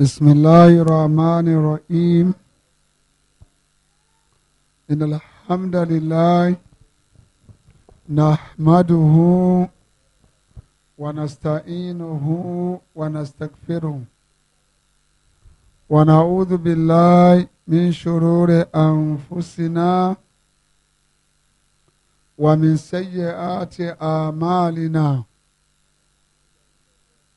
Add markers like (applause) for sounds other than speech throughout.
بسم الله الرحمن الرحيم إن الحمد لله نحمده ونستعينه ونستغفره ونعوذ بالله من شرور أنفسنا ومن سيئات أعمالنا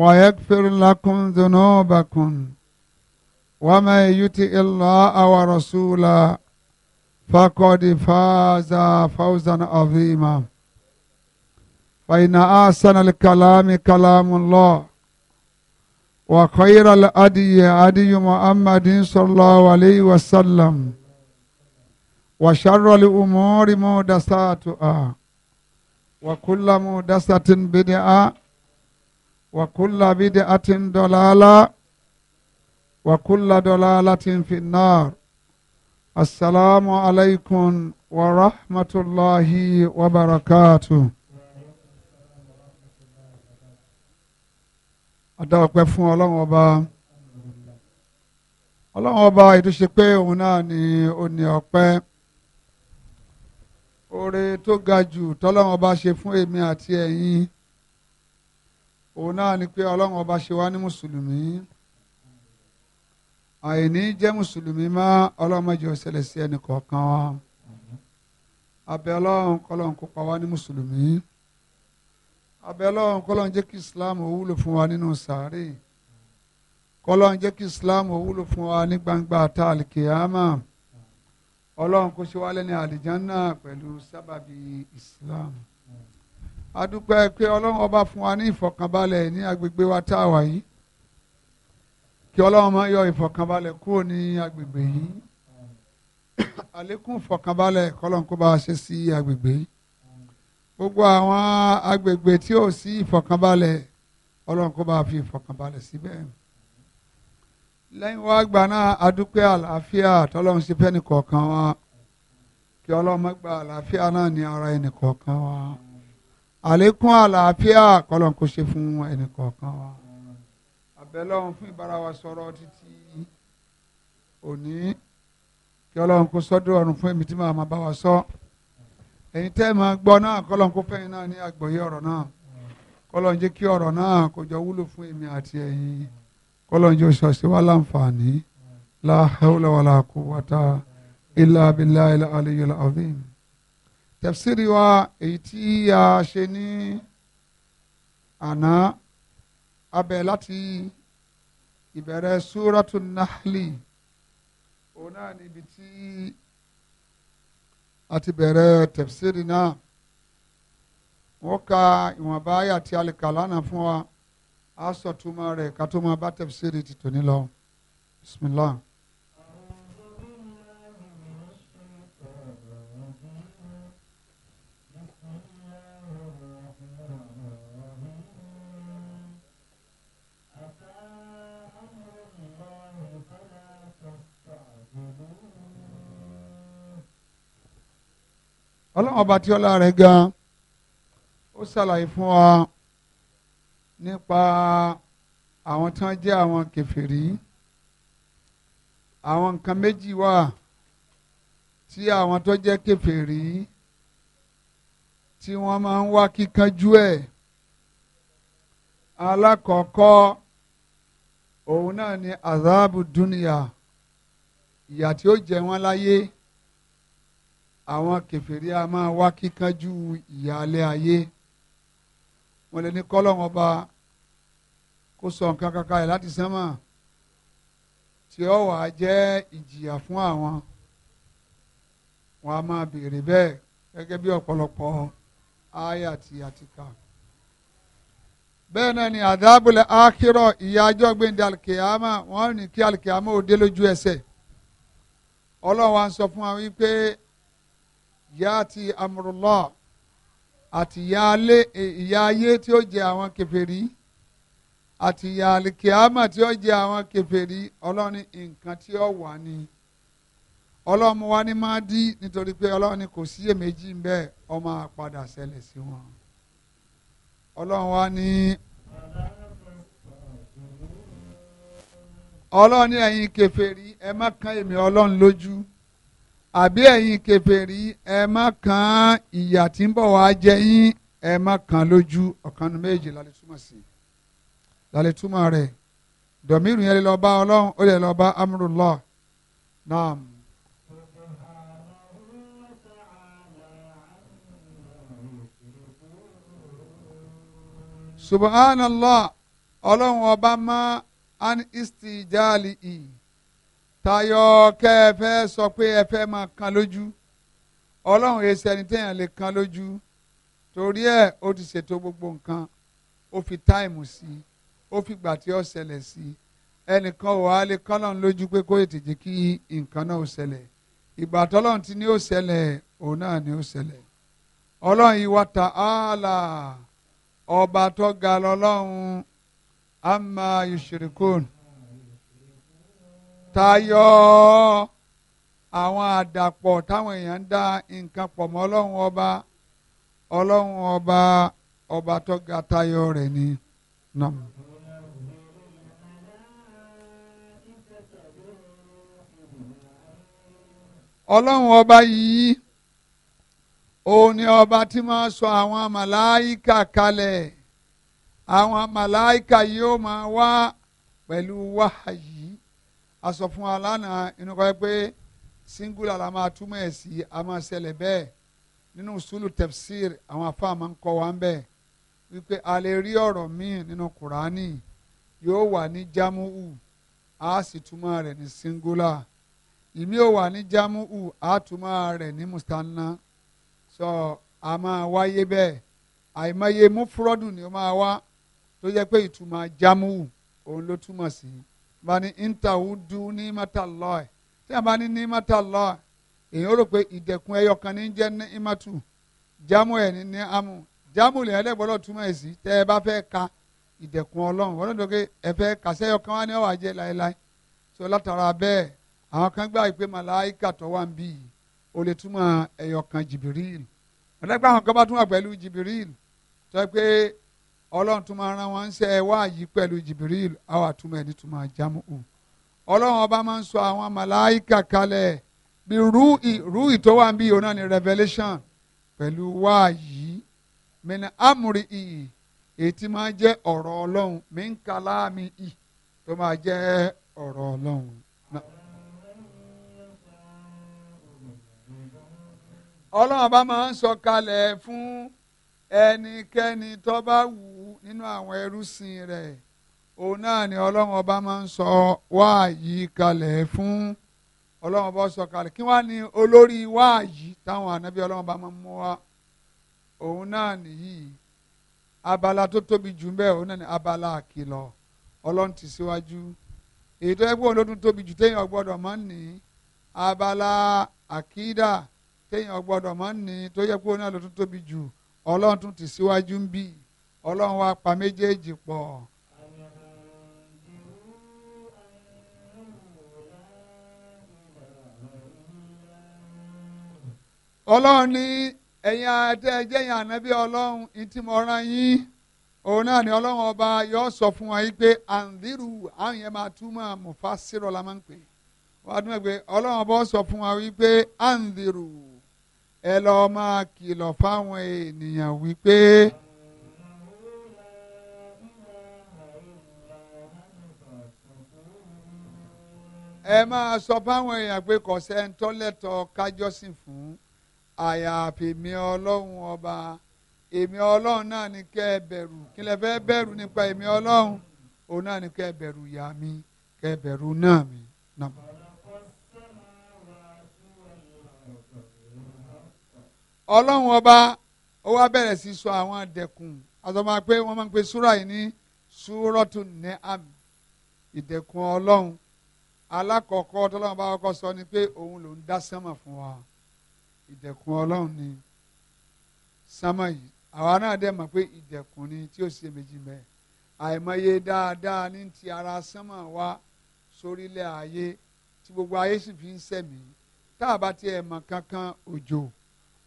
ويغفر لكم ذنوبكم ومن يطع الله ورسوله فقد فاز فوزا عظيما فإن أحسن الكلام كلام الله وخير الأدي أدي محمد صلى الله عليه وسلم وشر الأمور مودساتها وكل مودسة بدعة وكل بدعة ضلالة وكل ضلالة في النار السلام عليكم ورحمة الله وبركاته adáwọ̀pẹ́ fún ọlọ́run ọba ọlọ́run ọba ìtúnṣe pé òun náà ni ó ní ọpẹ́ oore tó ga jù tọ́lọ́run ọba ṣe fún èmi àti ẹ̀yin òun náà ni pé ọlọ́run ọba ṣe wá ní mùsùlùmí àìní jẹ́ mùsùlùmí má ọlọ́mọdé ọ̀sẹ̀lẹ̀ sí ẹnì kọ̀ọ̀kan wa abẹ́ ọlọ́run kọ́lọ́run kó wá ní mùsùlùmí abẹ́ ọlọ́run kọ́lọ́run jẹ́ kí islam ó wúlò fún wa nínú sàárè kọ́lọ́run jẹ́ kí islam ó wúlò fún wa ní gbangba tá a lè kéhámà ọlọ́run kó ṣe wá lẹ́ni àlìjánná pẹ̀lú sábàbí islam. Mm -hmm adúpẹ́ pé ọlọ́run ọba fún wa ní ìfọ̀kànbalẹ̀ ní agbègbè wa tá a wà yìí kí ọlọ́run máa yọ ìfọ̀kànbalẹ̀ kúrò ní agbègbè yìí àlékún ìfọ̀kànbalẹ̀ kọ́lọ́n kó bá a ṣe sí agbègbè yìí gbogbo àwọn agbègbè tí ò sí ìfọ̀kànbalẹ̀ ọlọ́run kó bá a fi ìfọ̀kànbalẹ̀ síbẹ̀ lẹ́yìn wá gbà náà adúpẹ́ àlàáfíà tọ́lọ́run ṣe fẹ́ nìkọ̀ọ̀kan wa kí ọlọ́run má gba àlàáfíà náà ní ara ẹnìkọ̀ọ̀kan wa. Mm -hmm àlékún àlàáfíà kọlọ̀ kó ṣe fún ẹnì kọ̀ọ̀kan wa abẹ́lọ́run fún ìbára wa sọ̀rọ̀ títí òní kí ọlọ́run kó sọ́dọ̀ ọ̀run fún èmi tí màá máa bá wa sọ ẹ̀yin tẹ́ máa gbọ́ náà kọlọ̀ kó fẹ́yìn náà ní àgbọ́yé ọ̀rọ̀ náà kọlọ̀ ń jẹ́ kí ọ̀rọ̀ náà kó jọ wúlò fún èmi àti ẹ̀yin kọlọ̀ ń jẹ́ oṣù ọ̀sẹ̀ wa láǹfààní la hawla wala quwwata illa billahi al tẹ̀síìrì wa èyí tí a ṣe ní àná abẹ láti ìbẹ̀rẹ̀ súrọ́tù nahli òun náà níbi tí a ti bẹ̀rẹ̀ tẹ̀síìrì náà wọ́n ka ìwọ̀nba ayà tí a lè kà lánàá fún wa a sọ̀túnmọ́ rẹ̀ ká tó máa bá tẹ̀síìrì ti tòní lọ bisimilah. ọlọ́run ọba tí ọlá rẹ̀ gan ó ṣàlàyé fún wa nípa àwọn tí wọ́n jẹ́ àwọn kèfèrí àwọn nǹkan méjì wà tí àwọn tó jẹ́ kèfèrí tí wọ́n máa ń wá kíkanjú ẹ̀ alákọ̀ọ́kọ́ òun náà ni azabu dunia ìyà tí ó jẹ wọ́n láyé àwọn kèfèrí a máa wá kíkanjú ìyáálé ayé wọn lè ní kọ́lọ́wọ́n ọba kó sọ nǹkan kankan rẹ̀ láti sánmà tí ó wàá jẹ́ ìjìyà fún àwọn wọn a máa béèrè bẹ́ẹ̀ gẹ́gẹ́ bí ọ̀pọ̀lọpọ̀ àyà tí a bẹ́ẹ̀ náà ni àdábùlẹ̀ ákírọ̀ ìyà ajọ́ gbẹ̀ndé alìkèyàmà wọ́n ní kí alìkèyàmà ò dé lójú ẹsẹ̀ ọlọ́run wa ń sọ fún wa wípé yáàtì amúrúlọ́ àti e, ìyá ayé tí ó jẹ àwọn kèfèrí àti ìyá àlìkíámà tí ó jẹ àwọn kèfèrí ọlọ́run ní nǹkan tí ó wà ní ọlọ́run wa ní máa dí nítorí pé ọlọ́run ní kò síyèméjì ń bẹ́ẹ̀ ó máa ṣẹlẹ̀ sí wọn ọlọ́run wa ní. ọlọ́run ẹ̀yin kèfèrí ẹ má kan èmi ọlọ́run lójú àbí ẹ̀yin kèfèrí ẹ má kan ìyà tí ń bọ̀ wá jẹ yín ẹ má kan lójú ọ̀kan nu méjì lálẹ́ túmọ̀ sí lálẹ́ túmọ̀ rẹ̀ dọ̀míìrù yẹn lọ bá ọlọ́run ó lè lọ bá amúrúlọ́ọ̀ náà. subhanallah ọlọ́run ọba máa an istijali yìí tayọ kẹ ẹ fẹ́ sọ pé ẹ fẹ́ máa kan lójú ọlọ́run èsì ẹni téèyàn lè kan lójú torí ẹ̀ ó ti ṣètò gbogbo nǹkan ó fi táìmù sí i ó fi gbà tí ó ṣẹlẹ̀ sí i ẹnìkan ò wá lè kán lọ́run lójú pé kó ètè jẹ́ kí nǹkan náà ó ṣẹlẹ̀ ìgbà tọ́lọ́run ti ní ó ṣẹlẹ̀ òun náà ni ó ṣẹlẹ̀ ọlọ́run yìí wá ta áàlà ọba tó ga lọ́lọ́run amma yushrikun tayọ àwọn àdàpọ̀ táwọn èèyàn ń dá nǹkan pọ̀ mọ́ ọlọ́run ọba ọlọ́run ọba ọba tó ga tayọ rẹ̀ ni. No. ọlọ́run ọba yìí òun ni ọba tí máa sọ àwọn màláìkà kalẹ̀ àwọn màláìkà yìí ó máa wá pẹ̀lú wáhàyí a sọ fún wa lánàá inú kọ́ ẹ pé singular la máa túmọ̀ ẹ̀ sí a máa ṣẹlẹ̀ bẹ́ẹ̀ nínú sulu tefsir àwọn afá máa ń kọ́ wa ń bẹ̀ wípé a lè rí ọ̀rọ̀ míì nínú kùránì yóò wà ní jámúù a sì túmọ̀ rẹ̀ ní singular ìmí ò wà ní jámúù a túmọ̀ rẹ̀ ní mustanna sọ a máa wáyé bẹ́ẹ̀ àìmọye mufrọ́dù ni ó máa wá tó jẹ́ pé ìtumọ̀ jámúù òun ló túmọ̀ sí. Si bá ní intawudu ní matalọ́ọ̀ tí a bá ní ní matalọ́ọ̀ èyàn rò pé ìdẹ̀kùn ẹyọ kan ní jẹ́ ní imatu jamu ẹ̀ ní ní amú jámù lè ẹlẹ́ gbọ́dọ̀ túmọ̀ ẹ̀ sí tẹ́ ẹ bá fẹ́ ka ìdẹ̀kùn ọlọ́run wọ́n lọ́dọ̀ pé ẹ fẹ́ kàṣẹ́yọ kan wá ní ọ̀wà jẹ́ láéláé so látara bẹ́ẹ̀ àwọn kan gbà pé màláìkà tó wà ń bí yìí o lè túmọ̀ ẹyọ kan jìbìrìl ọ̀dẹ́gbà àwọn kan bá túmọ̀ pẹ̀lú jìbìrìl tó pé ọlọ́run tún máa ran wọn ń ṣe ẹwà yìí pẹ̀lú Jibril àwọn àtúmọ̀ ẹni tún máa jámù ù ọlọ́run ọba máa ń sọ àwọn màláìkà kalẹ̀ bí rú ìtọ́wà ń bí òun náà ní revelation pẹ̀lú wáàyí mẹ́ni amúri ìyì ètí máa jẹ́ ọ̀rọ̀ ọlọ́run mi ń kalá mi ì tó máa jẹ́ ọ̀rọ̀ ọlọ́run. ọlọ́run ọba máa ń sọ kalẹ̀ fún ẹnikẹ́ni tó bá wù nínú àwọn ẹrúsìn rẹ̀ òun náà ni ọlọ́run ọba máa ń sọ wáàyí kalẹ̀ fún ọlọ́run ọba sọ kalẹ̀ kí wàá ní olórí wáàyí táwọn ànábì ọlọ́run ọba máa ń mú wá òun náà nìyí abala tó tóbi jù bẹ́ẹ̀ òun náà ni abala àkìlọ̀ ọlọ́run ti síwájú èyí tó yẹ pé òun ló tún tóbi jù téèyàn gbọ́dọ̀ máa ń ní abala àkídà téèyàn gbọ́dọ̀ máa ń ní tó yẹ pé òun náà ló tún tóbi jù ọlọ́run tún ti síwájú ń bíi ọlọ́run wa pa méjèèjì pọ̀. ọlọ́run ní ẹ̀yin àti ẹ̀jẹ̀ yẹn ànábì ọlọ́run ìtì mọ̀ ọ́ra yín òun náà ni ọlọ́run ọba yóò sọ fún wa yìí pé àǹdírù àwọn yẹn máa túmọ̀ mọ̀fá sírọ̀ la máa ń pè wọ́n á dúnmọ̀ pé ọlọ́run ọba sọ fún wa yìí pé àǹdírù ẹ lọ́ọ́ máa kìlọ̀ fáwọn ènìyàn wípé. ẹ máa sọ fáwọn èèyàn pé kò sẹ́ńtọ́lẹ́tọ̀ kájọ́sìn fún àyàfi mi ọlọ́run ọba èmi ọlọ́run náà ni kẹ́ ẹ bẹ̀rù kí lẹ fẹ́ bẹ̀rù nípa èmi ọlọ́run òun náà ni kẹ́ ẹ bẹ̀rù ìyá mi kẹ́ ẹ bẹ̀rù náà mi. ọlọ́run ọba ó wá bẹ̀rẹ̀ sí sọ àwọn ìdẹ̀kùn àtọ́mọ pé wọ́n máa ń pe súrà yìí ní súrọ́tù nẹ́àm ìdẹ̀kùn ọlọ́run alákọ̀ọ́kọ́ tọ́lọ́mọba kọ́kọ́ sọ ni pé òun lòún dá sánmà fún wa ìdẹ̀kùn ọlọ́run ni sánmà yìí àwa náà dẹ̀ mọ̀ pé ìdẹ̀kùn ni tí ó ṣe méjì mẹ́ẹ̀ àìmọye dáadáa ní ti ara sánmà wa sórílẹ̀ ayé tí gbogbo ayé sì fi ń sẹ̀mí tá a bá tiẹ̀ mọ̀ kankan òjò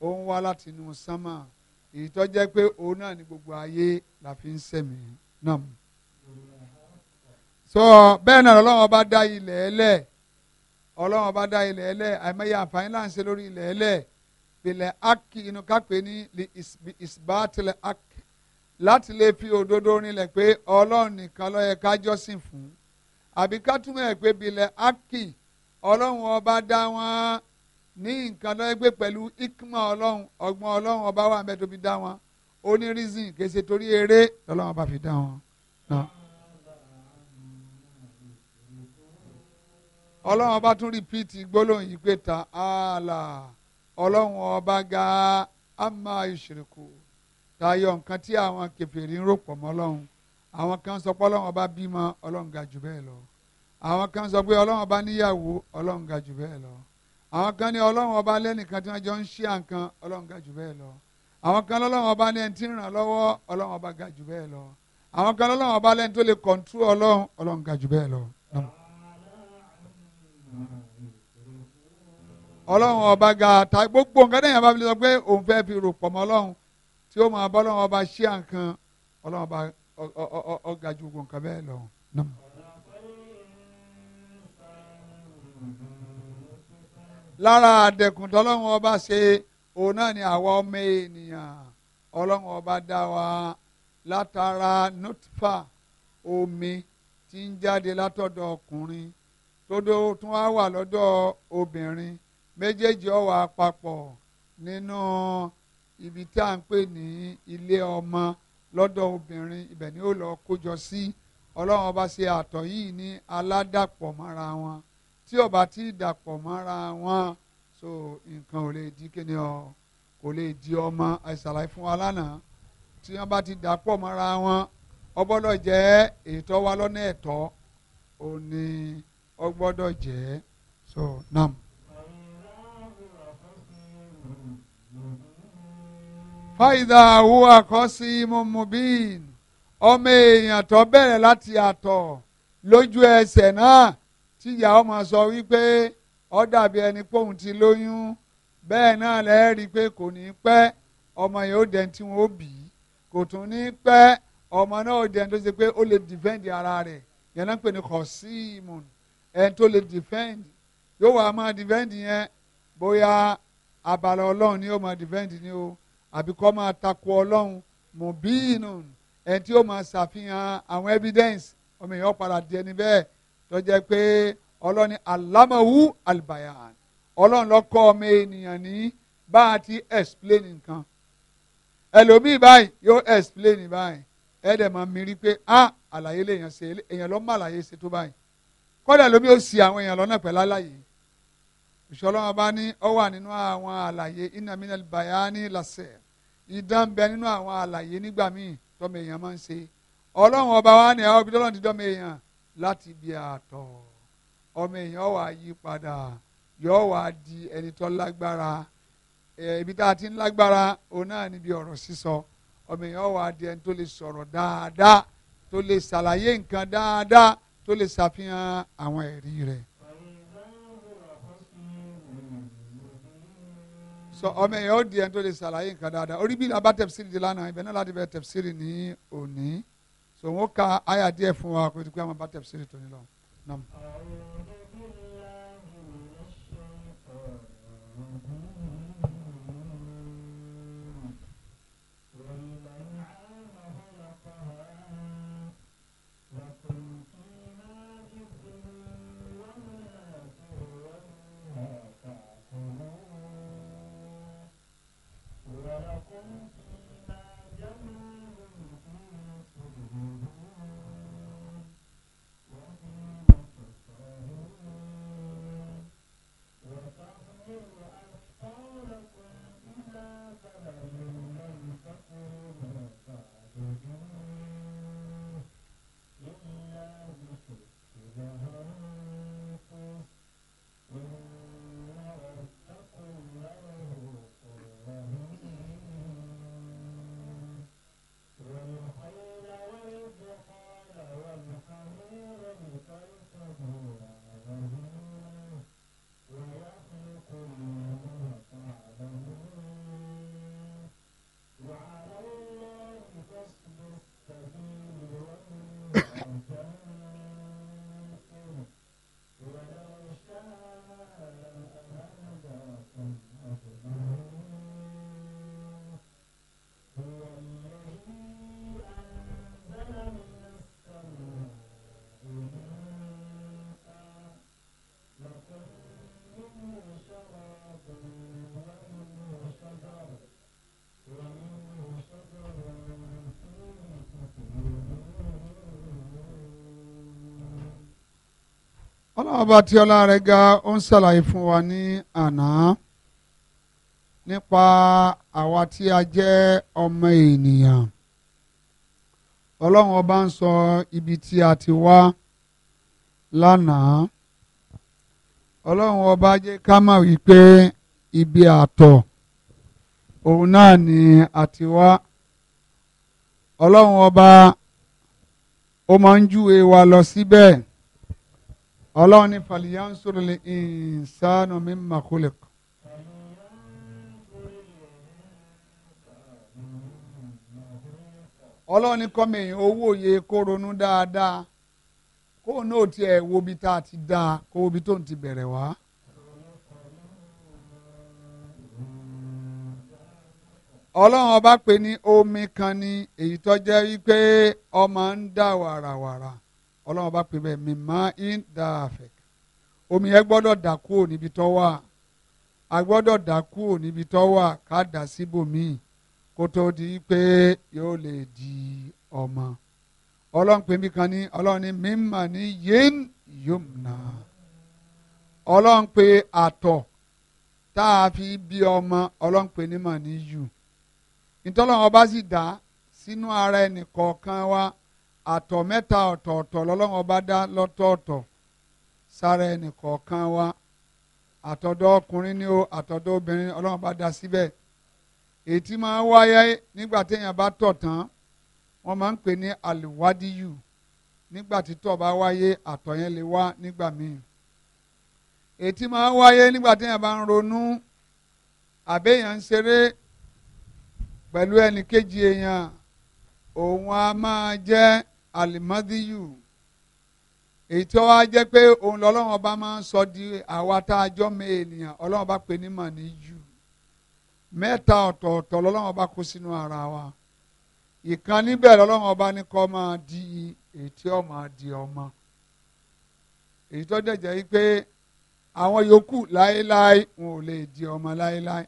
òun wá láti inú sánmà èyí pé òun náà ni gbogbo ayé la fi ń sẹ̀mí náà so bẹ́ẹ̀ náà ọlọ́run ọba dá ilẹ̀ ẹlẹ̀ ọlọ́run ọba dá ilẹ̀ ẹlẹ̀ àìmọye àǹfààní là ń ṣe lórí ilẹ̀ ẹlẹ̀ bìlẹ̀ aki inú kápẹ́ ní ìsbátilẹ̀ aki láti lè fi òdodo rinlẹ̀ pé ọlọ́run nìkan ló yẹ ká fún àbí ká ẹ̀ pé bìlẹ̀ aki ọlọ́run ọba dá wọn ní nǹkan ló pé pẹ̀lú ikma ọlọ́run ọgbọ́n ọlọ́run ọba wà mẹ́tò fi dá wọn ó ní reason kèsè torí eré ọlọ́run ọba fi dá wọn. No. ọlọ́run ọba tún rìpíìtì gbólóhùn yìí pé ta ààlà ọlọ́run ọba ga ama ìṣirìkù tayọ nǹkan tí àwọn kèfèrí ń rò pọ̀ mọ́ ọlọ́run àwọn kan sọ pé ọlọ́run ọba bímọ ọlọ́run ga jù bẹ́ẹ̀ lọ àwọn kan sọ pé ọlọ́run ọba níyàwó ọlọ́run ga jù bẹ́ẹ̀ lọ àwọn kan ní ọlọ́run ọba lẹ́nìkan tí wọ́n jọ ń ṣí àǹkan ọlọ́run ga jù bẹ́ẹ̀ lọ àwọn kan lọ́lọ́run ọba ní ẹni tí ń ràn lọ́wọ́ ọlọ́run ọba ga jù bẹ́ẹ̀ lọ àwọn kan lọ́lọ́run ọba lẹ́ni tó lè kọ̀ǹtú ọlọ́run ọlọ́run ga jù bẹ́ẹ̀ lọ ọlọ́run ọba ga ta gbogbo nǹkan tẹ̀yìn bá fi sọ pé òun fẹ́ fi rò pọ̀ mọ́ ọlọ́run tí ó máa bọ́ ọlọ́run ọba ṣí àǹkan ọlọ́run ọba ọ̀gá ju gbogbo nǹkan bẹ́ẹ̀ lọ. lára àdẹ̀kùn tọ́lọ́run ọba ṣe òun náà ni àwa ọmọ ènìyàn ọlọ́run ọba dá wa látara nutfa omi tí ń jáde látọ̀dọ̀ ọkùnrin tódó tún á wà lọ́dọ̀ obìnrin méjèèjì ó wà papọ̀ nínú ibi tá à ń pè ní ilé ọmọ lọ́dọ̀ obìnrin ibẹ̀ ni ó lọ kójọ sí ọlọ́run ọba ṣe àtọ̀ yìí ní aládàpọ̀ mọ́ra wọn tí ó ti dàpọ̀ mọ́ra wọn so nǹkan ò lè di kíni ọ kò lè di ọmọ àìsàlàyé fún wa lánàá tí wọ́n bá ti dàpọ̀ mọ́ra wọn ó jẹ́ ètò wa lọ́nà ẹ̀tọ́ òní ó gbọ́dọ̀ jẹ́ so nam. fàyídà àwọ̀ àkọ́sí mọ̀mọ́bìn ọmọ èèyàn tó bẹ̀rẹ̀ láti àtọ̀ lójú ẹsẹ̀ náà tíyà ọmọ sọ wípé ó dàbí ẹni pòun ti lóyún bẹ́ẹ̀ náà lẹ́ẹ̀rí pé kò ní pẹ́ ọmọ yẹn ó dẹ̀ tí wọ́n ó bì í kò tún ní pẹ́ ọmọ náà ó dẹ̀ tó ṣe pé ó lè dìfẹ́ǹdì ara rẹ̀ yẹn náà pè ní kọ̀síìmù ẹni tó lè defend yóò wá máa defend yẹn bóyá abala ọlọ́run ni yóò máa defend ni o àbí kọ́ máa takò ọlọ́run mùbíìnù ẹni tí yóò máa ṣàfihàn àwọn evidence ọmọ èèyàn padà di ẹni bẹ́ẹ̀ tó jẹ́ pé ọlọ́run alámọ̀wú àlùbáyàn ọlọ́run lọ́kọ́ ọmọ ènìyàn ní bá a ti explain nǹkan ẹlòmíì báyìí yóò explain báyìí ẹ̀ dẹ̀ máa mirí pé ah àlàyé lèèyàn ṣe èèyàn ló àlàyé ṣe tó báyìí kọ́dà lómi ó sì àwọn èèyàn lọ́nà pẹ̀lú aláyè ìṣọlọ́wọ́n bá ní ọ wà nínú àwọn àlàyé iná minel bayani lasẹ̀ idán bẹ nínú àwọn àlàyé nígbà míì tọ́mọ èèyàn máa ń ṣe ọlọ́run ọba wa ní àwọn obìnrin ti dọ́mọ èèyàn láti bí àtọ̀ ọmọ èèyàn wà yí padà yọ wà di ẹni tó lágbára ibi tá a ti ń lágbára òun náà níbi ọ̀rọ̀ sísọ ọmọ èèyàn wà di ẹni tó lè sọ̀rọ̀ dáadáa tó lè ṣàlàyé nǹkan dáadáa tó lè ṣàfihàn àwọn ẹ̀rí rẹ̀. sọ ọmọ yẹn ó di ẹni tó lè ṣàlàyé nǹkan dáadáa orí bí abá tẹ̀síìrì di lánàá ibẹ̀ náà láti bẹ̀ tẹ̀síìrì ní òní sọ wọn ka àyà díẹ̀ fún wa kó tó kí wọn bá tẹ̀síìrì tó ní lọ. Mm-hmm. ọlọ́ọ̀bá tí ọlá rẹ̀ ga ó ń ṣàlàyé fún wa ní àná nípa àwa tí a jẹ́ ọmọ ènìyàn ọlọ́run ọba ń sọ ibi tí a ti wá lánàá ọlọ́run ọba jẹ́ ká mọ̀ wípé ibi àtọ̀ òun náà ni a ti wá ọlọ́run ọba ó máa ń júwe wa lọ síbẹ̀. Si ọlọ́run ní falyansuril insanu mimma khuliq. ọlọ́run ní kọ́mẹ̀yìn owó òye kó ronú dáadáa kó o náà tiẹ̀ wobi ibi tá a ti dáa e kó o ibi tó ń ti bẹ̀rẹ̀ wá. ọlọ́run ọba pè ní omi kan ní èyí tó wípé ọmọ ń dà wàràwàrà. Wàrà ọlọ́run bá pè bẹ́ẹ̀ mímá in dáàfẹ́ omi yẹn gbọ́dọ̀ dà kúrò níbi tó wà a gbọ́dọ̀ dà kúrò níbi tó wà ká dà síbòmíì kó tó di pé yóò lè di ọmọ ọlọ́run pè mí kan ní ọlọ́run ní mímá ní yéén yomna ọlọ́run pè àtọ̀ tá a fi bí ọmọ ọlọ́run pè ní mà ní yù ìtọ́lọ́run ọba sì dá sínú ara ẹnì kọ̀ọ̀kan wa àtọ̀ mẹ́ta ọ̀tọ̀ọ̀tọ̀ lọ́lọ́run ọba dá lọ́tọ̀ọ̀tọ̀ sára ẹnì kọ̀ọ̀kan wa àtọ̀dọ̀ ọkùnrin ni o àtọ̀dọ̀ obìnrin ọlọ́run ọba dá síbẹ̀ ètí máa ń wáyé nígbà téèyàn bá tọ̀ tán wọ́n máa ń pè ní àlùwádìyù nígbà títọ̀ bá wáyé àtọ̀ yẹn lè wá nígbà míì ètí máa ń wáyé nígbà téèyàn bá ń ronú àbẹ́yàn ń ṣeré pẹ̀lú ẹnì kejì èèyàn òun a máa jẹ́ alimadiyu èyí tí wọ́n á jẹ́ pé òun lọ́lọ́run ọba máa ń sọ di àwa tá a jọ́ mọ ènìyàn ọlọ́run ọba pè ní màníyù mẹ́ta ọ̀tọ̀ọ̀tọ̀ lọ́lọ́run ọba kó sínú ara wa ìkan níbẹ̀ lọ́lọ́run ọba ní kọ́ máa di èyí tí ó máa di ọmọ èyí tó dẹ̀ jẹ́ pé àwọn yòókù láéláé wọn ò lè di ọmọ láéláé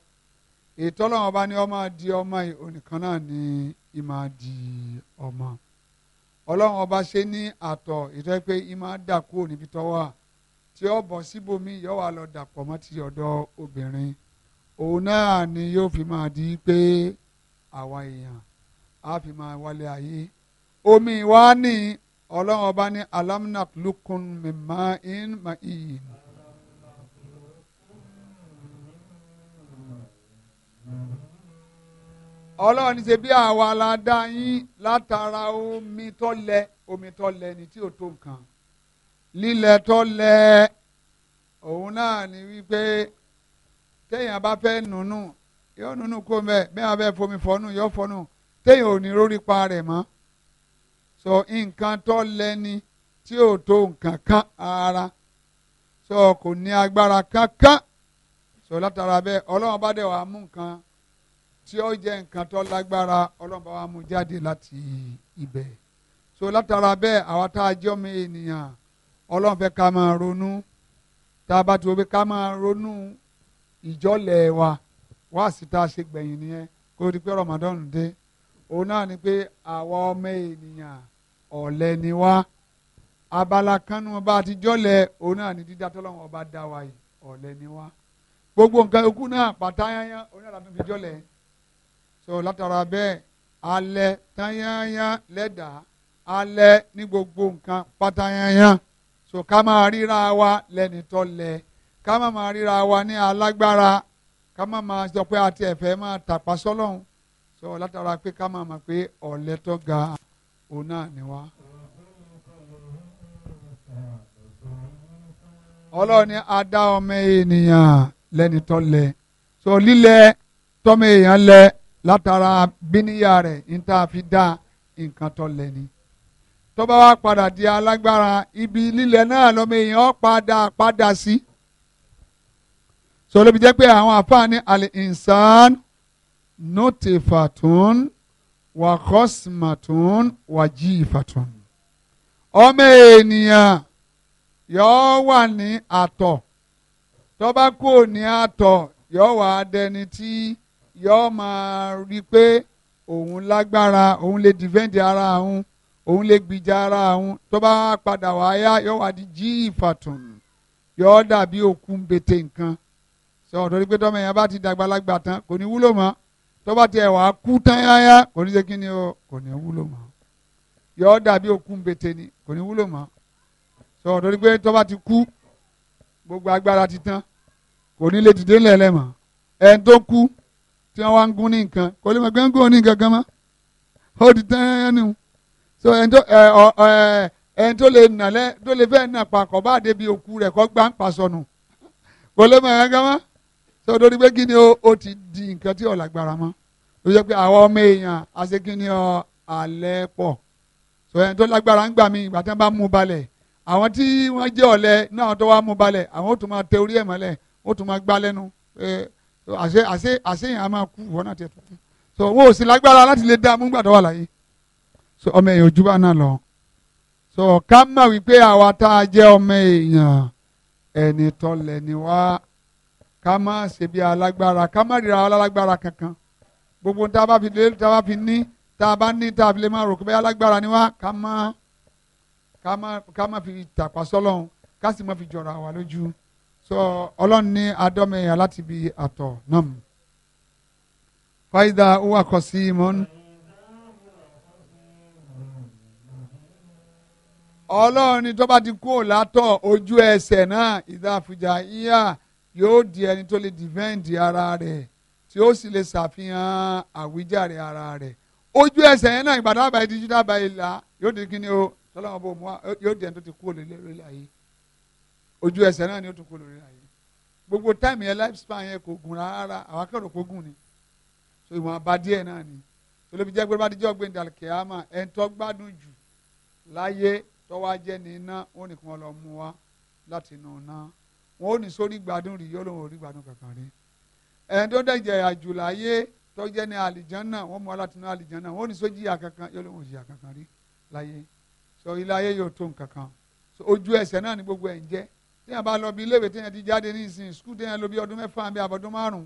èyí tọ́lọ́run ọba ní ó máa di ọmọ yìí onìkan náà ní í máa di ọmọ ọlọ́run ọba ṣe ní àtọ̀ ìtọ́ pé ìmọ̀ á dà kúrò níbi tó wà tí ó bọ̀ síbòmí yóò wá lọ dàpọ̀ mọ́ ti ọ̀dọ̀ obìnrin òun náà ni yóò fi máa di pé àwa èèyàn á fi máa wálé ayé omi wa ní ọlọ́run ọba ní alamnak lukun mimma in ma iyin. Mm-hmm ọlọ́run ní ṣe bí àwa la dá yín látara omi tó lẹ omi tó lẹ ni tí ò tó nǹkan lílẹ tó lẹ òun náà ní wípé téèyàn bá fẹ́ nùnú yóò nùnú kó mẹ bẹ́ẹ̀ bẹ́ẹ̀ fomi fọ́nù yóò fọ́nù téèyàn ò ní rórí pa rẹ̀ mọ́ so nǹkan tó lẹ ní tí ò tó nǹkan kan ara so kò ní agbára kankan so látara bẹ́ẹ̀ ọlọ́run bá dẹ̀ wá mú nǹkan tí ó jẹ́ nǹkan tó lágbára ọlọ́run bá wa mú jáde láti ibẹ̀ so látara bẹ́ẹ̀ àwa tá a jọ́ mi ènìyàn ọlọ́run fẹ́ ká máa ronú tá a bá ti wo pé ká máa ronú ìjọ́lẹ̀ wa wá sí tá a ṣe gbẹ̀yìn nìyẹn kó o di pé Ramadan dé òun náà ni pé àwa ọmọ ènìyàn ọ̀lẹ ni wá abala kanu ọba àtijọ́lẹ̀ òun náà ni dídá tọ́lọ́run ọba dá wa yìí ọ̀lẹ ni wá gbogbo nǹkan ikú náà pàtàyàyà òun náà làtúntìjọ́lẹ̀ yìí so látara bẹ́ẹ̀ alẹ́ tányányá lẹ́dàá alẹ́ ní gbogbo nǹkan pátáyányá so ká máa ríra wa lẹ́ni tó lẹ ká máa máa ríra wa ní alágbára ká máa máa sọ pé àti ẹ̀fẹ́ máa tàpá sọ́lọ́hún so látara pé ká máa mọ̀ pé ọ̀lẹ tó ga òun náà ni wá. ọlọ́run ni a dá ọmọ ènìyàn lẹ́ni tó so lílẹ tọ́mọ èèyàn lẹ látara bíníyà rẹ̀ níta fi dá nǹkan tó lẹ̀ ni. tó bá wá padà di alágbára ibi lílẹ̀ náà lọ́mọ èèyàn padà padà sí. sọ ló fi jẹ́ pé àwọn àfáàní al-insan nutifatun wa khosmatun wa jifatun. ọmọ ènìyàn yóò wà ní àtọ̀ tó kò ní àtọ̀ yóò wà á dẹni tí yóò máa rí i pé òun lágbára òun lè dìfẹ́ǹdì ara òun òun lè gbìjà ara òun tó bá padà wáyá yóò wá di jí ìfàtún yóò dàbí òkú bètè nǹkan sọ torí pé tọ́mọ yẹn bá ti dàgbàlagbà tán kò ní wúlò mọ́ tó bá tiẹ̀ wá kú tán yáyá kò ní ṣe kí ni o kò ní wúlò mọ́ yóò dàbí òkú bètè ni kò ní wúlò mọ́ sọ torí pé tó bá ti kú gbogbo agbára ti tán kò ní lè dìde lẹ́lẹ́ mọ́ ẹ̀ ń tó kú tí wọ́n wá ń gún ní nǹkan kò lè mọ̀ pé ń gún ní nǹkan kan ó di tẹ́yẹ́nu so ẹni tó ẹ ọ ẹ ẹni tó lè nà lẹ tó lè fẹ́ nà pa bá débi òkú rẹ̀ kọ́ gbá ń pa sọnù kò lè mọ̀ kankan mọ́ so torí pé kí ni ó ti di nǹkan tí ọ̀làgbára mọ́ ló jẹ́ pé àwọn ọmọ èèyàn àṣẹ kí ni ọ alẹ́ pọ̀ so ẹni tó lágbára ń gbà mí ìgbà tí wọ́n bá mú balẹ̀ àwọn tí wọ́n jẹ́ ọ̀lẹ náà tó wá mú balẹ̀ àwọn ó tún máa tẹ orí ẹ̀ mọ́lẹ̀ ó tún máa gbá lẹ́nu àṣe àṣe àṣeyàn á máa kú wọn náà ti ẹ̀tọ́ so wọn ò sì lágbára láti lè dá amúgbàdọ́ wà láyé so ọmọ èèyàn ojú bá náà lọ so ká mọ̀ wípé àwa tá a jẹ́ ọmọ èèyàn ẹni tọ́lẹ̀ ni wá ká má ṣe bí alágbára ká má ríra alágbára kankan gbogbo tá a bá fi lé tá a bá fi ní tá a bá ní tá a fi lè máa rò pé bẹ́ẹ̀ alágbára ni wá ká má ká má ká má fi tàpá sọ́lọ́hún ká sì má fi jọra wa lójú so ọlọ́run ní adọ́mọ èèyàn láti bi àtọ̀ náà mu. fáyidà ó wà kọ sí mọ́nú. ọlọ́run ni tó bá ti kúrò látọ̀ ojú ẹsẹ̀ náà ìdáfujà ìyá yóò di ẹni tó lè dìfẹ́ǹdì ara rẹ̀ tí ó sì lè ṣàfihàn àwíjàre ara rẹ̀ ojú ẹsẹ̀ yẹn náà ìbàdàn àbáyé dijú dábàá ìlà yóò di kíni o tọ́lọ́mọ bò mú wa yóò di ẹni tó ti kúrò lórí ayé ojú ẹsẹ̀ náà ni ó tún kó lórí ayé gbogbo táìmù yẹn life span yẹn kò gùn rárá àwọn akẹ́rọ̀ kò gùn ni so ìwọ̀n àbá díẹ̀ náà ni olóbi jẹ́ pé bá dijọ́ gbé ndàlù kìámà ẹni tó gbádùn jù láyé tọ́wọ́ ajẹ́ ní iná ó nìkan wọn lọ mú wa láti inú iná wọn ò ní sórí gbádùn rí yóò lóun ò rí gbádùn kankan rí ẹni tó dẹ̀jẹ̀ àjù láyé tó jẹ́ ní àlìjánná wọn mú wa láti inú àlìjánná wọn ò ní sójì kankan yóò lóun ò jìyà kankan rí láyé so ilé ayé yóò tó nǹkan kan so ojú ẹsẹ̀ náà ni gbogbo ẹ̀ ń jẹ́ téèyàn bá lọ bí iléèwé téèyàn ti jáde ní ìsìn skul téèyàn lọ bí ọdún mẹ́fà bí àbọ̀dún márùn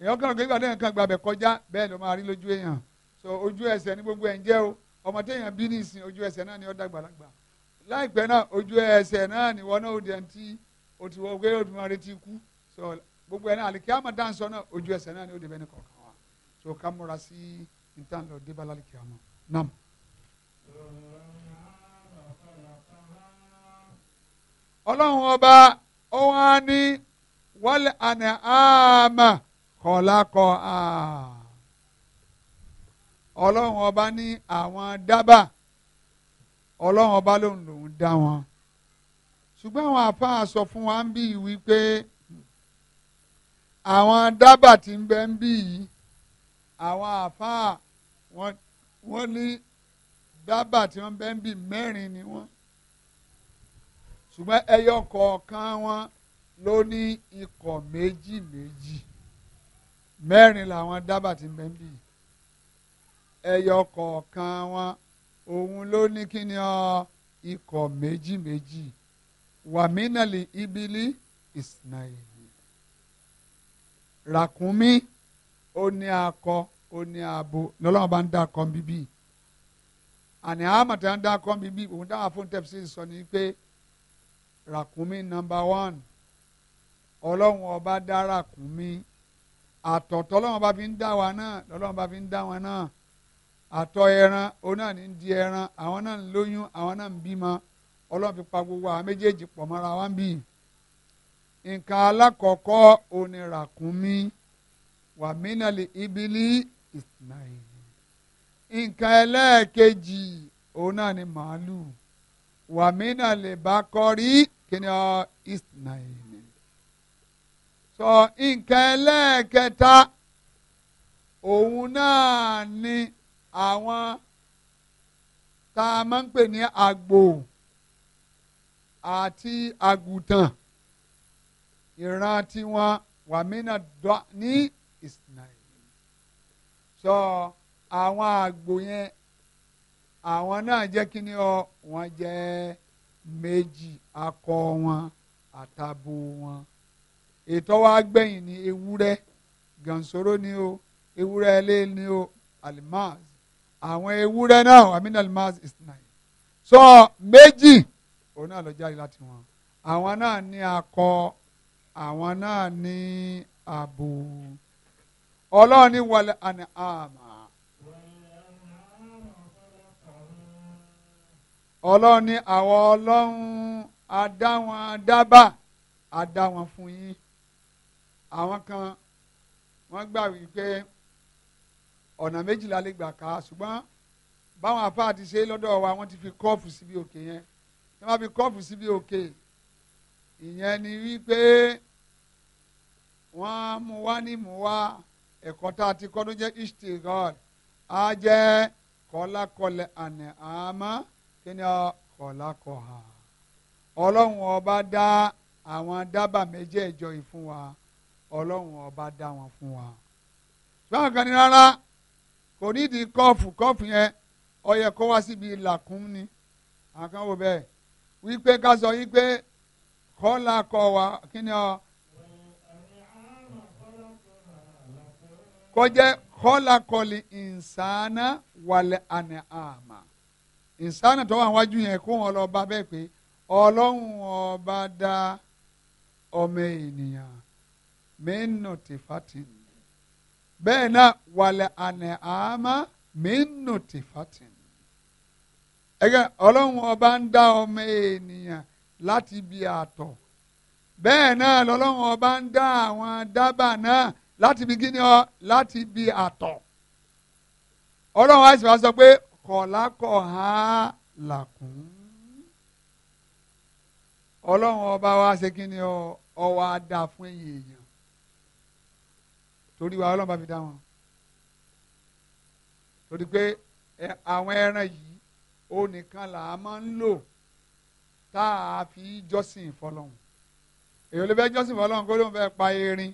èèyàn kàn gbégbà téèyàn kan gbàbẹ̀ kọjá bẹ́ẹ̀ ló máa rí lójú èèyàn so ojú ẹsẹ̀ ní gbogbo ẹ̀ ń jẹ́ o ọmọ téèyàn bí ní ìsìn ojú ẹsẹ̀ náà ni ó dàgbàlagbà láìpẹ́ náà ojú ẹsẹ̀ náà ni wọn náà ó dẹ̀ ti òtù ọgbẹ́ òtù máa retí ikú so gbogbo ẹ̀ náà àlìkí àmọ̀ dáńsọ náà ojú ẹsẹ̀ náà ni ó dẹ̀ wa so ká múra sí ìtàn lọ débàlálìkí ọlọ́run ọba ó wá ní wọ́lẹ̀ àná àmà kọ̀ọ̀lákọ̀ à. ọlọ́run ọba ní àwọn dábà ọlọ́run ọba lòun lòun dá wọn. ṣùgbọ́n àwọn àfáà sọ fún wa ń bí wípé àwọn dábà tí ń bẹ ń bí yìí àwọn àfáà wọ́n ní dábà tí wọ́n bẹ ń bí mẹ́rin ni wọ́n ṣùgbọ́n ẹyọ kọ̀ọ̀kan wọn ló ní ikọ̀ méjì méjì mẹ́rin làwọn dábàá ti bẹ́ẹ̀ bì ẹyọ kọ̀ọ̀kan wọn òun ló ní kí ni ọ ikọ̀ méjì méjì wàmínàlì ibili ìsìnàyèlè ràkúnmí ó ní akọ ó ní abo lọ́lọ́wọ́ bá ń dá akọ bíbí àní àmọ̀tẹ́ ń dá akọ bíbí òun dáhà fún tẹ̀sí sọ ni pé. ràkúnmí nọmba one ọlọ́run ọba dá ràkúnmí àtọ̀tọ̀ ọlọ́run ọba fi ń dá náà ọba fi ń wọn náà àtọ̀ ẹran òun náà ní di ẹran àwọn náà ń lóyún àwọn náà ń bímọ ọlọ́run fi pa gbogbo àwọn méjèèjì pọ̀ mọ́ra wá ń bì nǹkan alákọ̀ọ́kọ́ òní nǹkan ẹlẹ́ẹ̀kejì òun náà ni màálù kíni ọ isnaini sọ nǹkan ẹlẹ́ẹ̀kẹta òun náà ni àwọn tá a máa ń pè ní àgbò àti àgùntàn ìran tiwọn wàmínà dọ́ ní isnaini sọ àwọn àgbò yẹn àwọn náà jẹ́ kíni ọ wọ́n jẹ́ ẹ́ méjì akọ wọn àtàbò wọn ètò wa gbẹ̀yìn ní ewúrẹ́ gànsóró ni o ewúrẹ́ ilé ni o alimaz àwọn ewúrẹ́ náà amin alimaz is nine so méjì òun náà lọ jáde láti wọn àwọn náà ní akọ àwọn náà ní abo ọlọ́run ní wàlẹ̀ àná àmà ọlọ́run ni àwọn ọlọ́run adá wọn dábà fún yín àwọn kan wọ́n gbà wípé ọ̀nà méjìlá lè gbà ká ṣùgbọ́n báwọn àfáà ti ṣe lọ́dọ̀ wa wọ́n ti fi kọ́ọ̀fù síbi òkè yẹn tí wọ́n fi kọ́ọ̀fù síbi òkè ìyẹn ni wípé wọ́n mú wá ní mú wá ẹ̀kọ́ tá a ti kọ́ ló jẹ́ ishtigol á jẹ́ kọ́lákọ́lẹ̀ àná àmọ́ kíni kọ̀lákọ̀hà ọlọ́run ọba dá àwọn dábàá méjèèjọ yìí fún wa ọlọ́run ọba dá wọn fún wa. báwọn kan ní rárá kò nídìí kọ́ọ̀fù kọ́ọ̀fù yẹn ó yẹ kó wá síbi làkún ni àwọn kan wò bẹ́ẹ̀ wípé ká sọ wípé kọ́lákọ̀ wa kíni kọjá kọ́lákọ̀lì ìnsánà wàlẹ̀ àná àmà ìsánà tó wà wájú yẹn kó wọn lọ bá bẹ́ẹ̀ pé ọlọ́run ọba dá ọmọ ènìyàn mẹ́nà tìfàtì bẹ́ẹ̀ náà wàlẹ̀ àná àmà mẹ́nà tìfàtì ẹgbẹ́ ọlọ́run ọba ń dá ọmọ ènìyàn láti ibi àtọ̀ bẹ́ẹ̀ náà lọ́lọ́run ọba ń dá àwọn dábàá náà láti ibi gíní ọ láti ibi àtọ̀ ọlọ́run àìsàn wa sọ pé kọ̀lákọ̀há làkún ọlọ́run ọba wa ṣe kí ni ọ wá dáa fún ẹ̀yìn èèyàn torí wa ọlọ́run bá fi dá wọn torí pé àwọn ẹran yìí ó nìkan là á máa ń lò tá a fi jọ́sìn fọlọ́run èyí ò lè fẹ́ jọ́sìn fọlọ́run kó ló fẹ́ pa erin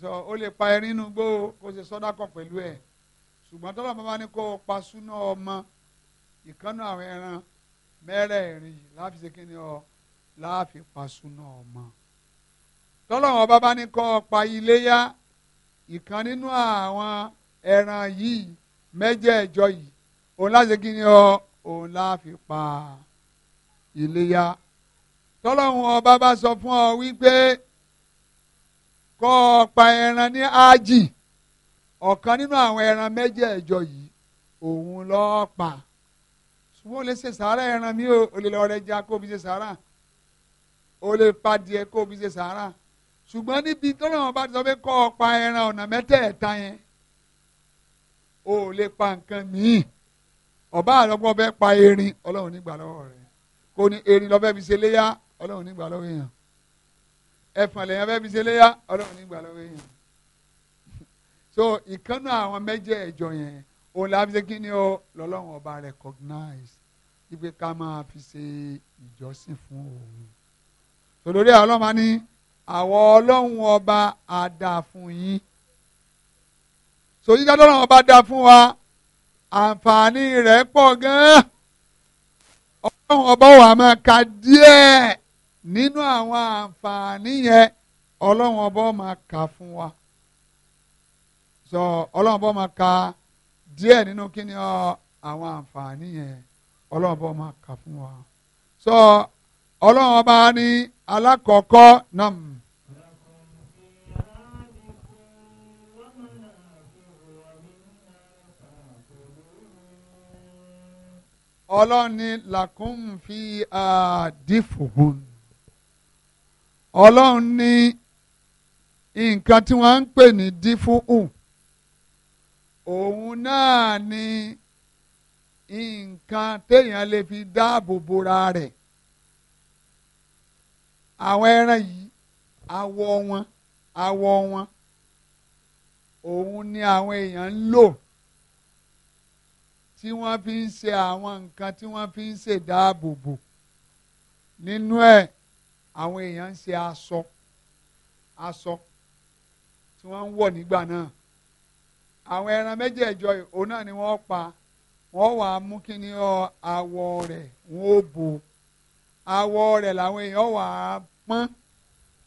so ó lè pa erin inú gbó kó ṣe sọ́dákọ̀ pẹ̀lú ẹ̀ ṣùgbọ́n tọ́lọ́ bàbá ní kó o pa súná ọmọ ìkànnà àwọn ẹran mẹ́rẹ̀ẹ̀rin yìí láfi ṣe kíni ọ láàfin pa ọmọ tọ́lọ́ wọn bàbá ní kó o pa iléyá ìkan nínú àwọn ẹran yìí mẹ́jẹ̀ẹ̀jọ yìí òun láti ṣe kíni ọ òun láàfin pa iléyá tọ́lọ́ wọn bàbá sọ fún ọ wípé kó pa ẹran ní ájì ọ̀kan nínú àwọn ẹran mẹ́jẹ̀ẹ̀jọ yìí òun lọ́ọ́ pa ṣùgbọ́n o lè ṣe sàárà ẹran mi o o lè lọ rẹ ja kó o fi ṣe sàárà o lè pa díẹ̀ kó o fi ṣe sàárà ṣùgbọ́n níbi tọ́lọ́wọ́n bá ti sọ pé kọ́ ọ pa ẹran ọ̀nà mẹ́tẹ̀ẹ̀ta yẹn o lè pa nǹkan míì ọba àlọ́gbọ́n fẹ́ pa erin ọlọ́run nígbà lọ́wọ́ rẹ̀ kò ní erin lọ́fẹ́ fi ṣe léyà ọlọ́run nígbà lọ́wọ́ èèyàn ẹ̀fọn lèèyàn fẹ́ fi ṣe léyà ọlọ́run nígbà lọ́wọ́ èèyàn so ìkànnà àwọn mẹ́jẹ̀ẹ̀jọ yẹn òun la fi ṣe kí ni o lọ́lọ́run ọba recognize ibi ká máa fi ṣe ìjọsìn fún òun tòlórí àwọn ọlọ́mọ ní àwọn ọlọ́run ọba àdá fún yín so yíká tọ́lọ́run ọba dá fún wa àǹfààní rẹ̀ pọ̀ gan-an ọlọ́run ọba wa máa ka díẹ̀ nínú àwọn àǹfààní yẹn ọlọ́run ọba máa kà fún wa sọ ọlọ́run bọ́ máa ka díẹ̀ nínú kíni ọ àwọn àǹfààní yẹn ọlọ́run bọ́ máa kà fún wa sọ ọlọ́run ọba ní alákọ̀ọ́kọ́ náà. ọlọ́ni làkún fi àdìfòhùn ọlọ́run ní nǹkan tí wọ́n ń pè ní dífúhùn òun náà ni nǹkan téèyàn lè fi dáàbò bora rẹ̀ àwọn ẹran yìí awọ wọn awọ wọn òun ni àwọn èèyàn ń lò tí wọ́n fi ń ṣe àwọn nǹkan tí wọ́n fi ń ṣe dáàbò bò nínú ẹ̀ àwọn èèyàn ń ṣe aṣọ aṣọ tí wọ́n ń wọ̀ nígbà náà àwọn ẹran mẹ́jẹ̀ẹ̀jọ òun náà ni wọ́n pa wọ́n wà á mú kíní ọ awọ rẹ̀ wọ́n ó bò awọ rẹ̀ làwọn èèyàn wà á pọ́n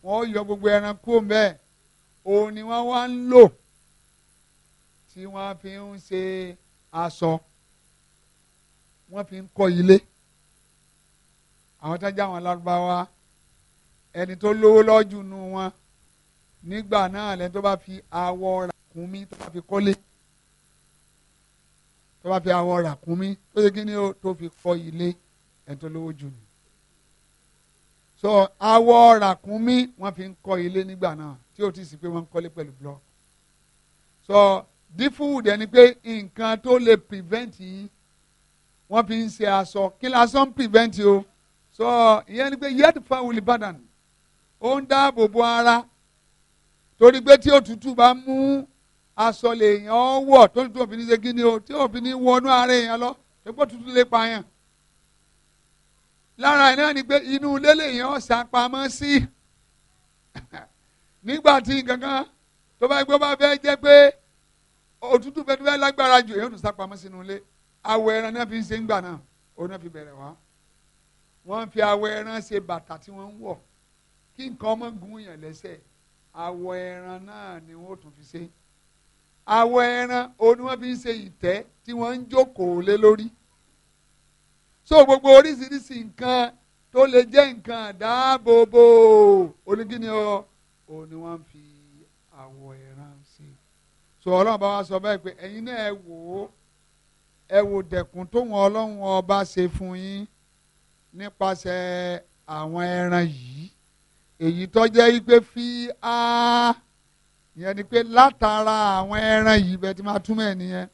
wọ́n yọ gbogbo ẹran kú mbẹ́ òun ni wọ́n wá ń lò tí wọ́n fi ń ṣe aṣọ wọ́n fi ń kọ́ ilé àwọn tó ń àwọn alárúbáwá ẹni tó lówó lọ́jù wọn nígbà náà lẹ́ni tó bá fi awọ rà ràkúnmí tó bá fi kọ́lé tó bá fi awọ ràkúnmí tó ṣe kí ni tó fi kọ́ ilé ẹni tó lówó jù ní. so awọ ràkúnmí wọ́n fi ń kọ́ ilé nígbà náà tí ó ti sì pé wọ́n ń kọ́lé pẹ̀lú blọọkù. so dífúwù dẹ̀ ni pé nǹkan tó lè prevent yín wọ́n fi ń ṣe aṣọ kí lásán prevent o so ìyẹn ni pé yẹ́tù fáwọn olùbàdàn ó ń dáàbò bo ara torí pé tí òtútù bá mú aṣọ lè yàn ọ́ wọ̀ tó tó òfin ní ṣe kí ni o tí òfin ní wọnú ara èèyàn lọ epo tuntun lè pa yàn. lára ẹ̀ ni pé inú ilé lèèyàn ọ̀sà pamọ́ sí (laughs) nígbà tí gangan tó bá gbọ́ bá fẹ́ jẹ́ pé òtútù fẹ́ tó fẹ́ lágbára jù èèyàn tún sá pamọ́ sínú ilé awọ ẹran náà fi ń ṣe ń gbà náà òun náà fi bẹ̀rẹ̀ wá wọ́n fi awọ ẹran ṣe bàtà tí wọ́n ń wọ̀ kí nǹkan ọmọ gùn yàn lẹ́sẹ̀ awọ ẹran náà ni wọ́n tún fi ṣe àwọ̀ ẹran oní wọ́n fi ń ṣe ìtẹ́ tí wọ́n ń jókòó lé lórí. so gbogbo oríṣiríṣi nǹkan tó lè jẹ́ nǹkan àdáàbòbò onígíní ọ òní wọ́n ń fi àwọ̀ ẹran ṣe. so ọlọ́run bá wa sọ báyìí pé ẹ̀yin náà ẹ wò ó ẹ wò dẹ̀kun tó wọn ọlọ́run ọba ṣe fún yín nípasẹ̀ àwọn ẹran yìí èyí tó jẹ́ wípé fi á. Ah, ìyẹn ni pé látara àwọn ẹran yìí bẹ́ẹ̀ ti máa túmọ̀ ẹ̀ nìyẹn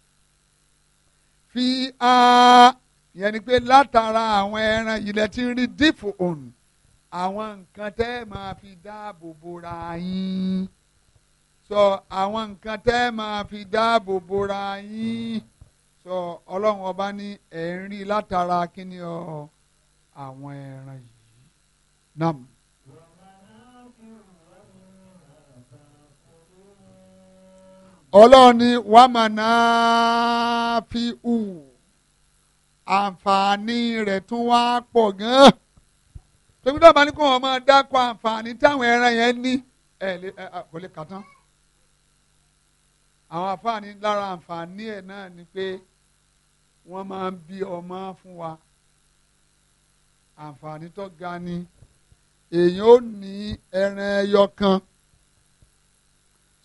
fi á ìyẹn ni pé látara àwọn ẹran yìí lẹ ti ń rí díìpù òun àwọn nǹkan tẹ́ máa fi dáàbò bora yín sọ àwọn nǹkan tẹ́ máa fi dáàbò bora yín sọ ọlọ́run ọba ní ẹ̀ ń rí látara kí ọ àwọn ẹran yìí náà. ọlọ́run ni wàmánà fi hù àǹfààní rẹ̀ tún wá pọ̀ gan-an tòbí tó bá ní kó wọn máa dákọ̀ àǹfààní táwọn ẹran yẹn ní ẹ lè kò lè kà tán àwọn àǹfààní lára àǹfààní ẹ̀ náà ni pé wọ́n máa ń bí ọmọ fún wa àǹfààní tó ga ni èèyàn ò ní ẹran ẹyọ kan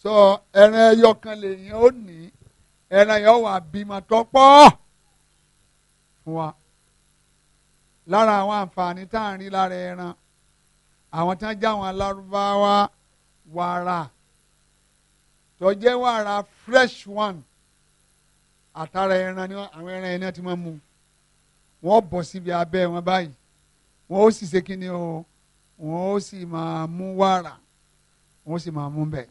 sọ ẹran ẹyọ kan lèyìn ó ní ẹran yẹn wà bímọ tó pọ̀ fún wa lára àwọn àǹfààní tá à ń rí lára ẹran àwọn tí wọ́n já wọn lárúbáwá wàrà tó jẹ́ wàrà fresh one àtàrà ẹran ni àwọn ẹran yẹn ti máa mú wọ́n bọ̀ síbi abẹ́ wọn báyìí wọ́n ó sì ṣe kí ni o wọ́n ó sì máa mú wàrà wọ́n ó sì máa mú bẹ́ẹ̀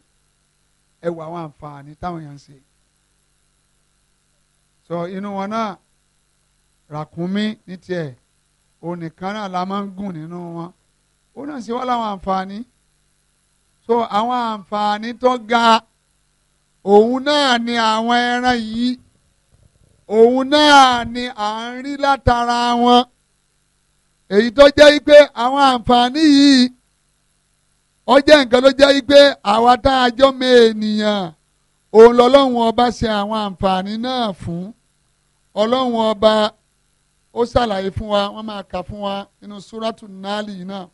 ẹ wo àwọn àǹfààní táwọn èèyàn ń ṣe so inú wọn náà ràkúnmí ní tiẹ̀ onìkan náà la máa ń gùn nínú wọn ó náà ṣe wá láwọn àǹfààní so àwọn àǹfààní tó ga òun náà ni àwọn ẹran yìí òun náà ni à ń rí látara wọn èyí tó jẹ́ pé àwọn àǹfààní yìí ó jẹ́ nǹkan ló jẹ́ pé àwa tá a jọ́ mọ ènìyàn òun lọ́lọ́run ọba ṣe àwọn àǹfààní náà fún ọlọ́run ọba ó ṣàlàyé fún wa wọ́n máa kà fún wa nínú súrátù náàlì náà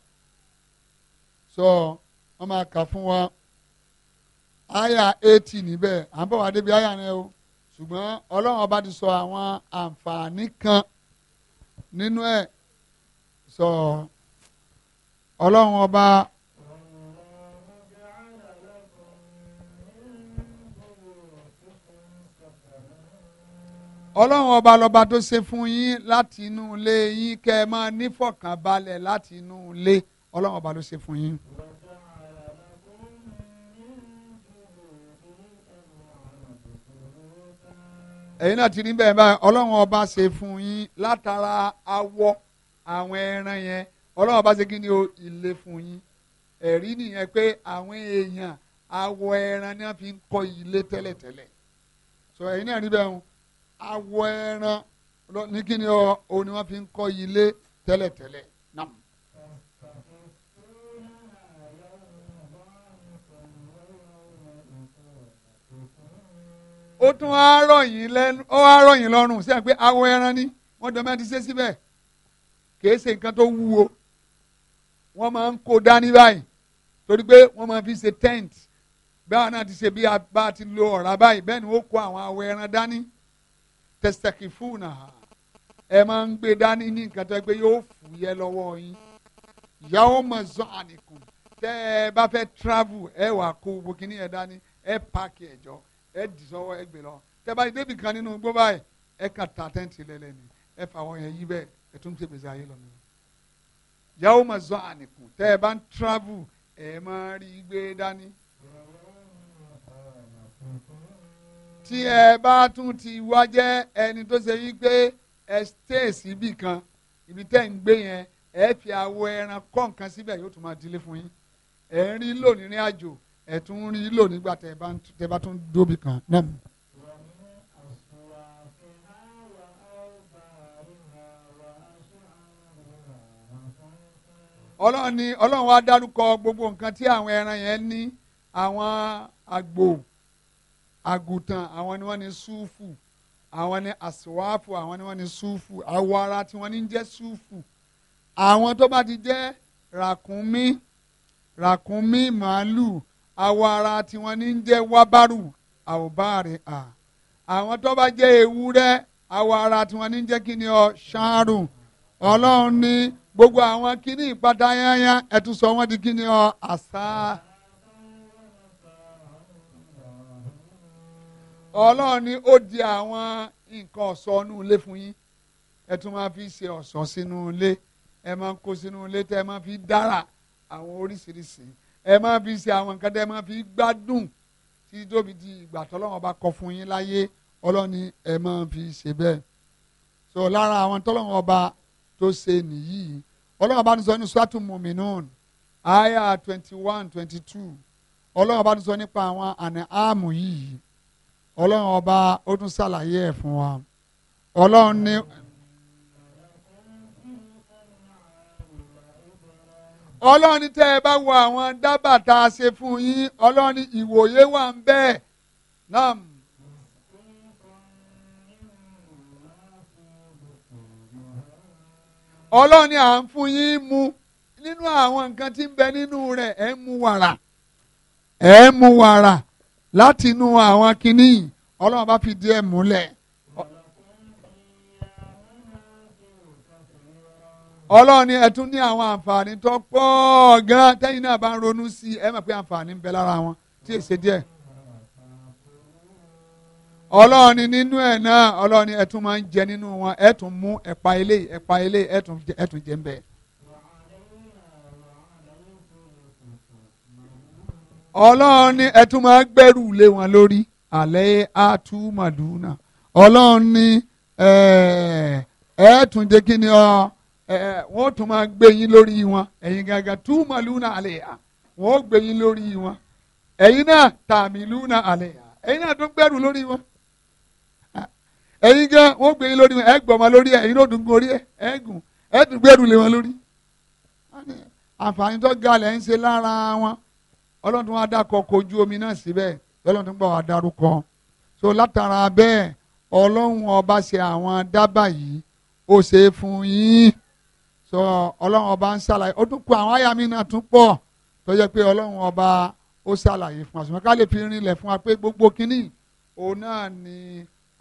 sọ wọ́n máa kà fún wa àyà eighty níbẹ̀ à ń bọ̀ wá débi àyà rẹ o ṣùgbọ́n ọlọ́run ọba ti sọ àwọn àǹfààní kan nínú ẹ̀ sọ ọlọ́run ọba. ọlọ́run ọba lọ́ba tó ṣe fún yín láti inú ilé yín kẹ́ ẹ máa nífọ̀kànbalẹ̀ láti inú ilé ọlọ́run ọba ló ṣe fún yín. ẹ̀yin náà ti rí bẹ́ẹ̀ báyìí ọlọ́run ọba ṣe fún yín látara awọ àwọn ẹran yẹn ọlọ́run ọba ṣe kí ni o ilé fún yín ẹ̀rí nìyẹn pé àwọn èèyàn awọ ẹran ni wọ́n fi ń kọ́ ilé tẹ́lẹ̀tẹ́lẹ̀ sọ ẹ̀yin náà rí bẹ́ẹ̀ o awọ ẹran ní kí ni ọ òun ni wọ́n fi ń kọ́ ilé tẹ́lẹ̀tẹ́lẹ̀ náà. ó tún á rọ̀yìn lẹ́nu ó á rọ̀yìn lọ́rùn sí àgbẹ̀ awọ ẹran ni wọ́n dọ̀ máa ti ṣe síbẹ̀ kìí ṣe nǹkan tó wúwo wọ́n máa ń kó dání báyìí torí pé wọ́n máa fi ṣe tent báwa náà ti ṣe bí a bá ti lo ọ̀rá báyìí bẹ́ẹ̀ ni ó kó àwọn awọ ẹran dání tẹsẹkìfúnà ẹ máa ń gbé dání ní nǹkan tó gbé yóò fúyẹ́ lọ́wọ́ yín yàwó mọ zọ àníkùn tẹ ẹ bá fẹ́ travel ẹ wà kó gbogbo kíní ẹ dání ẹ pààkì ẹjọ ẹ dì sọ́wọ́ ẹ gbé lọ tẹ bá débi kan nínú gbó báyìí ẹ kà ta tẹ́ǹtì lẹ́lẹ́ni ẹ fà wọ́n yẹn yí bẹ́ẹ̀ ẹ tún ṣe gbèsè ayé lọ́nà yàwó mọ zọ àníkùn tẹ ẹ bá ń travel ẹ máa rí gbé dání tí ẹ bá tún ti wá jẹ́ ẹni tó ṣe wípé ẹ stay síbì kan ibi tẹ́ ń gbé yẹn ẹ fi awọ ẹran kọ́ nǹkan síbẹ̀ yóò tún máa dílé fún yín ẹ ń rí lò nírìn àjò ẹ tún ń rí lò nígbà tẹ́ bá tún dóbì kan náà. ọlọ́run ni ọlọ́run wá dárúkọ gbogbo nǹkan tí àwọn ẹran yẹn ní àwọn àgbò àgùntàn àwọn ni wọ́n ní súfù àwọn ni àsìwáàfù àwọn ni wọ́n ní súfù àwọ̀ ara tí wọ́n ní jẹ́ súfù àwọn tó bá ti jẹ́ ràkúnmí ràkúnmí màálù àwọ̀ ara tí wọ́n ní jẹ́ wábàrù àwòbáàrè à àwọn tó bá jẹ́ ewúrẹ́ àwọ̀ ara tí wọ́n ní jẹ́ kí ni ọ ṣáàrù ọlọ́run ní gbogbo àwọn kíní ìpadà yányá ẹ̀tún di kí ni ọ àṣà. ọlọ́run ni ó di àwọn nǹkan ọ̀ṣọ́ inú ilé fún yín ẹ tún máa fi ṣe ọ̀ṣọ́ sínú ilé ẹ máa kó sínú ilé tẹ́ ẹ máa fi dára àwọn oríṣiríṣi ẹ máa fi ṣe àwọn nǹkan tẹ́ ẹ máa fi gbádùn tí tóbi di ìgbà tọ́lọ́run bá kọ fún yín láyé ọlọ́run ni ẹ máa fi ṣe bẹ́ẹ̀ so lára àwọn tọ́lọ́run ọba tó ṣe nìyí ọlọ́run ọba ní sọ ní swatu muminun aya twenty one twenty two ọlọ́run ọba ní sọ nípa àwọn àna áàmù yìí ọlọ́run ọba ó tún ṣàlàyé ẹ̀ fún wa ọlọ́run ní. ọlọ́run tẹ́ ẹ bá wo àwọn dábàá tá a ṣe fún yín ọlọ́run ìwòye wà ń bẹ́ẹ̀ náà. ọlọ́run ní à ń fún yín mu nínú àwọn nǹkan tí ń bẹ nínú rẹ̀ ẹ̀ ń mu wàrà ẹ̀ ń mu wàrà. láti inú àwọn kinní ọlọ́run bá fi díẹ̀ múlẹ̀ ọlọ́run ni ẹ tún ní àwọn àǹfààní tó pọ̀ gan tẹ́yìn náà bá ń ronú sí ẹ mọ̀ pé àǹfààní ń bẹ lára wọn tí èsè díẹ̀ ọlọ́run ni nínú ẹ̀ náà ọlọ́run ni ẹ tún máa ń jẹ nínú wọn ẹ tún mú ẹ̀pà eléyìí ẹ̀pà eléyìí ẹ tún ń bẹ́ẹ̀. ọlọ́run ní ẹ tún máa lé wọn lórí àlẹ́ àtúmọ̀dúnà ọlọ́run ní ẹ tún jẹ́ kí ni wọ́n tún máa gbé yín lórí wọn ẹ̀yin gàgà túmọ̀lúnà àlẹ́ à wọ́n gbé yín lórí wọn ẹ̀yin náà tàmílúnà àlẹ́ à ẹ̀yin náà tún gbẹ́rù lórí wọn ẹ̀yin gà wọ́n gbé lórí wọn lórí ẹ̀yin náà tún lé wọn lórí àǹfààní tó ga ọlọ́run tó wá dákọ̀ kojú omi náà síbẹ̀ ọlọ́run gbọ́ wá darúkọ so látara bẹ́ẹ̀ ọlọ́run ọba ṣe àwọn dábàá yìí ó ṣe é fún yín so ọlọ́run ọba ń ṣàlàyé ó tún kó àwọn àyà mi náà tún pọ̀ tó jẹ́ pé ọlọ́run ọba ó ṣàlàyé fún wa ṣùgbọ́n ká lè fi rinlẹ̀ fún wa pé gbogbo kínní òun náà ni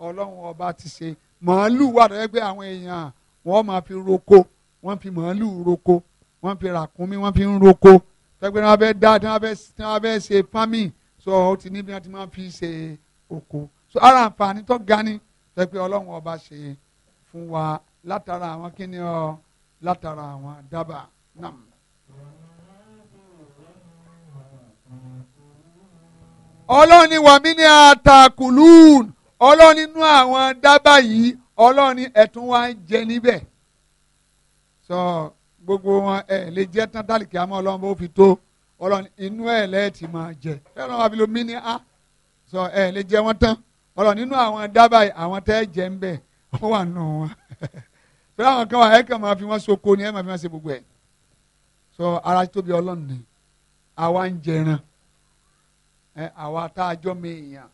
ọlọ́run ọba ti ṣe màálù wà tó pé àwọn èèyàn wọ́n máa fi roko wọ́n fi màálù roko wọ́n fi ràkúnmí wọ́n fi ń roko pẹ́pẹ́ náà fẹ́ dá tí wọ́n fẹ́ ṣe fámì so ó ti ní bí wọ́n fi ṣe oko so ara àǹfààní tó ga ni pẹ́pẹ́ ọlọ́run ọba ṣe fún wa látara àwọn kíni ọ látara àwọn dábàá náà. ọlọ́run ni wàmí ní àtàkùlùún ọlọ́run nínú àwọn dábàá yìí ọlọ́run ẹ̀tún wa ń jẹ níbẹ̀ sọ gbogbo wọn ẹ lè jẹ tán dálìkì àmọ́ Ọlọ́run bó fi tó Ọlọ́run inú ẹ lẹẹtì máa jẹ Ọlọ́run àbí lo mí ní a sọ ẹ lè jẹ wọn tán Ọlọ́run nínú àwọn dábàá àwọn tẹ jẹ ń bẹ wọn wà nù wọn pẹ̀lú àwọn kan wà ẹ kàn máa fi wọn soko ni ẹ máa fi wọn ṣe gbogbo ẹ sọ ara tóbi Ọlọ́run ni àwa ń jẹran ẹ àwa tá a jọ mi èèyàn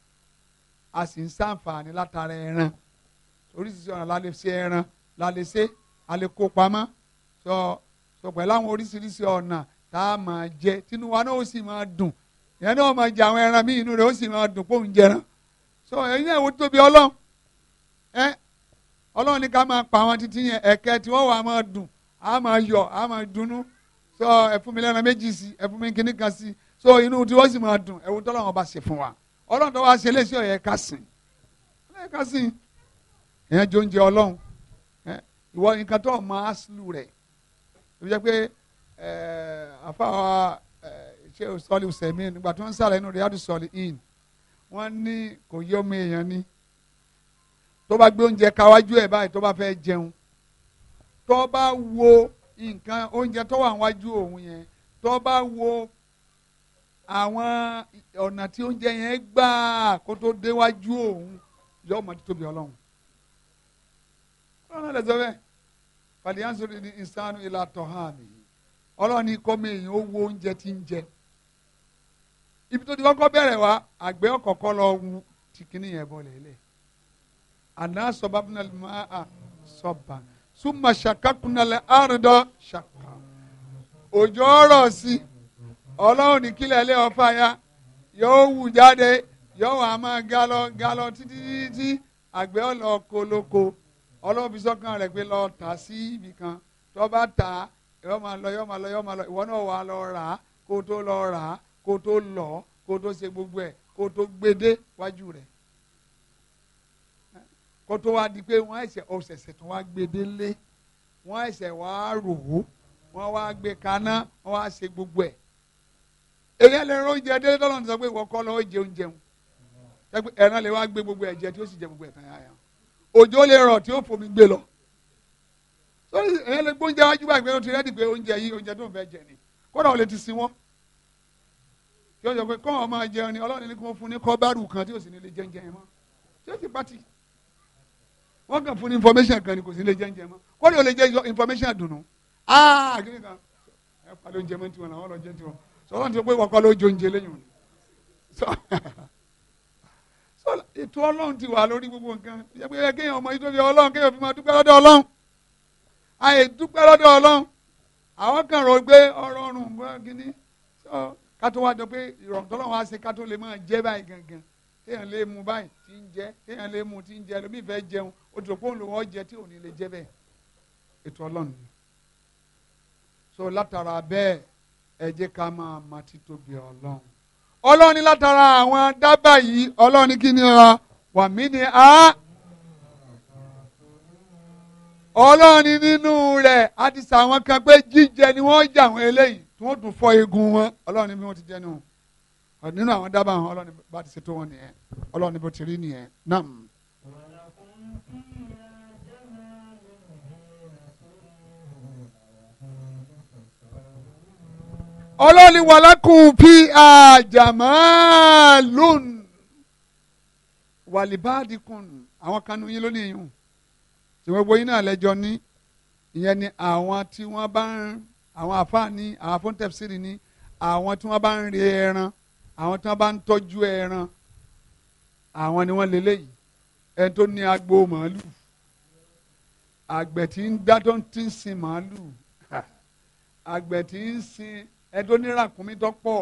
a sì ń sàǹfààní látara ẹran oríṣiríṣi ọ̀nà la lè ṣe ẹran la lè ṣe a lè kó pamọ́ sọ sọ pẹ̀lú àwọn oríṣiríṣi ọ̀nà tá a máa jẹ tinú wa náà ó sì máa dùn ìyẹn náà máa jẹ àwọn ẹran míì inú rẹ̀ ó sì máa dùn pòun jẹran sọ ẹ̀yin náà wo tóbi ọlọ́run ẹ ọlọ́run ní ká máa pa àwọn títí yẹn ẹ̀kẹ́ tí wọ́n wà máa dùn á máa yọ̀ á máa dunnú sọ ẹ̀fún mi lẹ́ran méjì sí ẹ̀fún mi kíní kan sí so inú tí wọ́n sì máa dùn ẹ̀wù tọ́lọ́run ọba ṣe fún wa ọlọ́run tó wá ṣe léṣe ọ̀yẹ́ ká sìn ọ̀yẹ́ ká sìn ìyẹn jó ń jẹ ọlọ́run ìwọ nǹkan tó máa sùlù ibi jẹ́ pé àfàwà ṣé sọ́ọ̀lì sẹ̀mí nígbà tó ń sàlẹ̀ inú riyadu sọ̀lì in wọ́n ní kò yé ọmọ èèyàn ni tó bá gbé oúnjẹ káwájú ẹ̀ báyìí tó bá fẹ́ jẹun tó bá wo nǹkan oúnjẹ tó wà wájú òun yẹn tó bá wo àwọn ọ̀nà tí oúnjẹ yẹn gbà kó tó déwájú òun yọ ọmọdé tóbi ọlọ́run ọlọ́run lè bẹ́ẹ̀ fàlíyànsóri ní ìsánú ìlà tọ̀hánì ọlọ́run ní kọ́mọ èèyàn ó wo oúnjẹ tí ń jẹ ibi tó ti kọ́kọ́ bẹ̀rẹ̀ wá àgbẹ̀ ọ̀kọ̀ọ̀kọ́ lọ wu ti kíní yẹn bọ̀ lẹ́lẹ̀ àná sọba fúnà lè máa sọba súnmọ́ ṣàkà kúnà lẹ́ àrùndọ́ ṣàkà òjò ọ̀rọ̀ sí ọlọ́run ní kílẹ̀ lé ọ̀fà ya yóò wù jáde yóò wà máa gálọ́ gálọ́ títí títí àgbẹ̀ ọ̀lọ́kọ̀ lóko ọlọ́run fi sọ́kàn rẹ̀ pé lọ tà sí ibì kan tó bá tà yọ máa lọ yọ máa lọ yọ máa lọ ìwọ náà wà lọ rà á kó tó lọ rà á kó tó lọ kó tó ṣe gbogbo ẹ̀ kó tó gbédé wájú rẹ̀ kó tó wá di pé wọ́n ẹ̀sẹ̀ ọ̀sẹ̀sẹ̀ tó wá gbédé lé wọ́n ẹ̀sẹ̀ wá rò ó wọ́n wá gbé kaná wọ́n wá ṣe gbogbo ẹ̀ èyí ẹ̀ lè rọ oúnjẹ dé tọ́lọ́run sọ pé ìwọ kọ́ lọ́ọ́ jẹun jẹun ẹran lè wá gbé gbogbo ẹ̀ jẹ tí ó sì jẹ gbogbo ẹ̀ tán yáyà òjò lè rọ̀ tí ó fomi gbé lọ sórí ẹ̀yẹ́ lè gbóúnjẹ wájú báyìí pé ó ti rẹ́dì pé oúnjẹ yìí oúnjẹ tó ń fẹ́ jẹ ni kódà ó lè ti sin wọn tí ó sọ pé kọ́ńọ̀ máa jẹun ni ọlọ́run ní kí wọ́n fún ní kọ́bárù kan tí ò sì ní lè jẹ́ńjẹ yẹn mọ́ tí ó ti pati wọ́n kàn fún ní information kan ni kò sí lè jẹ́ńjẹ mọ́ kódà ó lè jẹ́ information dùnú aa kí ni kan ẹ pa lóúnjẹ mọ́ tiwọn làwọn lọ jẹ tiwọn sọ wọn (laughs) ètò ọlọ́run ti wà lórí gbogbo nǹkan ìyẹ́pẹ́ kéèyàn ọmọ ìtòbi ọlọ́run kéèyàn fi máa dúpẹ́ lọ́dọ̀ ọlọ́run àyè dúpẹ́ lọ́dọ̀ ọlọ́run àwọn kan rò pé ọ̀rọ̀ ọ̀run gbọ́ngìní kátó wá jọ pé ìrọ̀rùn tọ́lọ́ wá ṣe kátó lè máa jẹ́ báyìí gangan kéèyàn lè mu báyìí tí ń jẹ kéèyàn lè mu tí ń jẹ lómi ìfẹ́ jẹun òtòpó ń lò wọ́n jẹ tí ò ní lè jẹ bẹ́ẹ̀ ètò ọlọ́run ni so látara bẹ́ẹ̀ ẹ jẹ́ ká máa ma títóbi ọlọ́run ọlọ́run ní látara àwọn dábàá yìí ọlọ́run ní kí ni ọ wà mí ni a. ọlọ́run ní nínú rẹ̀ a ti sà wọn kan pé jíjẹ ni wọ́n jà wọn eléyìí tí wọ́n tún fọ eegun wọn ọlọ́run bí wọ́n ti jẹ́ nínú nínú àwọn dábàá wọn ọlọ́run bá ti ṣètò wọn nìyẹn ọlọ́run bó ti rí nìyẹn náà. ọlọ́ni wàlákùn fi àjàmálùn wàlíbàdìkùn àwọn kanu yín lónìí yìí tí gbogbo yín náà lẹ́jọ́ ní ìyẹn ni àwọn tí wọ́n bá ń àwọn àfáà ní àwọn fóńtẹ̀sírì ní àwọn tí wọ́n bá ń re ẹran àwọn tí wọ́n bá ń tọ́jú ẹran àwọn ni wọ́n lélẹ́yìí ẹni tó ní agbo màálù àgbẹ̀ tí ń dá tó ti ń sin màálù àgbẹ̀ tí ń sin ẹni tó ní ràkúnmí tó pọ̀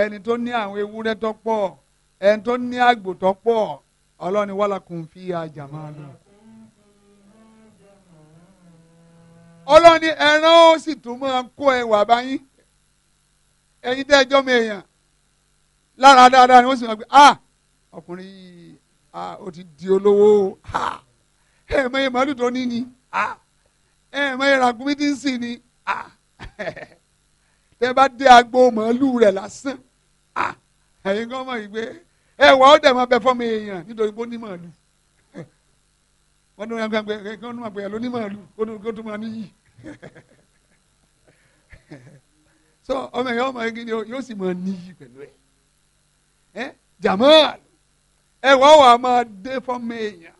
ẹni tó ní àwọn ewúrẹ́ tó pọ̀ ẹni tó ní àgbò tó pọ̀ ọlọ́ni wàlàkùn fi àjà máa lọ. ọlọ́ni ẹran ó sì tún máa kó ẹwà báyìí ẹ̀yin tẹ́ ẹjọ́ mi èèyàn lára dáadáa ni wọ́n sì máa gbé ah ọkùnrin yìí ah ó ti di olówó ah ẹ̀ mọ̀ ẹ̀ màálù tó ní ni ah ẹ̀ mọ̀ ẹ̀ ràkúnmí tí ń sìn ni ah. (laughs) tẹ bá dé agbo màálù rẹ̀ lásán ẹ̀yin kan mọ̀ yìí pé ẹwà ó dẹ̀ máa bẹ fọ́ọ̀mù èèyàn nítorí pé ó ní màálù wọ́n ní wọn gbẹ kí wọ́n máa gbẹ̀yà ló ní màálù kó tó máa níyì (laughs) so ọmọ ẹ̀yà ọmọ ẹ̀yìn yóò sì máa níyì pẹ̀lú ẹ̀ jamal ẹwà ó wà máa dé fọ́ọ̀mù èèyàn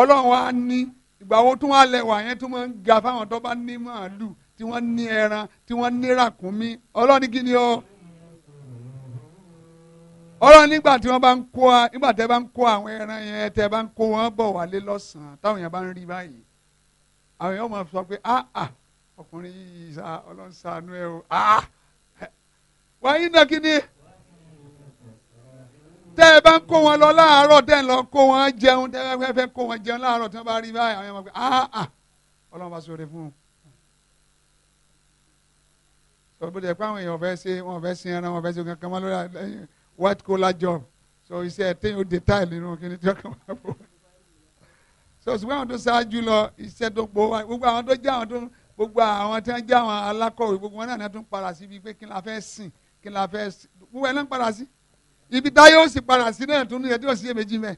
ọlọ́run á ní ìgbà wo tún wà lẹ́wà yẹn tún máa ń ga fáwọn tó bá ní màálù tí wọ́n ní ẹran tí wọ́n ní ràkúnmí ọlọ́ni kí ni o ọlọ́ni nígbà tí wọ́n bá ń kó a nígbà tẹ́ bá ń kó àwọn ẹran yẹn tẹ́ bá ń kó wọn bọ̀ wálé lọ́sàn-án táwọn yẹn bá ń rí báyìí àwọn yẹn máa sọ pé ah ah ọkùnrin yìí sa ọlọ́run ṣàánú ẹ o ah eh, wáyé náà kí ni tẹ́ ẹ bá ń kó wọn lọ láàárọ̀ tẹ́ ẹ lọ kó wọn jẹun tẹ́ ẹ fẹ́ kó wọn jẹun láàárọ̀ tí wọ́n bá rí báyìí àwọn yẹn máa pẹ́ ah ah ọlọ́run bá sọ̀rọ̀ fún un so bó ti yẹ pé àwọn èèyàn fẹ́ ṣe wọn fẹ́ sin ẹran wọn fẹ́ ṣe kankan mọ́ lórí àlẹ́yìn eh, white collar job so iṣẹ́ téèyàn ó de táìlì nínú kí ni tí ọkàn máa bọ̀ so ṣùgbọ́n àwọn tó ṣáájú lọ iṣẹ́ tó gbó wa gbogbo àwọn tó jẹ́ àwọn tó gbogbo àwọn tí wọ́n jẹ́ àwọn alákọ̀wé gbogbo wọn náà tún padà sí ibi pé kí la fẹ́ sìn kí la fẹ́ gbogbo ẹ̀ náà padà sí ibi táyé ó sì padà sí náà tún ní ẹ̀ tí èméjì mẹ́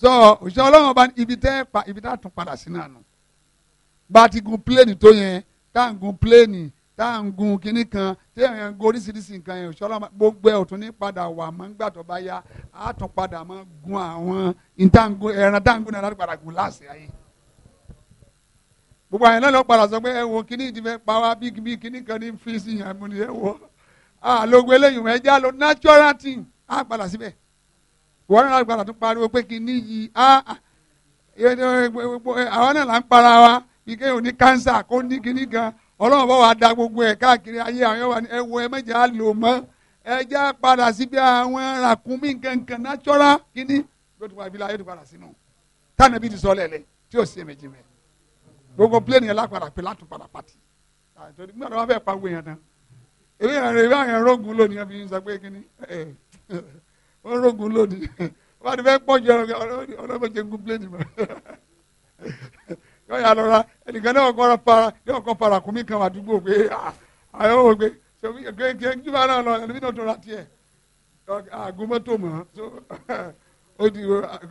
so òṣìṣẹ́ ọlọ́run ọba ibi tẹ́ ibi tá a tún padà sí náà nù bá a ti gun pléènì tó yẹn tá à gun pléènì tá à ń gun kinní kan téèyàn ń gun oríṣiríṣi nǹkan yẹn òṣèlú ọmọ gbogbo ẹ̀ òtún ní padà wà mọ́ nígbà tó bá yá á tún padà mọ́ gun àwọn ìtàǹgùn ẹ̀ràn táǹgùn náà láti padà gùn láàṣẹ ayé gbogbo àyàn náà lọ padà sọ pé ẹ wo kíní ìdìbẹ pa wá bí bí kíní kan ní fi sí yàn mú ni ẹ wo àlògùn eléyìí wọn ẹ já lo natural thing a padà síbẹ̀ wọn náà padà tún pariwo pé kíní yìí a àwọn náà là ń para wa bí kéèyàn ní cancer ọlọ́run bá wà da gbogbo ẹ̀ káàkiri ayé àwọn yóò wà ní ẹwọ ẹ mẹ́jẹ̀ á lò mọ́ ẹjẹ́ padà síbi àwọn ràkúnmí nkankan natural kínní yóò ti padà bí la yóò ti padà sínú táwọn ẹbí ti sọ lẹ́lẹ̀ tí yóò sí ẹ̀mẹ̀jì mẹ́ gbogbo plane yẹn lápadà pé látún padà pàtì àtọ́ni gbọ́dọ̀ wọn fẹ́ pa gbogbo yẹn tán èmi yàrá èmi àwọn ẹ̀rọ́gùn lónìí ẹ̀ fi sọ pé kínní wọ́n rọ́gùn lónìí wọ́n ti fẹ́ pọ̀ ọlọ́mọdé gún plane mọ́ lọ́yà lọ́ra ẹnìkan náà kọ́ para náà kọ́ para kùmí kan àdúgbò pé àyọ̀ wò pé jùlọ náà lọ ẹni náà tó ra tiẹ̀ àgùnmọ́tò mọ́ (laughs) ó di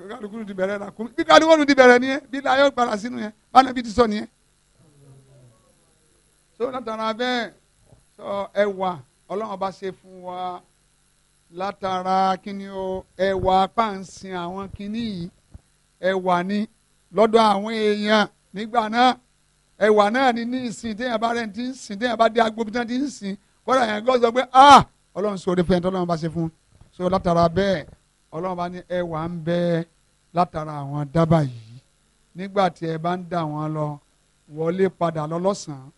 kálukú ti bẹ̀rẹ̀ la kùmí bí kálukú ti bẹ̀rẹ̀ nìyẹn bí láyọ̀ gbára sínú yẹn báyìí náà bí ti sọ nìyẹn. so látara bẹ́ẹ̀ sọ ẹwà ọlọ́run bá ṣe fún wa látara kíni o ẹwà pàǹsìn àwọn kíní yìí ẹwà ni lọ́dọ̀ àwọn èèyàn nígbà náà ẹ̀wà náà ni ní ìsìn téèyàn bá rẹ̀ ti ń sìn téèyàn bá dé agbóbi tán ti ń sìn kọ́dà yẹn gọ́ sọ pé ah ọlọ́run sọ orí fẹ́ntọ́ ọlọ́run bá ṣe fún so látara bẹ́ẹ̀ ọlọ́run bá ní ẹ̀wà ń bẹ látara àwọn dábàá yìí nígbà tí ẹ bá ń dà wọ́n lọ wọlé padà lọ lọ́sàn-án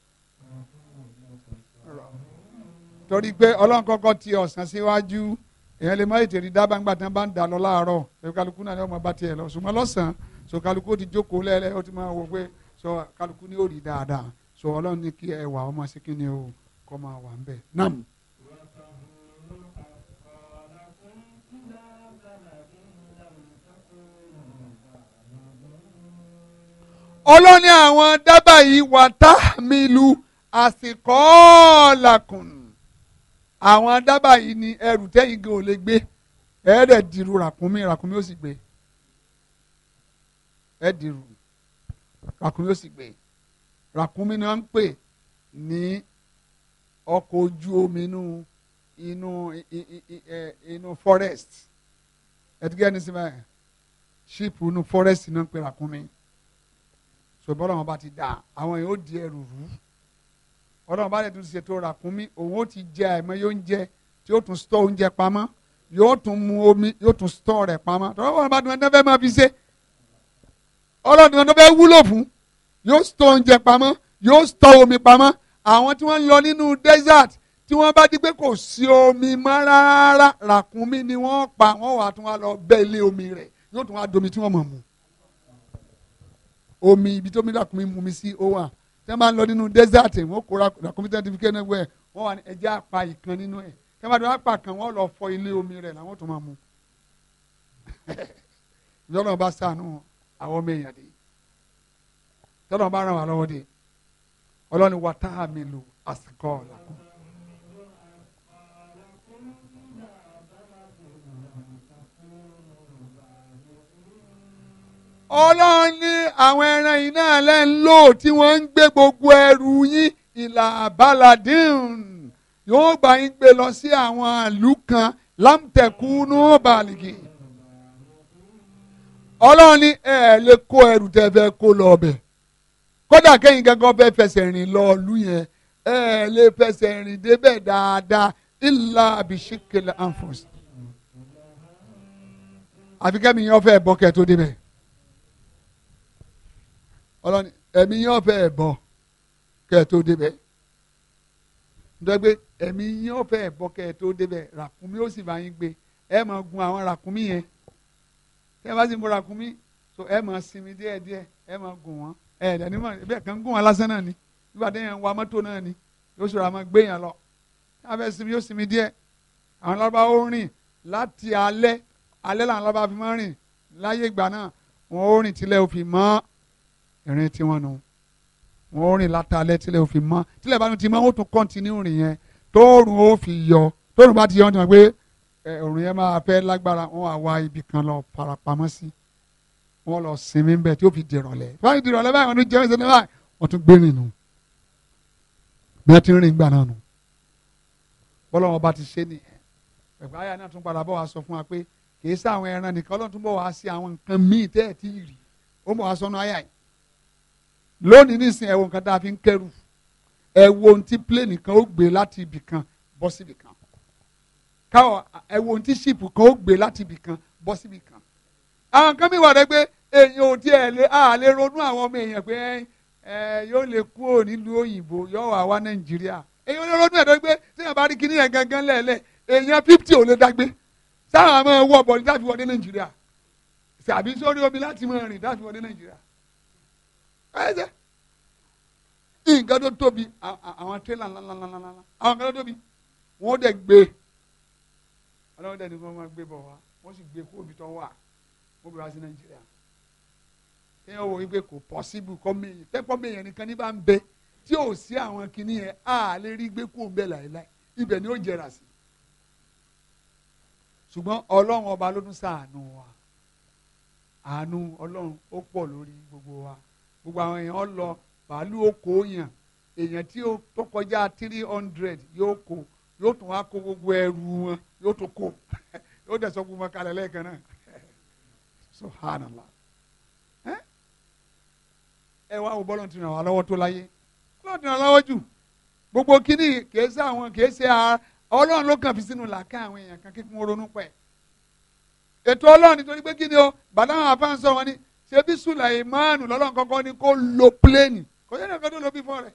torí pé ọlọ́run kọ́kọ́ ti ọ̀sán síwájú èèyàn lè má ètè rí dábàá ńgbà tí wọ́n bá ń dà lọ láàárọ̀ so kálukú ti jókòó lẹ́lẹ́ ó ti máa wò pé so kálukú ni ó rí dáadáa so ọlọ́run ní kí ẹwà ọmọ sí kí ni o kọ́ máa wà ń nam. ọlọ́ni àwọn dábàá yìí wà tá mi lu àsìkò ọ̀làkùn àwọn dábàá yìí ni ẹrù tẹ́yìn gan ò lè gbé ẹ̀ẹ́dẹ̀ dìrú ràkúnmí ràkúnmí ó sì gbé ẹ dìrù ràkúnmí ó sì gbé ràkúnmí ni wọ́n ń pè ní ọkọ̀ ojú omi inú inú inú forest ẹ̀dígẹ́ ní sinmi ẹ̀ ṣíìpù inú forest ni wọ́n ń pè ràkúnmí ṣùgbọ́n ọlọ́run bá ti dà àwọn yóò di ẹrù rú ọlọ́run bá lè tún ṣètò ràkúnmí òun ó ti jẹ àìmọ́ yóò ń jẹ tí ó tún stọ oúnjẹ pamọ́ yóò tún mu omi yóò tún stọ rẹ̀ pamọ́ tọ́wọ́ wọn bá dùn ẹ́ dẹ́fẹ́ máa fi ṣe ọlọ́run nìkan tó fẹ́ wúlò fún yóò tọ́ oúnjẹ pamọ́ yóò tọ́ omi pamọ́ àwọn tí wọ́n ń lọ nínú desert tí wọ́n bá di pé kò sí omi mọ́ rárá ràkúnmí ni wọ́n pa wọ́n wà tún wá lọ bẹ́ ilé omi rẹ̀ yóò tún wá domi tí wọ́n mọ̀ mu omi ibi tó mi ràkúnmí mu mi sí ó wà tí wọ́n bá ń lọ nínú desert wọ́n kó ràkúnmí tí wọ́n ti fi kéde wẹ̀ wọ́n wà ní ẹja apá ìkan nínú ẹ̀ tí wọ́n bá dún apá kan wọ́n lọ fọ ilé omi rẹ̀ làwọn tó máa mu (laughs) ìjọba bá sànù wọn àwọn ọmọ èèyàn dé tọ́lọ́ bá ràn wá lọ́wọ́ dé ọlọ́ni wa tá a mi lò àsìkò làkùn. ọlọ́run àwọn ẹran iná alẹ́ ń lò tí wọ́n ń gbé gbogbo ẹrù yín ìlà baladin yóò gbà yín gbé lọ sí àwọn ìlú kan lámtẹ̀kúnú bàlìgì ọlọ́run ní ẹ lè kó ẹrù tẹ́ fẹ́ kó lọ ọbẹ̀ kódà kẹ́yìn gangan fẹ́ fẹsẹ̀ rìn lọ ìlú yẹn ẹ lè fẹsẹ̀ rìn débẹ̀ dáadáa ìlà àbíṣíkèlè anfos àfi kẹ́mi yẹn fẹ́ bọ́ kẹ́ tó débẹ̀ ọlọ́run ẹ̀mí yẹn fẹ́ bọ́ kẹ́ tó débẹ̀ dọ́gbé ẹ̀mí yẹn fẹ́ bọ́ kẹ́ tó débẹ̀ ràkúnmí ó sì bá yín gbé ẹ máa gun àwọn ràkúnmí yẹn tẹ́ ẹ bá sì ń kún mí so ẹ máa sinmi díẹ̀ díẹ̀ ẹ máa gùn wọ́n ẹ ẹ̀dá ni mọ̀ bẹ́ẹ̀ kàn gùn wọn lásán náà ni nígbà tí yẹn ń wa mọ́tò náà ni yóò ṣòro àmọ́ gbé yẹn lọ tá a fẹ́ sinmi yóò sinmi díẹ̀ àwọn lọ́ba ó rìn láti alẹ́ alẹ́ làwọn lọ́ba fi máa rìn láyé ìgbà náà wọn ó rìn tilẹ̀ òfin mọ́ ìrìn tiwọn nù wọn ó rìn látàlẹ́ tilẹ̀ òfin mọ́ tilẹ̀ bá ti mọ́ ó tún kọ́ntínú rìn yẹn tóòrùn ó fi yọ tóòrùn bá ti yọ ọ́n ti mọ̀ pé òrùn yẹn máa fẹ́ lágbára wọ́n á wá ibì kan lọ farapamọ́ sí wọ́n lọ sinmi ń bẹ̀ tí ó fi dìrọ̀lẹ́ báyìí dìrọ̀lẹ́ báyìí wọ́n tún jẹun ìṣẹ̀lẹ̀ báyìí wọ́n tún gbé nínú bí wọ́n ti ń rìn gbà náà nù bọ́lá wọn bá ti ṣe ni ẹ̀gbọ́n àyà náà tún padà bọ̀ wá sọ fún wa pé kì í sí àwọn ẹran nìkan Ọlọ́run tún bọ̀ wá sí àwọn nǹkan míì tẹ́ ẹ̀ tí ì rí ó mọ̀ wá sọnù àyà yìí lónìí nísìnyí ẹ̀wọ̀n kan tá a fi ń kẹ́rù ẹ̀wọ̀n tí pléènì káwọ ẹ̀wọ̀n tí ṣìpù kan ó gbé láti ibì kan bọ́ síbì kan. àwọn kan mi wà rẹ pé èèyàn ò tiẹ̀ lé a lè ronú àwọn ọmọ èèyàn pé ẹ yóò lè kúrò nílùú òyìnbó yóò wà wá nàìjíríà èèyàn lè ronú ẹ̀ lórí pé téèyàn bá rí kinní yẹn gangan lẹ́ẹ̀lẹ́ èèyàn fifty ò lè dágbé sáwọn àmọ́ ẹ̀wọ̀ bọ̀ ní láti wọlé nàìjíríà tàbí sórí omi láti mọ rìn láti wọlé nàìjíríà ẹsẹ nǹkan tó tóbi àwọn tẹ́lá ńláńláńláńlá àwọn kan tó tóbi wọ́n dẹ̀ gbé ọlọ́run dẹ̀ ni wọ́n máa gbé bọ̀ wá wọ́n sì gbé kó omi tó wà wọ́n bí wá sí nàìjíríà téèyàn wò wípé kò pọ́síbù kọ́ mẹ́yìn tẹ́pọ́ mẹ́yìn nìkan ní bá ń bẹ tí ò sí àwọn kinní yẹn á lè rí gbé kó ń bẹ láéláé ibẹ̀ ni ó jẹrà sí ṣùgbọ́n ọlọ́run ọba ló tún ṣàánú wa àánú ọlọ́run ó pọ̀ lórí gbogbo wa gbogbo àwọn èèyàn lọ bàálù ó kó yàn èèyàn tí ó tó kọjá three hundred yóò kó yóò tún wá kó gbogbo ẹrù wọn yóò tún kó (laughs) yóò dẹ̀ sọ gbogbo wọn kalẹ̀ lẹ́ẹ̀kan náà subhanallah ẹ wá wo bọ́lọ̀ tí ń ràn wá lọ́wọ́ tó láyé bọ́lọ̀ tí ń ràn lọ́wọ́ jù gbogbo kínní kìí ṣe àwọn kìí ṣe ọlọ́run ló kàn fi sínú làákà àwọn èèyàn kan kíkún ronú pẹ̀ ètò ọlọ́run nítorí pé kí ni o bàdáwọn afáǹsọ wọn ni ṣé bí sùlàìmánù lọ́lọ́run kankan ni kó lo pléènì kò yẹ kí ọdún lo bí fọ́ rẹ̀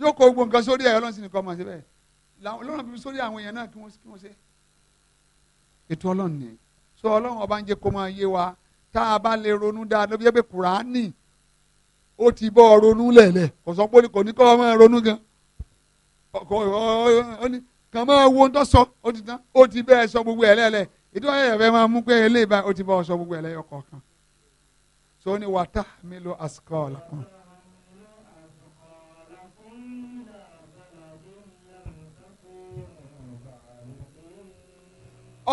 yóò kó gbogbo nǹkan sórí ẹ̀ ọlọ́run sì ni kọ́ máa ṣe lọ́nà bíbí sórí àwọn èèyàn náà kí wọ́n ṣe ètò ọlọ́run ni so ọlọ́run ọba ń jẹ́ kó máa yé wa tá a bá lè ronú dáadáa ló bí ẹgbẹ́ kùránì ó ti bọ́ ọ ronú lẹ̀lẹ̀ kò sọ pé kò ní kọ́ ọ máa ronú gan kàn máa wo tó sọ ó ti tán ó ti bẹ́ẹ̀ sọ gbogbo ẹ̀ lẹ́lẹ̀ ètò ẹ̀yẹ̀ fẹ́ máa mú pé eléyìí báyìí ó ti bọ́ sọ gbogbo ẹ̀ lẹ́yọ̀ kọ̀ọ̀kan so ni wàtá mi àsìkò ọ̀la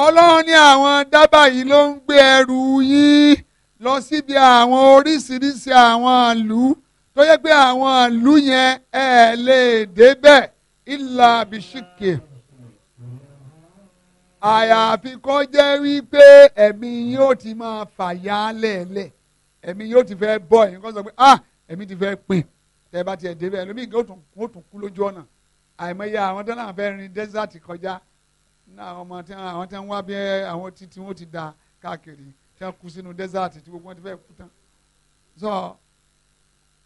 ọlọ́run ní àwọn dábàá yìí ló ń gbé ẹrù yín lọ síbi àwọn oríṣiríṣi àwọn ìlú tó yẹ pé àwọn ìlú yẹn ẹ lè débẹ̀ ìlà bìṣìkì àyàfi kó jẹ́ wípé ẹ̀mí yóò ti máa fàyà lẹ̀lẹ̀ ẹ̀mí yóò ti fẹ́ bọ̀ ẹ̀yin kan sọ pé ah ẹ̀mí ti fẹ́ pin tẹ́ bá tiẹ̀ débẹ̀ ẹ̀lómi ìgbà ó tún kú lójú ọ̀nà àìmọye àwọn tó náà fẹ́ rin dẹ́sẹ̀tì kọjá àwọn ọmọ tí àwọn tí wọn wá bí àwọn títí wọn ti da káàkiri tí wọn kú sínú desert tí gbogbo wọn ti fẹ́ kú tán so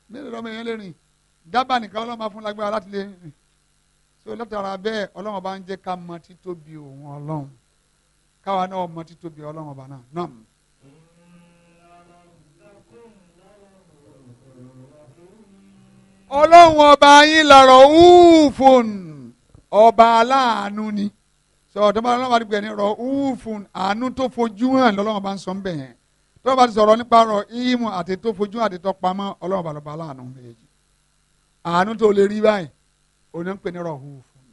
mélòó lọ́mọ yẹn lè rìn dábàá nìkan ọlọ́mọ fún lágbára láti lè rìn so látara bẹ́ẹ̀ ọlọ́mọ bá ń jẹ́ ká mọ títóbi òun ọlọ́run káwa náà mọ títóbi ọlọ́run ọba náà náà. ọlọ́run ọba yín lọ́rọ̀ wúùfòn ọba aláàánú ni sọ ọ̀dọ́mọ ọlọ́run bá ti pè ní rọ úfùn àánú tó fojú hàn lọ́lọ́run bá ń sọ ń bẹ̀ yẹn tó bá ti sọ̀rọ̀ nípa rọ ímù àti tó fojú àti tó pamọ́ ọlọ́run bá lọ bá láàánú méjì àánú tó lè rí báyìí òun ń pè ní rọ úfùn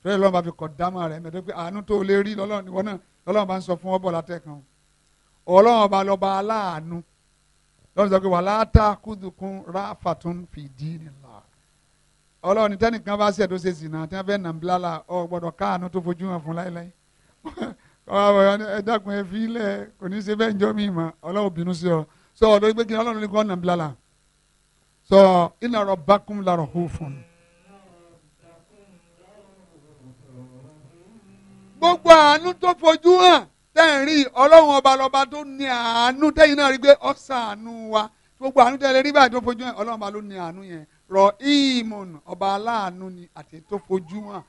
tó yẹ lọ́run bá fi kọ̀ dámà rẹ̀ mẹ́tọ́ pé àánú tó lè rí lọ́lọ́run bá ń sọ fún ọbọ̀ látẹ̀kan ọlọ́run bá lọ láàánú lọ́run ọlọ́run tẹ́nìkan bá ṣẹ̀ tó ṣe zìnà tí wọ́n fẹ́ nà ń bila la ọ gbọ́dọ̀ káàánú tó fojú hàn fún láéláé (laughs) ẹ dákun ẹ fi ilẹ̀ kò ní ṣe bẹ́ẹ̀ ń jọ́ mi mọ́ ọlọ́run bínú sí ọ sọ ọ̀dọ́ gbé kí ọlọ́run ní kọ́ nà ń bila la sọ iná rọ bákùn làrọ̀ hó fún un. gbogbo àánú tó fojú hàn tẹ́yìn rí ọlọ́run ọba lọ́ba tó ní àánú tẹ́yìn náà rí pé ọ̀sán àánú wa gbogbo àánú tẹ́yìn rí báyìí tó fojú hàn ọlọ́run ọba ló ní àánú yẹn rọ ìmùn ọba aláàánú ni àti tó fojú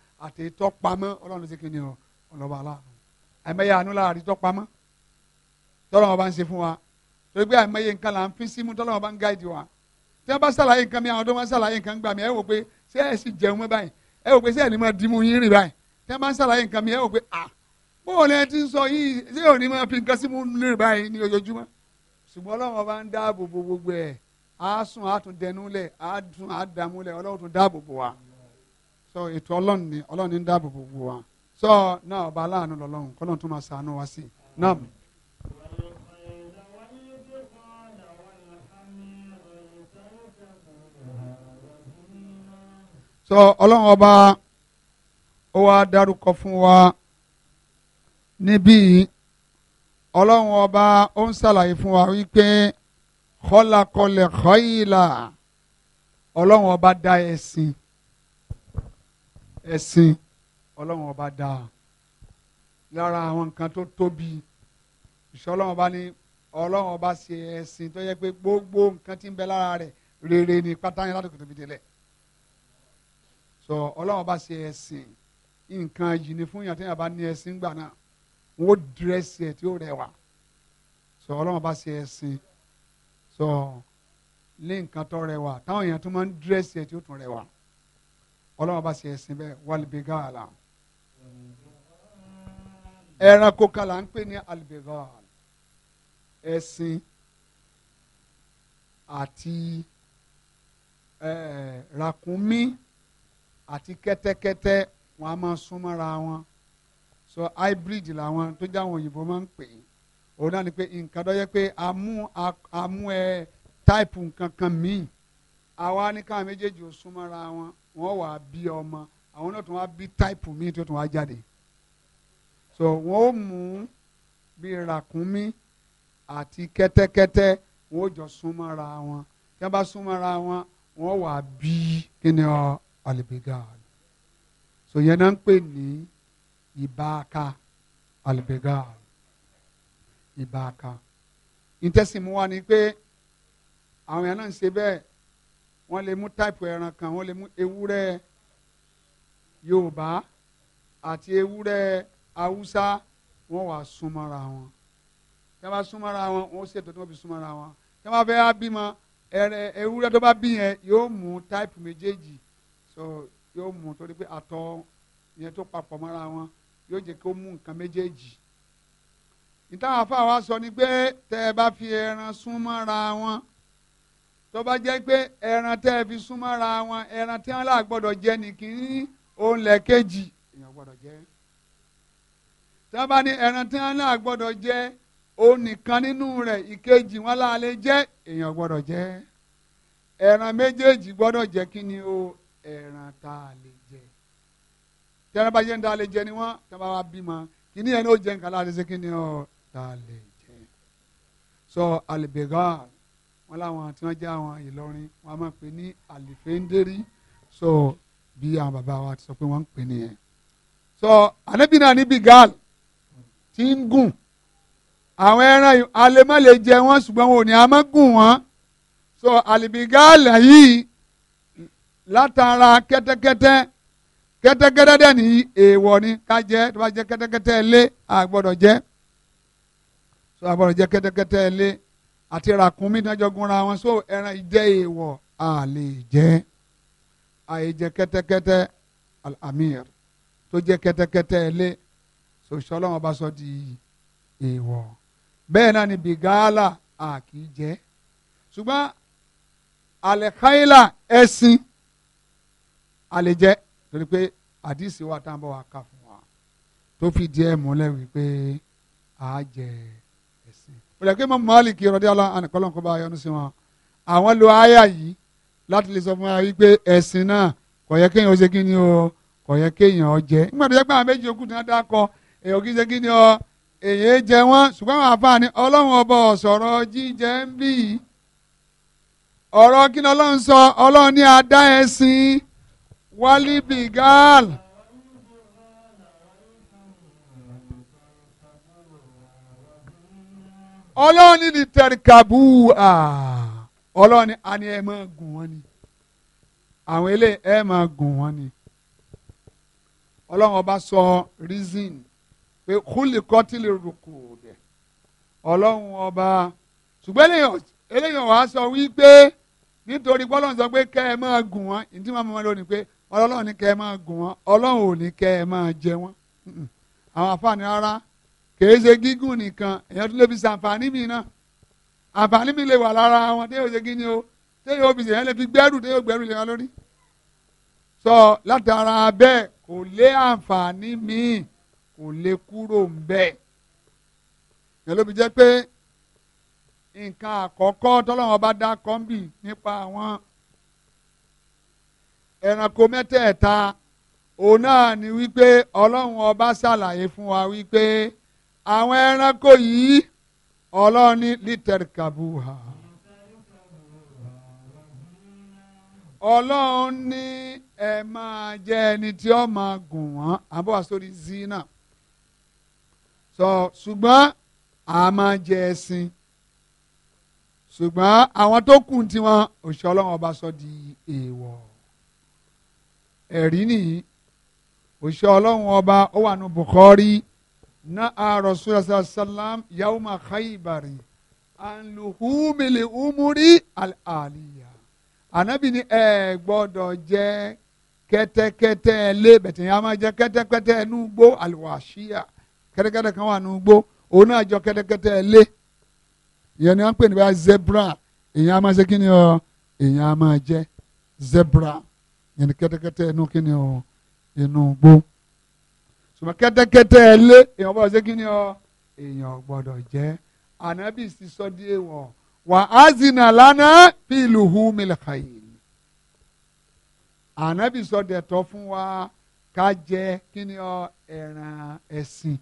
pamọ́ ọlọ́run ṣe kíni o ọlọ́ba aláàánú àìmọye àánú láàrin tó pamọ́ tọ́lọ́run ọba ń ṣe fún wa torí pé àìmọye nǹkan là ń fi símú tọ́lọ́run ọba ń gáìdì wa tí wọ́n bá ṣàlàyé nǹkan mi àwọn tó máa ń ṣàlàyé nǹkan gbà mí ẹ wò pé ṣé ẹ sì jẹun mọ́ báyìí ẹ wò pé ṣé ẹ ní máa dimu yín rì báyìí tí wọ́n bá ń ṣàlàyé nǹkan mi ẹ wò pé à bóun ni ẹ ti ń sọ yìí á sùn á tún dẹnu lẹ̀ á sùn á dààmú lẹ̀ ọlọ́run tún dáàbò bò wá so ètò ọlọ́run ni ọlọ́run ní dáàbò bò wá so náà ọba aláàánú lọ́lọ́run kọ́lọ́run tún máa ṣàánú wá sí náà. so ọlọ́run ọba ó wá dárúkọ fún wa níbí ọlọ́run ọba ó ń ṣàlàyé fún wa wípé kọ́lákọ́lẹ̀ kọ́ìlà ọlọ́run ọba dá ẹṣin ẹṣin ọlọ́run ọba dá lára àwọn nǹkan tó tóbi ìṣọlọ́run ọba ní ọlọ́run ọba ṣe ẹṣin tó yẹ pé gbogbo nǹkan tí ń bẹ lára rẹ̀ rere ni pátá yẹn látòkè tóbi délẹ̀ sọ ọlọ́run ọba ṣe ẹṣin nǹkan yìí ni fún yàn tí yàn bá ní ẹṣin gbà náà wọ́n dírẹ́sì ẹ̀ tí ó rẹwà sọ ọlọ́run ọba ṣe ẹṣin sọ lé nǹkan tó rẹwà táwọn èèyàn tó máa ń dírẹ́sì ẹ̀ tí ó tún rẹwà ọlọ́run bá ṣe ẹ̀sìn bẹ́ẹ̀ wàlùbẹ́gà àlà ẹranko kan là ń pè ní àlùbẹ́gà ẹ̀sìn àti ràkúnmí àti kẹ́tẹ́kẹ́tẹ́ wọn a máa súnmọ́ra wọn so hybrid làwọn tó jáwọn òyìnbó máa ń pè é òun náà ni pé nǹkan tó yẹ pé amú amú ẹ táìpù nǹkan kan míì àwa ní káwọn méjèèjì ò súnmọ́ra wọn wọ́n wà bí ọmọ àwọn náà tún wá bí táìpù míì tó tún wá jáde so wọ́n ó mú bí ràkúnmí àti kẹ́tẹ́kẹ́tẹ́ wọ́n ó jọ súnmọ́ra wọn tí wọ́n bá súnmọ́ra wọn wọ́n wà bí kíni ọ alìbígà so yẹn náà ń pè ní ìbáka alìbígà ìbáka ìtẹ̀sìmù wa ni pé àwọn èèyàn náà ń ṣe bẹ́ẹ̀ wọ́n lè mú táìpù ẹran kan wọ́n lè mú ewúrẹ́ yorùbá àti ewúrẹ́ haúsá wọ́n wà súnmọ́ra wọn tí wọ́n bá súnmọ́ra wọn wọ́n ṣètò tí wọ́n fi súnmọ́ra wọn tí wọ́n bá fẹ́ bímọ ewúrẹ́ tó bá bí yẹn yóò mú táìpù méjèèjì so yóò mú torí pé àtọ̀ yẹn tó papọ̀ mọ́ra wọn yóò jẹ́ kí mú nǹkan méjèèjì ìtàn àfa wa sọ ni pé tẹ́ ẹ bá fi ẹran sún mọ́ra wọn tó bá jẹ́ pé ẹran tẹ́ ẹ fi sún mọ́ra wọn ẹran tí wọ́n là gbọ́dọ̀ jẹ nìkíní òun lẹ̀ kejì èèyàn gbọ́dọ̀ jẹ tí wọ́n bá ní ẹran tí wọ́n là gbọ́dọ̀ jẹ òun nínú rẹ̀ ìkejì wọn là lè èèyàn gbọ́dọ̀ jẹ ẹran méjèèjì gbọ́dọ̀ jẹ kí ni o ẹran tá a lè jẹ tí ẹran bá jẹ ń tá a lè jẹ ni wọ́n tí wọ́n bá wá bímọ kí ni ẹni ó jẹ nǹkan láti ṣe kí ni o tá a lè jẹ sọ àlìbẹ̀gà wọn láwọn tí wọ́n já àwọn Ìlọrin wọn a máa pè ní àlìfẹ́ńdérí sọ bí àwọn bàbá wa ti sọ pé wọ́n ń pè nìyẹn sọ ànábì náà níbi gaal ti ń gùn àwọn ẹran alẹ́ má lè jẹ wọ́n ṣùgbọ́n wọn ò ní a máa gùn wọ́n sọ àlìbí yìí látara kẹ́tẹ́kẹ́tẹ́ kẹ́tẹ́kẹ́tẹ́ dẹ̀ ní èèwọ̀ ni ká jẹ tó bá jẹ kẹ́tẹ́kẹ́tẹ́ lé a jẹ so abọ́dọ̀ jẹ kẹ́tẹ́kẹ́tẹ́ ilé àti ràkúnmí náà jọ gúnra wọn so ẹran ìjẹ́ èèwọ̀ a lè jẹ́ àyè jẹ kẹ́tẹ́kẹ́tẹ́ al-amir tó jẹ kẹ́tẹ́kẹ́tẹ́ ilé so sọlọ́wọ́n bá sọ di èèwọ̀ bẹ́ẹ̀ náà ni bigala a kì í jẹ́ ṣùgbọ́n alẹ́káyìlà ẹ̀sìn a lè jẹ́ torí pé àdìsí wa tá à ń bọ̀ wá kà fún wa tó fi díẹ̀ múlẹ̀ wípé a jẹ́ ẹ̀. òdà pé mọ́mú Málíkì radiyallahu anhu kọ́lọ́nkọ́ bá yọnu sí wọn àwọn lo àyà yìí láti lè sọ fún wa wípé ẹ̀sìn náà kò yẹ kéèyàn ó kí ni o kò yẹ kéèyàn ó jẹ nígbà tó yẹ pé àwọn méjì okùn tí wọ́n dákọ kì í ṣe kí ni jẹ wọn àwọn ọba ni sọ ní ọlọ́run ní tẹ̀ríkàbù à ọlọ́run ní àní ẹ máa gùn wọ́n ni àwọn eléyìí ẹ máa gùn wọ́n ni ọlọ́run ọba sọ reason pé kúlì kọ́tìlì rúkú rẹ̀ ọlọ́run ọba ṣùgbọ́n eléyìí wàá sọ wípé nítorí bọ́lọ́run sọ pé kẹ́ ẹ máa gùn wọ́n ìdí máa mọ́ lónìí pé ọlọ́run ní kẹ́ ẹ máa gùn wọ́n ọlọ́run ò ní kẹ́ ẹ máa jẹ wọ́n àwọn àfààní rárá kèé ṣe gígùn nìkan èèyàn tún lè fi ṣàǹfààní mi náà àǹfààní mi lè wà lára wọn téèyàn ṣe kí ni o téèyàn ó fi ṣèyàn lè fi gbẹ́rù téèyàn gbẹ́rù lè wọn lórí. sọ látara bẹ́ẹ̀ kò lé àǹfààní míì kò lè kúrò ń èèyàn ló fi jẹ́ pé nǹkan àkọ́kọ́ tọ́lọ́wọ́n bá dá kọ́ńbì nípa àwọn ẹranko mẹ́tẹ̀ẹ̀ta òun náà ni wípé ọlọ́run ọba ṣàlàyé fún wa wípé àwọn ẹranko yìí ọlọ́run ní lítẹ̀rìkàbùhà ọlọ́run ní ẹ máa jẹ́ ẹni tí ó máa gùn wọ́n àbọ̀wá sórí zina sọ ṣùgbọ́n a máa jẹ ẹṣin ṣùgbọ́n àwọn tó kù tiwọn òṣìṣẹ́ ọlọ́run ọba sọ di èèwọ̀ ẹ̀rí nìyí òṣìṣẹ́ ọlọ́run ọba ó wà nù Bukhari na a rasulullah sallam yawma khaybari an luhumili umuri al-aliya anabi ni ẹ gbọ́dọ̀ jẹ kẹ́tẹ́kẹ́tẹ́ lé bẹtẹ yẹn a máa jẹ kẹ́tẹ́kẹ́tẹ́ nugbó aliwasiya kẹ́tẹ́kẹ́tẹ́ kan wà nugbó òun náà jọ kẹ́tẹ́kẹ́tẹ́ lé ìyẹn ni wọn pè ní bá zebra ìyẹn a máa ṣe kíni ọ ìyẹn a máa jẹ zebra ìyẹn ni kẹ́tẹ́kẹ́tẹ́ inú kíni ọ inú gbó ṣùgbọ́n kẹ́tẹ́kẹ́tẹ́ ẹ lé èèyàn bọ̀ ṣé kí ni ọ èèyàn gbọ́dọ̀ jẹ́ ànábì sì sọ di wà á zìnà lánàá bí ìlú hu mílíkàyè ànábì sọ dẹ̀tọ́ fún wa ká jẹ kí ni ọ ẹran ẹ̀sìn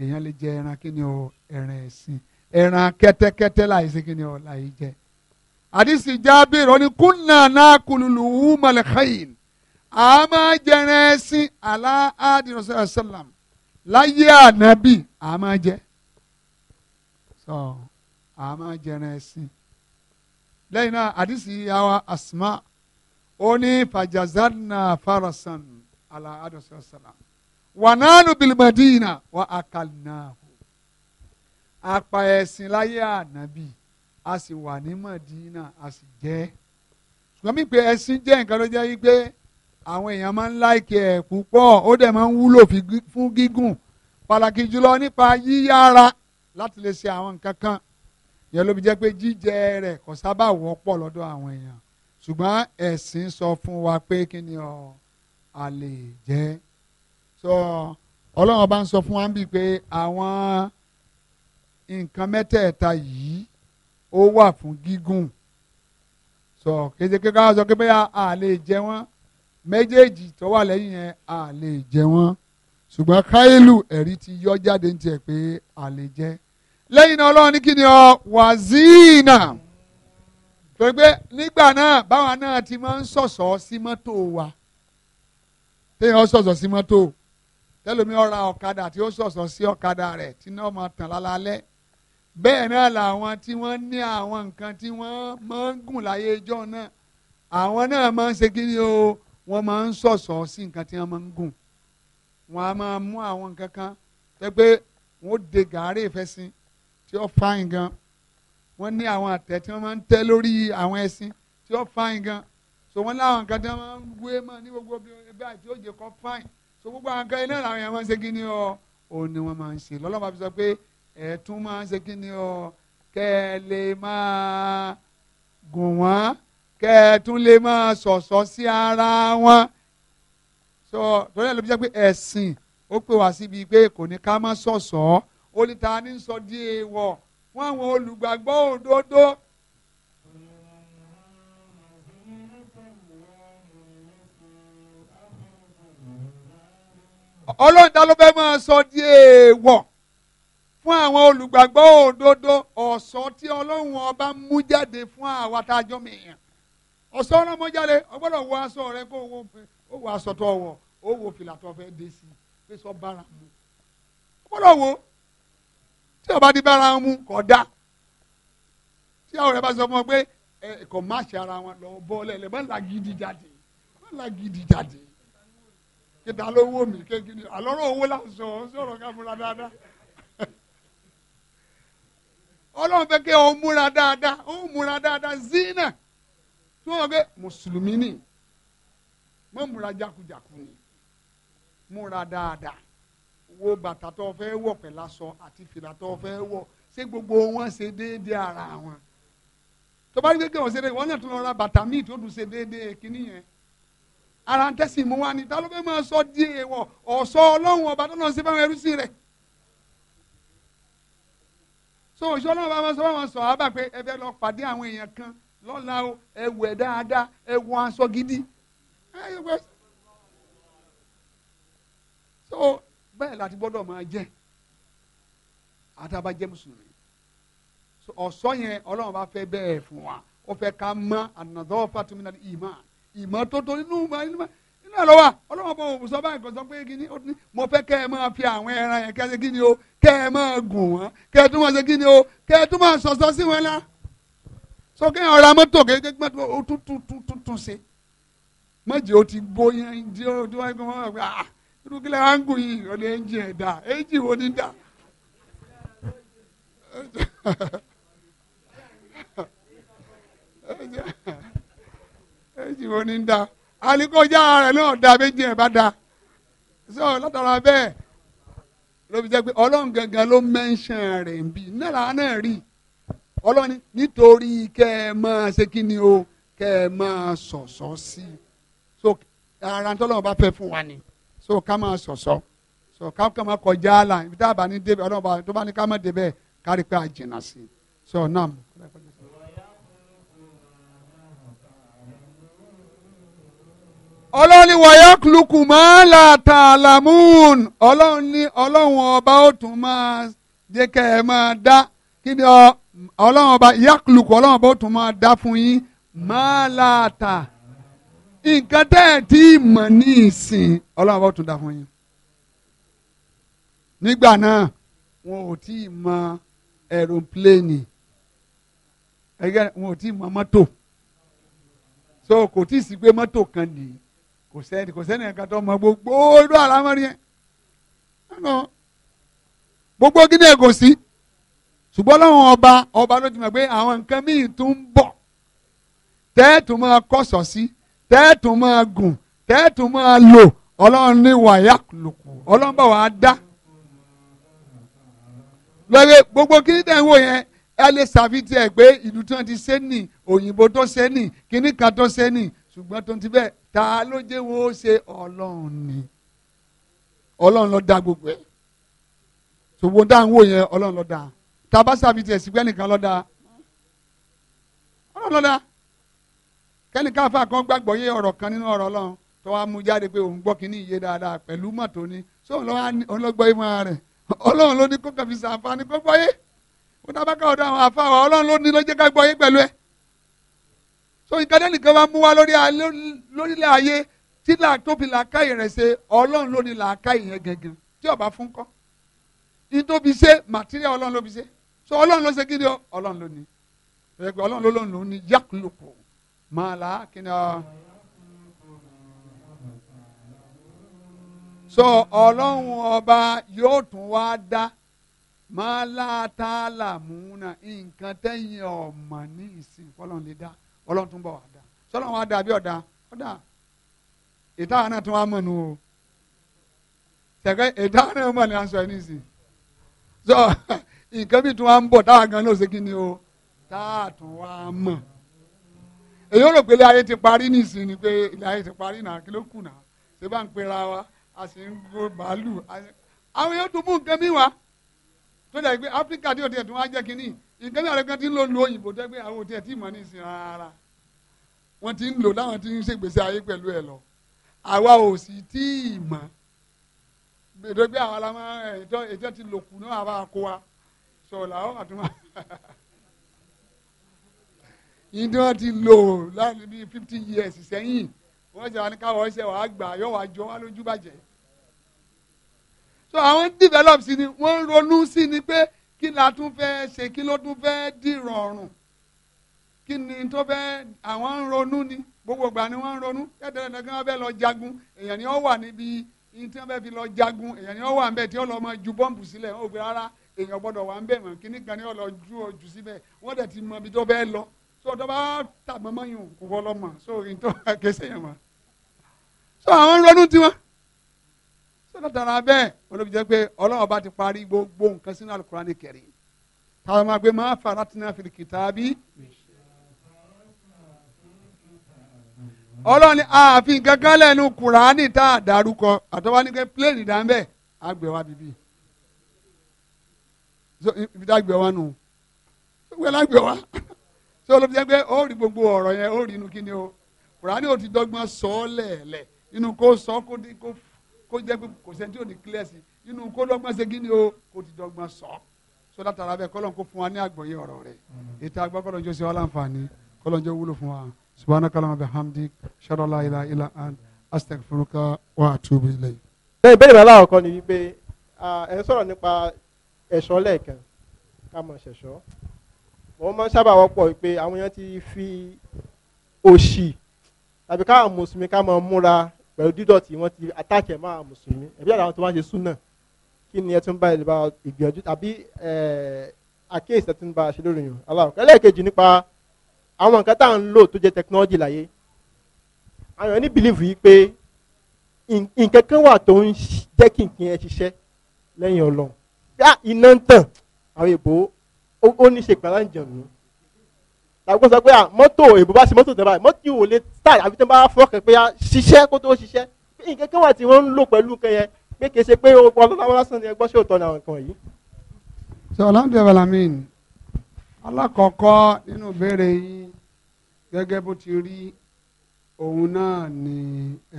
èèyàn lè jẹ ẹran kí ni ọ ẹran ẹ̀sìn ẹran kẹ́tẹ́kẹ́tẹ́ láì sí kí ni ọ láì jẹ àdìsí jábìrì ọ ni kúnnà náà kùlùlù hu mílíkàyè a máa jẹrẹ ẹsìn àlá àdìrọsẹ ọsẹlám láyé ànábì a máa jẹ sọ a máa jẹrẹ ẹsìn lẹ́yìn náà àdìsí àwa asma ó ní fàjàzánà farasan àlá àdìrọsẹ ọsẹlám wà nánú bilimadina wà àkàlìnàhù apá ẹsìn láyé ànábì a sì wà ní madina a sì jẹ ṣùgbọ́n pé ẹsìn jẹ́ nǹkan ló jẹ́ yí pé àwọn èèyàn máa ń láìkì ẹ̀ púpọ̀ ó dẹ̀ máa ń wúlò fún gígùn pàtàkì jùlọ nípa yíyára láti lè ṣe àwọn nǹkan kan yẹn ló fi jẹ́ pé jíjẹ rẹ̀ kò sábà wọ́pọ̀ lọ́dọ̀ àwọn èèyàn ṣùgbọ́n ẹ̀sìn sọ fún wa pé kí ni ọ a lè jẹ sọ ọlọ́run ọba ń sọ fún wa ń bì pé àwọn nǹkan mẹ́tẹ̀ẹ̀ta yìí ó wà fún gígùn sọ kéde kékeré sọ pé bóyá a lè jẹ wọn méjèèjì tó wà lẹ́yìn yẹn a lè jẹ wọ́n ṣùgbọ́n káyélu ẹ̀rí ti yọ jáde ní tiẹ̀ pé a lè jẹ lẹ́yìn náà ọlọ́run ní kí ni ọ wàzínà torí pé nígbà náà báwa náà ti máa ń ṣọ̀ṣọ́ sí mọ́tò wa téèyàn ṣọ̀ṣọ́ sí mọ́tò tẹlomi ọra ọ̀kadà tí ó ṣọ̀ṣọ́ sí ọ̀kadà rẹ̀ tí náà máa tàn lálálẹ́ bẹ́ẹ̀ náà làwọn tí wọ́n ní àwọn nǹkan tí wọ́n máa ń gùn láyé ijọ́ náà àwọn náà máa ń ṣe kí ni o wọ́n máa ń sọ̀sọ̀ sí nǹkan tí wọ́n máa ń gùn wọ́n á máa mú àwọn nǹkan kan tẹ́ pé wọ́n de gàárè ìfẹsìn tí ó fáyín gan wọ́n ní àwọn àtẹ tí wọ́n máa ń tẹ́ lórí àwọn ẹṣin tí ó fáyín gan so wọ́n láwọn nǹkan tí wọ́n máa ń wé mọ́ ní gbogbo ẹgbẹ́ àti òjè kan fáyín so gbogbo àwọn nǹkan iná làwọn yẹn máa ń ṣe kíni ọ òun ni wọ́n máa ń ṣe lọ́lọ́mọ kẹ́ ẹ tún lè máa sọ̀sọ́ sí ara wọn sọ torí ẹ ló fi jẹ́ pé ẹ̀sìn ó pè wá síbi pé kò ní ká má sọ̀sọ́ ó ní ta ní sọ di èèwọ̀ fún àwọn olùgbàgbọ́ òdodo. ọlọ́run ló fẹ́ máa sọ di èèwọ̀ fún àwọn olùgbàgbọ́ òdodo ọ̀sọ́ tí ọlọ́run ọba mú jáde fún àwa tá a jọ mìíràn ọ̀sán ọ̀nà mọ́jálẹ̀ ọgbọ́dọ̀ wọ aṣọ rẹ kó o wọ aṣọ tó wọ o wọ fìlà tó fẹ́ dé sí i pé sọ bára mu ọgbọ́dọ̀ wo tí ọba di bára mu kọ̀ da tí àwọn rẹ bá sọ fún ọ pé ẹ kò má ṣe ara wọn lọ bọ́ lẹ́lẹ̀ má làgídí jáde má làgídí jáde kíta ló wó mi kékeré àlọ́rọ̀ owó là ń sọ ọ́ sọ̀rọ̀ ká múra dáadáa (laughs) ọlọ́run fẹ́ kí ọ múra dáadáa ó múra dáadáa zina tó o gbé mùsùlùmí ni mo múra jákujàku ni múra dáadáa wo bàtà tó fẹ́ wọ̀ pẹ̀lú aṣọ àti fìlà tó fẹ́ wọ̀ ṣé gbogbo wọn ṣe déédéé ara wọn tó bá rí gbégbé wọn ṣe déédéé wọn náà tún lọ ra bàtà míì tó dùn ṣe déédéé kínní yẹn mu wá ni ta ló fẹ́ máa sọ díẹ̀ wọ ọ̀sọ́ ọlọ́run ọba tó náà ṣe fẹ́ràn ẹrú so òṣìṣẹ́ ọlọ́run bá máa sọ pe sọ̀ ábà pé ẹ fẹ́ kan lọ́la o ẹ wẹ̀ dáadáa ẹ aṣọ gidi. so bẹ́ẹ̀ láti gbọ́dọ̀ máa jẹ́ àtàbà jẹ́ mùsùlùmí ọ̀sọ́ yẹn ọlọ́run bá fẹ́ bẹ́ẹ̀ fún wa ó fẹ́ ká mọ ànàdọ́ fatumina ìmọ̀ ìmọ̀ tótó nínú nínú ẹ̀rọ wa ọlọ́run bọ̀ òbùsọ báyìí kò sọ pé kí ni ó ní mo fẹ́ kẹ́ ẹ máa fi àwọn ẹran yẹn kẹ́ ẹ ṣe kí ni o kẹ́ ẹ máa gùn wọ́n kẹ́ ẹ tún máa ṣe kí ni o kẹ́ ẹ tún máa sọ̀sọ́ sí wọn lá so kí ọ̀rọ̀ mọ́tò kékeré gbọ́dọ̀ ó tún tún tún tún tún ṣe mọ̀jẹ̀ ó ti bóyá ìdí ó ti wáyé gbọ́dọ̀ wọ́n ah irú kílẹ̀ wá ń gùn yìí ó lè ń jẹ ẹ̀dá èjì wo ni dá. èjì wo ni dá alikọjá rẹ̀ náà dá méjì ẹ̀ bá dá so látara bẹ́ẹ̀ ló fi jẹ́ pé ọlọ́run gangan ló mẹ́ńṣẹ̀ rẹ̀ ń bì náírà náà rí i ọlọ́ni nítorí kẹ́ ẹ máa ṣe kí ni o kẹ́ ẹ máa sọ̀sọ́ sí i so ara tọ́lọ́wọ́n bá fẹ́ fún wa ni so ká máa sọ̀sọ́ so ká kàn máa kọjá àlà ibi tá a bá ní débẹ̀ ọlọ́wọ́n bá tó bá ní ká má débẹ̀ kárí pé a jìnnà sí i so naam. ọlọ́run ni wọ̀yọ́ kúlùkù máa là tà lámùn ọlọ́run ni ọlọ́run ọba ó tún máa jẹ́ kẹ́ ẹ máa dá kí ni ọ ọlọ́run ọba yakulukú ọlọ́run ọba ó tún máa dá fún yín máa láàtà nǹkan tẹ́ ẹ̀ tí mọ̀ ní ìsìn ọlọ́run ọba ó tún dá fún yín. nígbà náà wọn ò tí ì mọ ẹ̀rọ̀pléènì ẹgbẹ́ wọn ò tí ì mọ mọ́tò so kò tí ì sí pé mọ́tò kan nìyí kò sẹ́ni kò sẹ́ni ẹ̀ka tó mọ gbogbo ọdún àlámọ́rí yẹn gbogbo gíní ẹ̀ ṣùgbọ́n lọ́wọ́n ọba ọba ló ti mọ̀ pé àwọn nǹkan míì tún ń bọ̀ tẹ́ẹ̀tù máa kọ́sọ̀ sí tẹ́ẹ̀tù máa gùn tẹ́ẹ̀tù máa lò ọlọ́run ní wàyà lòkù ọlọ́run bá wàá dá. lórí gbogbo kíní tẹ̀ ń wò yẹn ẹ lè ṣàfihàn ẹ pé ìlú tí wọ́n ti ṣe nì òyìnbó tó ṣe nì kíní kan tó ṣe nì ṣùgbọ́n tó ti bẹ́ẹ̀ ta ló jẹ́ wo ṣe ọlọ́run ni ọlọ́run ló dá gbogbo ẹ̀ ṣùgbọ́n dáhùn wò yẹn ọlọ́run ló dá tàbá sàbí tiẹ̀ sí gbẹ́nìkan lọ́dà ọ̀rọ̀ lọ́dà kẹ́nìkan afa kan gbàgbọ́ yé ọ̀rọ̀ kan nínú ọ̀rọ̀ Ọlọ́run tó wàá mú jáde pé òun gbọ́ kínní yé dáadáa pẹ̀lú mọ̀tò ni sóun lọ́gbọ́ yé máa rẹ̀ Ọlọ́run ló ní kó kàn fi sàǹfààní kó gbọ́ yé wọn tàbá ká ọ̀dọ̀ àwọn afa wa Ọlọ́run ló ní lọ́jẹ́ ká gbọ́ yé pẹ̀lú ẹ̀ so nǹkan tẹ́nìkan bá mú wa lórílẹ̀ ayé tí tóbi làákàyè rẹ̀ ṣe Ọlọ́run ló ní làákàyè yẹn gẹ̀gẹ̀ tí ọba fún kọ́ ní tóbi ṣe màtíríà Ọlọ́run ló fi so ọlọ́run ló ṣe kí ni ọ ọlọ́run ló ní ẹgbẹ́ ọlọ́run ló lóun ní yàkùlùkù máa là á kí ni ọ. so ọlọ́run ọba yóò tún wá dá máa láta làmúna nǹkan tẹ́yìn ọ̀mà ní ìsìn ọlọ́run lè dá ọlọ́run tún bọ̀ wá dá sọlọ́run wá dá bí ọ̀dá ọ̀dá ìtawà náà tún wá mọ̀ nù o tẹ̀kẹ́ ìtawà náà mọ̀ ní aṣọ ẹ̀ ní ìsìn so. (laughs) nǹkan bíi tí wọ́n á ń bọ̀ táwa gan ló ṣe kí ni o táà tún wá mọ̀ èyí ó rò pé ilé ayé ti parí nìsín ni pé ilé ayé ti parí náà kí ló kù náà ṣé bá ń pera wa a sì ń gbó bàálù àwọn yóò tún mú nǹkan mi wá tó dà gbé áfíríkà tí o tiẹ̀ tún wá jẹ́ kínní nǹkan mìíràn kan ti ń lò lu òyìnbó tó gbé àwọn òtí ẹ̀ tí ì mọ̀ nìsín rárá wọ́n ti ń lò láwọn ti ń ṣègbésí ayé pẹ̀lú ẹ̀ lọ àwa ò sì tí ì mọ̀ gbèdégbé àwa la máa ètò ètò ti lòkù náà àwa kó wa so làwọn àtúmọ̀ yìí ni wọ́n ti lò láti bíi fifty years sẹ́yìn wọ́n ṣe wà ní káwọn ṣe wàá gbà yóò wá jọ wá lójú bàjẹ́ so àwọn develop sí ni wọ́n ronú sí ni pé kí la tún fẹ́ ṣe kí ló tún fẹ́ dìrọ̀rùn kí ni tó fẹ́ àwọn ń ronú ni gbogbo ìgbà ni wọ́n ń ronú tẹ́tẹ́rẹ́ náà kí wọ́n fẹ́ lọ jagun èèyàn ni ó wà níbi ní tí wọ́n fẹ́ fi lọ jagun èèyàn ni ó wà níbẹ̀ tí ó lọ mọ ju bọ́ǹbù sílẹ̀ ó gbé rárá èèyàn gbọ́dọ̀ wà ń bẹ̀ mọ̀ kíní kan ní ọ̀lọ́ ju ojú síbẹ̀ wọ́n dẹ̀ ti mọ ibi tó bẹ́ẹ̀ lọ so tó bá tà mọ́mọ́ yìí kò wọ́ lọ́mọ so orin tó kése yẹn mọ́ so àwọn ń ronú tiwọn so látara bẹ́ẹ̀ olóbi jẹ́ pé ọlọ́run ọba ti parí gbogbo nǹkan sínú Al-Qur'ani kẹrin táwọn máa gbé máa fara tìǹà fil kitabi ọlọ́run ni ààfin gángan lẹ́nu kùránì tá a dárúkọ àtọ́wá ní pé pléènì dá bíbí so ibi tá a gbé wa nù wíwẹ́ la gbé wa (laughs) so olóbi jẹ́ pé ó rí gbogbo ọ̀rọ̀ yẹn ó rí inú kí ni o kùránì ò ti dọ́gbọ́n sọ ọ́ lẹ̀ẹ̀lẹ̀ inú kó sọ kó di kó kó jẹ́ pé kò sẹ́ni tí ò ní clear sí inú kó dọ́gbọ́n ṣe kí ni o kó ti dọ́gbọ́n sọ so látara bẹ́ẹ̀ kọ́lọ́n kó fún wa ní àgbọ́yé ọ̀rọ̀ rẹ̀ ìta àgbà kọ́lọ́n jọ ṣe wá láǹfààní kọ́lọ́n jọ wúlò fún wa subhanakallahumma bihamdik shadu la ilaha illa ant astaghfiruka wa atubu ilayk. ṣé ìbéèrè aláwọ̀ kan ni wípé ẹ̀ ń sọ̀rọ̀ nípa ẹ̀ṣọ́ lẹ́ẹ̀kan ká mọ̀ ṣẹ̀ṣọ́ wọ́n máa ń sábà wọ́pọ̀ pé àwọn èèyàn ti fi òṣì tàbí káwọn mùsùlùmí ká máa múra pẹ̀lú dídọ̀tí wọ́n ti àtàkẹ́ máa mùsùlùmí ẹ̀bí àwọn tó máa ń ṣe súnà kí ni ẹ tún bá ìlú bá ìgbìyànjú tàbí àkíyèsí ẹ tún bá ṣe lórí yàn aláwọ̀ kẹ́lẹ́ẹ̀kejì nípa àwọn nǹkan tá à ń lò tó jẹ́ tẹkinọ́lọ́jì láyé àwọn ẹni bìlíìfù yìí pé nǹkan kan wà tó ń jẹ́ kí ẹ ṣiṣẹ́ lẹ́yìn ọlọ́run iná ń tàn àwọn èbó ó ní ṣe pẹ̀lú àǹjọ̀nù tàbí kó sọ pé mọ́tò èbó bá ṣe mọ́tò tẹ̀ báyìí mọ́tò ò lè tà àbí tẹ́ bá fọ́ọ̀kẹ́ pé ṣiṣẹ́ kó tó ṣiṣẹ́ nǹkan kan wà tí wọ́n ń lò pẹ̀lú nǹkan yẹn pé kì í ṣe pé ọkọ̀ ọlọ́lá lásán ni ẹgbọ́n ṣe òótọ́ ní àwọn nǹkan yìí. sọ ọlọ́dún abalamin alákọ̀ọ́kọ́ nínú ìbéèrè yín gẹ́gẹ́ bó ti rí òun náà ni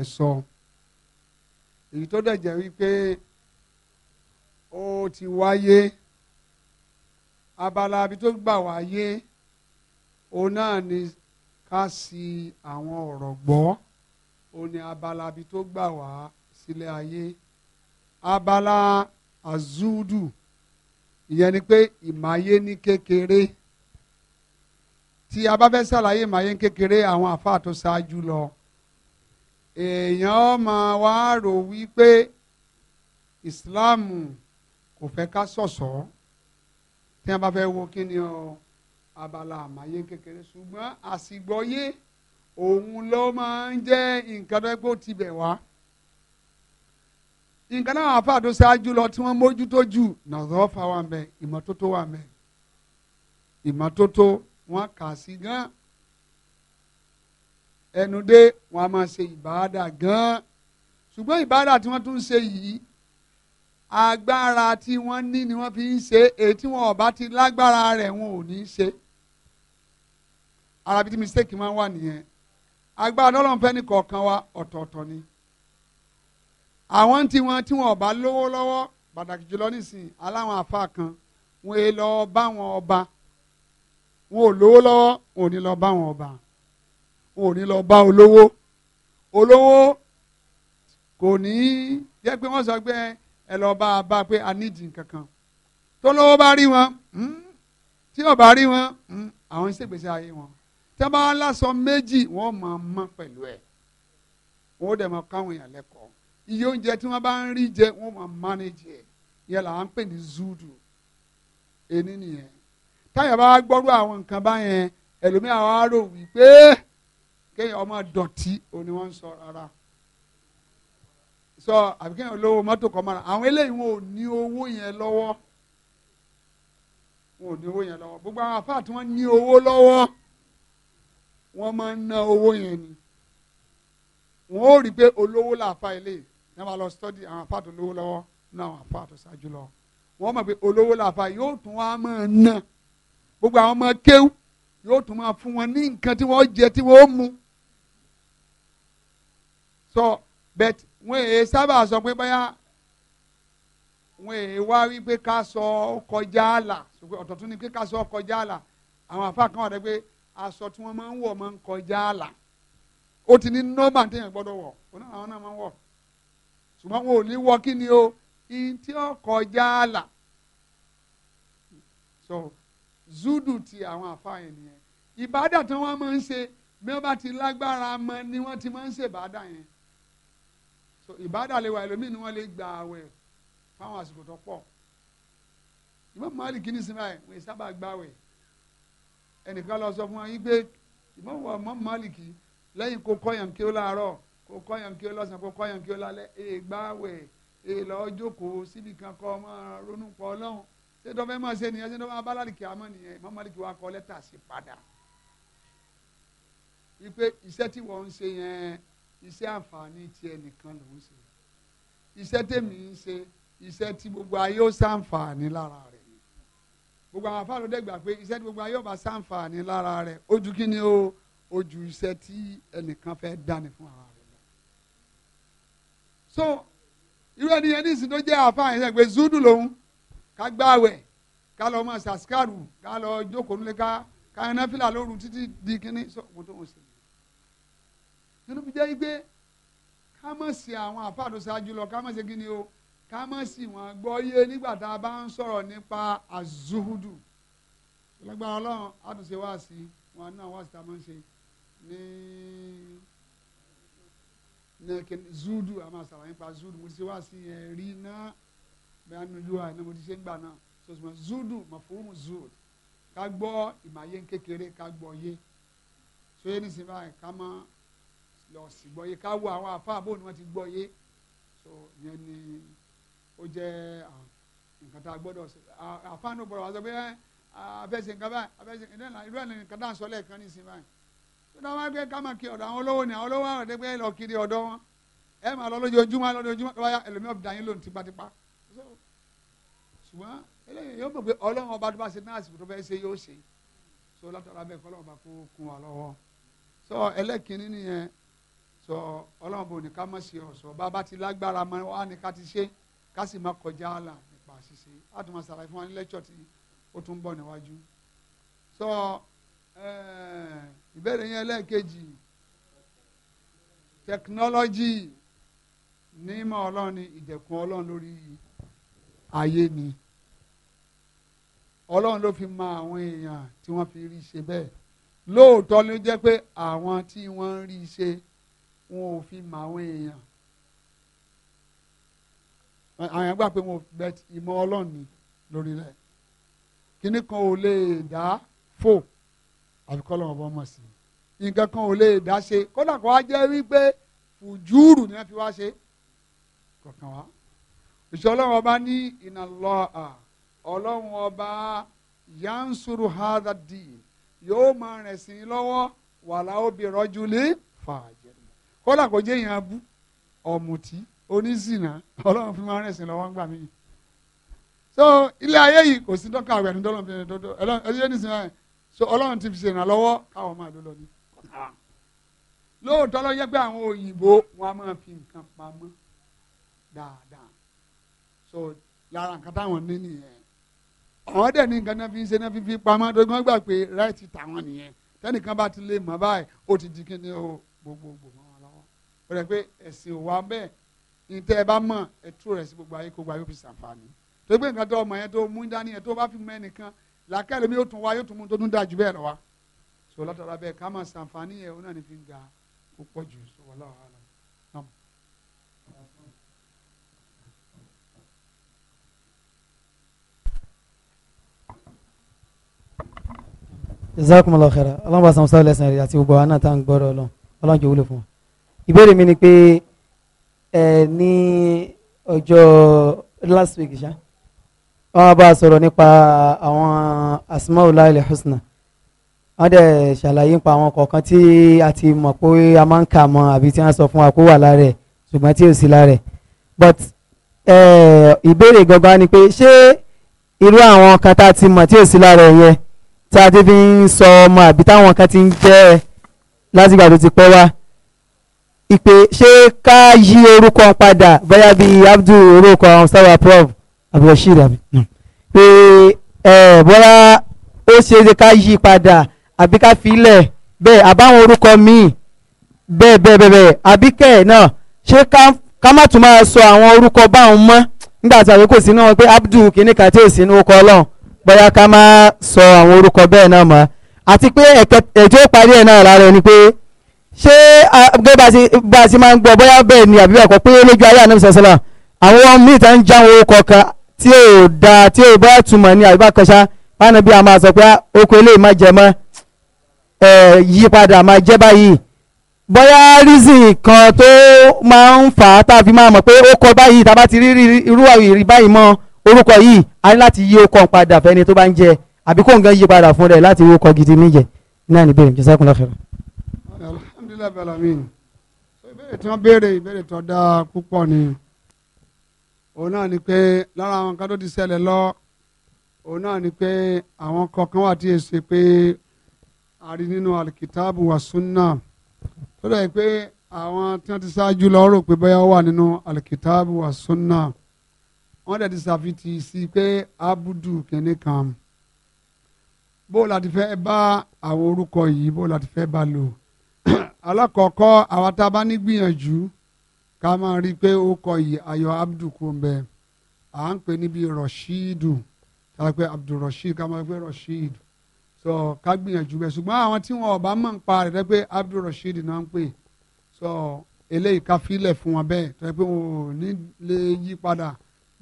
ẹ̀sọ́ èyí tó ó ti wáyé abala abi tó gbà wáyé òun náà ni ká sí àwọn ọ̀rọ̀ gbọ́ òun ni abala abi tó gbà wá sílé ayé abala azudu ìyẹn ni pé ìmáyé ní kékeré tí a bá fẹ́ ṣàlàyé ìmáyé ní kékeré àwọn àfáà tó ṣáájú lọ èèyàn máa wá rò wípé ìsìláàmù kò fẹ́ ká sọ̀sọ́ tí wọ́n bá fẹ́ wo kí ni ọ abala àmàyé kékeré ṣùgbọ́n àsìgbọ́yé òun ló máa ń jẹ́ nǹkan tó gbó tibẹ̀ wá nǹkan náà àfa àdó ṣáájú lọ tí wọ́n mójútó jù nàzọ́fà wà mẹ́ ìmọ́tótó wà mẹ́ ìmọ́tótó wọ́n kà sí gan ẹnu dé wọ́n máa ṣe ìbáadà gan ṣùgbọ́n ìbáadà tí wọ́n tún ṣe yìí agbára tí wọ́n ní ni wọ́n fi ń ṣe èyí tí wọ́n ọ̀bá ti lágbára rẹ̀ wọn ò ní í ṣe arabi tí mistake máa ń wà nìyẹn agbára ọlọ́run fẹ́ ní kọ̀ọ̀kan wa ọ̀tọ̀ọ̀tọ̀ ni àwọn tí wọn tí wọn ọ̀bá lówó lọ́wọ́ pàtàkì jùlọ nísìnyí aláwọn afa kan wọn è lọ bá wọn ọba wọn ò lówó lọ́wọ́ wọn ò ní lọ bá wọn ọba wọn ò ní lọ bá olówó olówó kò ní jẹ́ pé wọ́n sọ pé ẹ lọ bá a bá a pé a nídìí nǹkan kan tó lówó bá rí wọn hmm? tí ò bá rí wọn hmm? àwọn ń ṣègbésí ayé wọn tí wọn bá lásọ méjì wọn máa mọ pẹ̀lú ẹ̀ wọn ó dẹ̀ máa káwọn èèyàn lẹ́kọ̀ọ́ iye oúnjẹ tí wọn bá ń rí jẹ wọn máa mánéjì ẹ̀ yẹn là ń pè ní zúdù ẹni nìyẹn táyà bá gbọ́rú àwọn nǹkan báyẹn ẹlòmíràn wá rò wípé kéèyàn ọmọ dọ̀tí òní wọ́n ń sọ rárá sọ àbíkẹ́yìn olówó mọ́tò kan mọ́ra àwọn eléyìí wọn ò ní owó yẹn lọ́wọ́ wọn ò ní owó yẹn lọ́wọ́ gbogbo àwọn afáà tí wọ́n ní owó lọ́wọ́ wọ́n máa ń ná owó yẹn ni wọ́n ó rí i pé olówó làáfà eléyìí ní wọ́n lọ sọ́dí àwọn afáà tó lówó lọ́wọ́ ní àwọn afáà tó ṣáájú lọ wọ́n mọ̀ pé olówó làáfà yóò tún wá máa ná gbogbo àwọn ọmọ kéwù yóò tún máa fún wọn ní nǹkan tí wọ́n jẹ tí wọ́n mú so bet wọn èè sábà sọ pé báyà wọn èè wá wípé ká sọ kọjá àlà ọ̀tọ̀ tún ni pé ká sọ kọjá àlà àwọn àfa kan wà dé pé aṣọ tí wọ́n máa ń wọ̀ máa ń kọjá àlà ó ti ní nọ́mbà téèyàn gbọ́dọ̀ wọ̀ àwọn náà máa ń wọ̀ ṣùgbọ́n wọn ò ní wọ kí ni o ihun tí ó kọjá àlà so zudu ti àwọn àfa yẹn nìyẹn ìbádà tí wọ́n máa ń ṣe bí wọ́n bá ti lágbára mọ ni wọ́n ti máa ń ṣèbádà yẹn ìbádàlẹ̀ wa ẹlòmíì ni wọ́n lè gba àwẹ̀ fáwọn àsìkò tó pọ̀ Imam Malik ní sinmi àyè wọ́n sábà gba àwẹ̀ ẹnìkan lọ sọ fún wa yín pé Imam wa Imam Malik lẹ́yìn kó kọ́yàn kí ó láàárọ̀ kó kọ́yàn kí ó lọ́sàn kó kọ́yàn kí ó lálẹ́ èè gba àwẹ̀ èè lọ́ọ́ jókòó síbi kan kọ́ ọmọ ronú pọ̀ ọlọ́run ṣé dọ́fẹ́ máa ṣe nìyẹn ṣé dọ́fẹ́ máa bá Malik àmọ́ nìyẹn Imam Malik wa kọ lẹ́tà sí padà wípé iṣẹ́ tí wọ́n ń ṣe yẹn iṣẹ́ àǹfààní ti ẹnìkan lòún ṣe iṣẹ́ tèmi ń ṣe iṣẹ́ tí gbogbo ayé ó ṣàǹfààní lára rẹ̀ gbogbo àwọn afáàlú dẹ́gbà pé iṣẹ́ tí gbogbo ayé ó bá ṣàǹfààní lára rẹ̀ ojú kí ni ó ojú iṣẹ́ tí ẹnìkan fẹ́ dání fún ara rẹ̀ lọ. so irú ẹni yẹn ní ìsìn tó jẹ́ àfáàní ṣe pé zudu lòun ká gbáwẹ̀ ká lọ máa ṣàṣkàrù ká lọ jókòó nílé ká ká iná lóru títí di kínní so mo tó wọn ṣe nínú fi jẹ́ pé ká mọ̀ sí àwọn àfáàdó ṣáájú lọ ká mọ̀ sí kíni o ká mọ̀ sí wọn gbọ́ yé nígbà tá a bá ń sọ̀rọ̀ nípa azuhudu lágbára ọlọ́run àtúnṣe wá sí wọn náà wá sí ta ń ṣe ní ní zudu a nípa zudu mo ti ṣe wá sí yẹn rí náà bẹ́ẹ̀ ni ojú wa ẹ̀ náà mo ti ṣe ń gbà náà sọ̀tùmọ̀ zudu mọ̀fóòmù zudu ká gbọ́ ìmàyé kékeré ká gbọ́ yé so yé nísìnyí báyìí ká máa lọ sí gbọ́yé ká wo àwọn àfa àbò ni wọ́n ti gbọ́yé so yẹn ni ó jẹ́ nǹkan tá a gbọ́dọ̀ ṣe àfa náà gbọ́dọ̀ wá sọ pé abẹ́sẹ̀ nǹkan báyìí abẹ́sẹ̀ irú ẹ̀ nìkan tá à ń sọ lẹ́ẹ̀kan ní ìsìn báyìí tó dáa wá gbé ká máa kí ọ̀dọ̀ àwọn olówó ni àwọn olówó àwọn ọ̀dẹ́gbẹ́ lọ kiri ọ̀dọ̀ wọn ẹ máa lọ lójoojúmọ́ lójoojúmọ́ tó bá yá ẹlòmíràn bí dayín lónìí tipátipá ṣùgbọ́n eléyìí yóò mọ̀ pé ọlọ́run ọba tó bá ṣe náà àsìkò tó fẹ́ ṣe yóò ṣe so látara bẹ́ẹ̀ kọ́ ọlọ́run ọba kó kún wa lọ́wọ́ so ẹlẹ́kìnní nìyẹn sọ ọlọ́run bò ní ká má ṣe ọ̀ṣọ́ bàbá ti lágbára mọ́ wá ní ká ti ṣe ká sì má kọjá àlà nípa ṣíṣe á tún máa ṣàlàyé fún wa ní lẹ́kṣọ̀ tí ó tún bọ̀ níwájú. sọ eh, ìbéèrè yẹn lẹ́ẹ̀kejì tẹkinọ́lọ́jì nímọ̀ ọlọ́run ni ìdẹ̀kùn ọlọ́run lórí ayé ni ọlọ́run ló fi mọ àwọn èèyàn tí wọ́n fi rí ṣe bẹ́ẹ̀ lóòótọ́ ló jẹ́ pé àwọn tí wọ́n rí ṣe wọn ò fi mọ àwọn èèyàn àwọn èèyàn gbà pé wọn ò bẹt ìmọ̀ Ọlọ́run ni lórí rẹ̀ kíní kan ò lè dá fò àfi kọ́ lọ́wọ́ bọ́ mọ̀ sí i nǹkan kan ò lè dá ṣe kódà kó wá jẹ́ wípé fùjúùrù ni wọ́n fi wá ṣe kọ̀ọ̀kan wá ìṣọlọ́wọ́ ọba ní iná lọ́ọ̀à ọlọ́run ọba yansuru hadha din yóò máa rìn sí i lọ́wọ́ wàhálà obì rọ́júlé fàáj kódà kò jẹ́ èèyàn abú ọ̀mùtí onízìnà ọlọ́run fi máa ń rẹ̀sìn lọ́wọ́ ń gbà mí. so ilé ayé yìí kò sí dọ́kà àgbẹ̀ ní dọ́lọ́run fi rìn dọ́dọ́ ẹlẹ́yìn nísìnyí báyìí so ọlọ́run ti fi ṣèrànlọ́wọ́ káwọn máa lò lọ ní. lóòótọ́ ló yẹ pé àwọn òyìnbó wọn a máa fi nǹkan pamọ́ dáadáa so lára nǹkan táwọn ní nìyẹn àwọn dẹ̀ ní nǹkan náà fi ń ṣe náà fi fi pamọ́ tó gbọ́n gbà pé ráìtì tàwọn nìyẹn tẹ́nìkan bá ti lè mọ̀ ó ti di kíni ó rẹ pé ẹ̀sìn òwà bẹ́ẹ̀ ìtẹ́ ẹ bá mọ̀ ẹ tú rẹ̀ sí gbogbo ayé kó gbogbo ayé fi ṣàǹfààní tó gbé nǹkan tó ọmọ yẹn tó mú dání yẹn tó bá fi mọ ẹnìkan làákàlẹ̀ mi yóò tún wá yóò tún mú tó tún dà jù bẹ́ẹ̀ lọ wa sọ látara bẹ́ẹ̀ ká máa ṣàǹfààní yẹn ó náà ní fi ga púpọ̀ jù sọ wọ́n láwàá lọ. jazakumullahu khairan ọlọ́run bá sàmúsà lẹ́sìn rẹ̀ àti gbogbo àwọn náà tá à ń gbọ́dọ̀ ọlọ́run fún wa ìbéèrè mi ni pé ẹ ní ọjọ́ last week ṣá wọ́n bá a sọ̀rọ̀ nípa àwọn asmaulahi husna wọ́n dẹ̀ ṣàlàyé nípa àwọn kọ̀ọ̀kan tí a ti mọ̀ pé a máa ń kà mọ́ àbí tí wọ́n sọ fún wa kó wà lára ẹ̀ ṣùgbọ́n tí ò sí lára ẹ̀ but ìbéèrè gangan ni pé ṣé irú àwọn kan tá a ti mọ̀ tí ò sí lára ẹ̀ yẹn tá a ti fi ń sọ ọmọ àbí táwọn kan ti ń jẹ́ ẹ látìgbà tó ti pẹ́ wá ìpè ṣé ká yí orúkọ wọn padà bóyá bí abdul orúkọ àwọn sábà prof abdulrasheed àbí pé ẹ bóyá ó ṣeéṣe ká yí padà àbí ká filẹ̀ bẹ́ẹ̀ àbáwọn orúkọ míì bẹ́ẹ̀ bẹ́ẹ̀ bẹ́ẹ̀ bẹ́ẹ̀ àbí kẹ́ ẹ̀ náà ṣé ká má tún máa sọ àwọn orúkọ báwọn mọ́ nígbà tí àwọn kò sínú wọn pé abdul kìíní kan tí ò sínú orúkọ ọlọ́run bóyá ká má sọ àwọn orúkọ bẹ́ẹ̀ náà mọ́ àti pé ẹ̀jọ́ parí ẹ̀ náà lára ẹni pé ṣé gẹ́gẹ́ bá a ti máa ń gbọ́ bóyá bẹ́ẹ̀ ni àbí ẹ̀kọ́ pé lójú ayé àná ìṣẹ̀ṣẹ̀lá àwọn míì tá ń já wọn orúkọ kan tí ò da tí ò bá túmọ̀ ní àbí bákanṣá báwọn bí a máa sọ pé ah, oko eléyìí má jẹ mọ́ yí padà máa jẹ́ báyìí bóyá reason kan tó máa ń fà á tá a fi máa mọ̀ pé ó kọ báyìí tá a bá ti rí irú ìrì báyìí mọ́ orúkọ yìí a ní láti yí okọ̀ padà fẹ́ni tó bá ń jẹ àbí kóńgá yí padà fún rẹ̀ láti wọ́kọ̀ gidi níjẹ̀ náà níbẹ̀rẹ̀ jẹ́sàkúnlá fẹ́ràn rabbil alamin ìbéèrè tí wọ́n béèrè ìbéèrè tó dáa púpọ̀ ni òun náà ni pé lára àwọn kan tó ti ṣẹlẹ̀ lọ òun náà ni pé àwọn kọ̀ọ̀kan wà tí yẹ ṣe pé a rí nínú alikitaabu wa sunna tó dẹ̀ pé àwọn tí wọ́n ti ṣáájú lọ rò pé bóyá wà nínú alikitaabu wa sunna wọ́n dẹ̀ ti ṣàfitì sí pé abudu kìíní kan bó o láti fẹ́ bá àwọn orúkọ yìí bó o láti fẹ́ bá lò. (coughs) alákọ̀ọ́kọ́ àwọn tá a bá ní gbìyànjú ká máa rí i pé ó kọ yìí ayọ̀ abdu kò ń bẹ à ń pè níbi rashidu ká pé abdulrasheed ká máa pè rasheed so ká gbìyànjú bẹ ṣùgbọ́n àwọn tí wọn ọba máa ń pa rẹ̀ rẹ́ pé abdulrasheed náà ń pè so eléyìí ká filẹ̀ fún wọn bẹ́ẹ̀ tó yẹ pé wọn ò ní lè yí padà